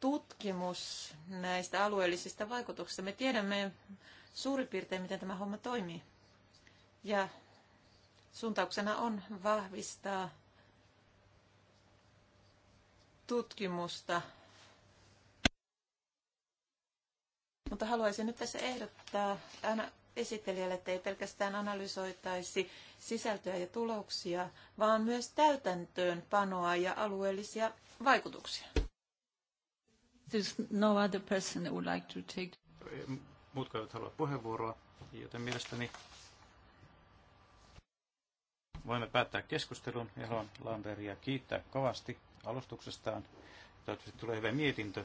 tutkimus näistä alueellisista vaikutuksista. Me tiedämme suurin piirtein, miten tämä homma toimii. Ja suuntauksena on vahvistaa tutkimusta. Mutta haluaisin nyt tässä ehdottaa aina esittelijälle, että ei pelkästään analysoitaisi sisältöä ja tuloksia, vaan myös täytäntöönpanoa ja alueellisia vaikutuksia. There's no other person that would like to take... Muutkaan eivät halua puheenvuoroa, joten mielestäni voimme päättää keskustelun ja haluan Lamberia kiittää kovasti alustuksestaan. Toivottavasti tulee hyvä mietintö.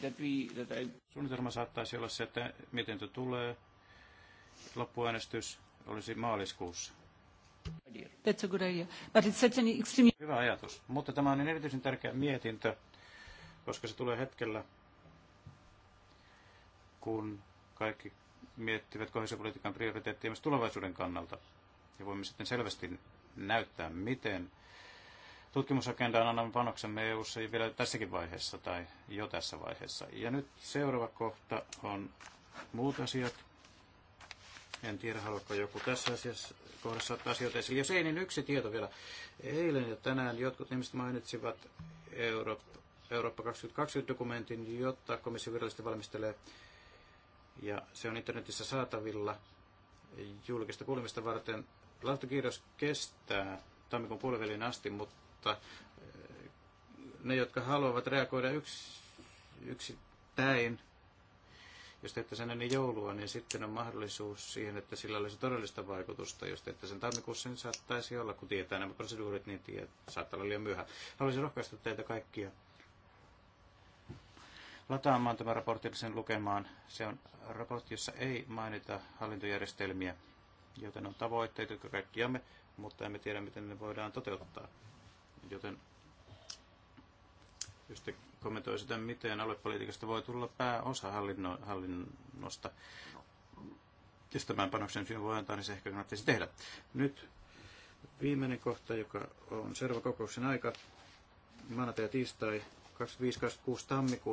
That we, that I... Suunnitelma saattaisi olla se, että mietintö tulee. Loppuäänestys olisi maaliskuussa. That's a good idea. But it's such an extreme... Hyvä ajatus. Mutta tämä on niin erityisen tärkeä mietintö, koska se tulee hetkellä, kun kaikki miettivät kohdisen politiikan prioriteettia myös tulevaisuuden kannalta ja voimme sitten selvästi näyttää, miten tutkimusagendaan annamme panoksemme eu vielä tässäkin vaiheessa tai jo tässä vaiheessa. Ja nyt seuraava kohta on muut asiat. En tiedä, haluatko joku tässä asiassa kohdassa ottaa asioita esille. Jos ei, niin yksi tieto vielä. Eilen ja tänään jotkut ihmiset mainitsivat Eurooppa, Eurooppa 2020-dokumentin, jotta komissio virallisesti valmistelee. Ja se on internetissä saatavilla julkista kuulemista varten lausuntokierros kestää tammikuun puolivälin asti, mutta eh, ne, jotka haluavat reagoida yks, yksittäin, jos teette sen ennen joulua, niin sitten on mahdollisuus siihen, että sillä olisi todellista vaikutusta. Jos teette sen tammikuussa, niin saattaisi olla, kun tietää nämä proseduurit, niin tiedät, saattaa olla liian myöhä. Haluaisin rohkaista teitä kaikkia lataamaan tämän raportin sen lukemaan. Se on raportti, jossa ei mainita hallintojärjestelmiä Joten on tavoitteet, jotka kaikki jamme, mutta emme tiedä, miten ne voidaan toteuttaa. Joten te kommentoi sitä, miten aluepolitiikasta voi tulla pääosa hallinno, hallinnosta. Jos tämän panoksen syyn voi antaa, niin se ehkä kannattaisi tehdä. Nyt viimeinen kohta, joka on seuraava kokouksen aika, maanantai ja tiistai 25-26 tammikuuta.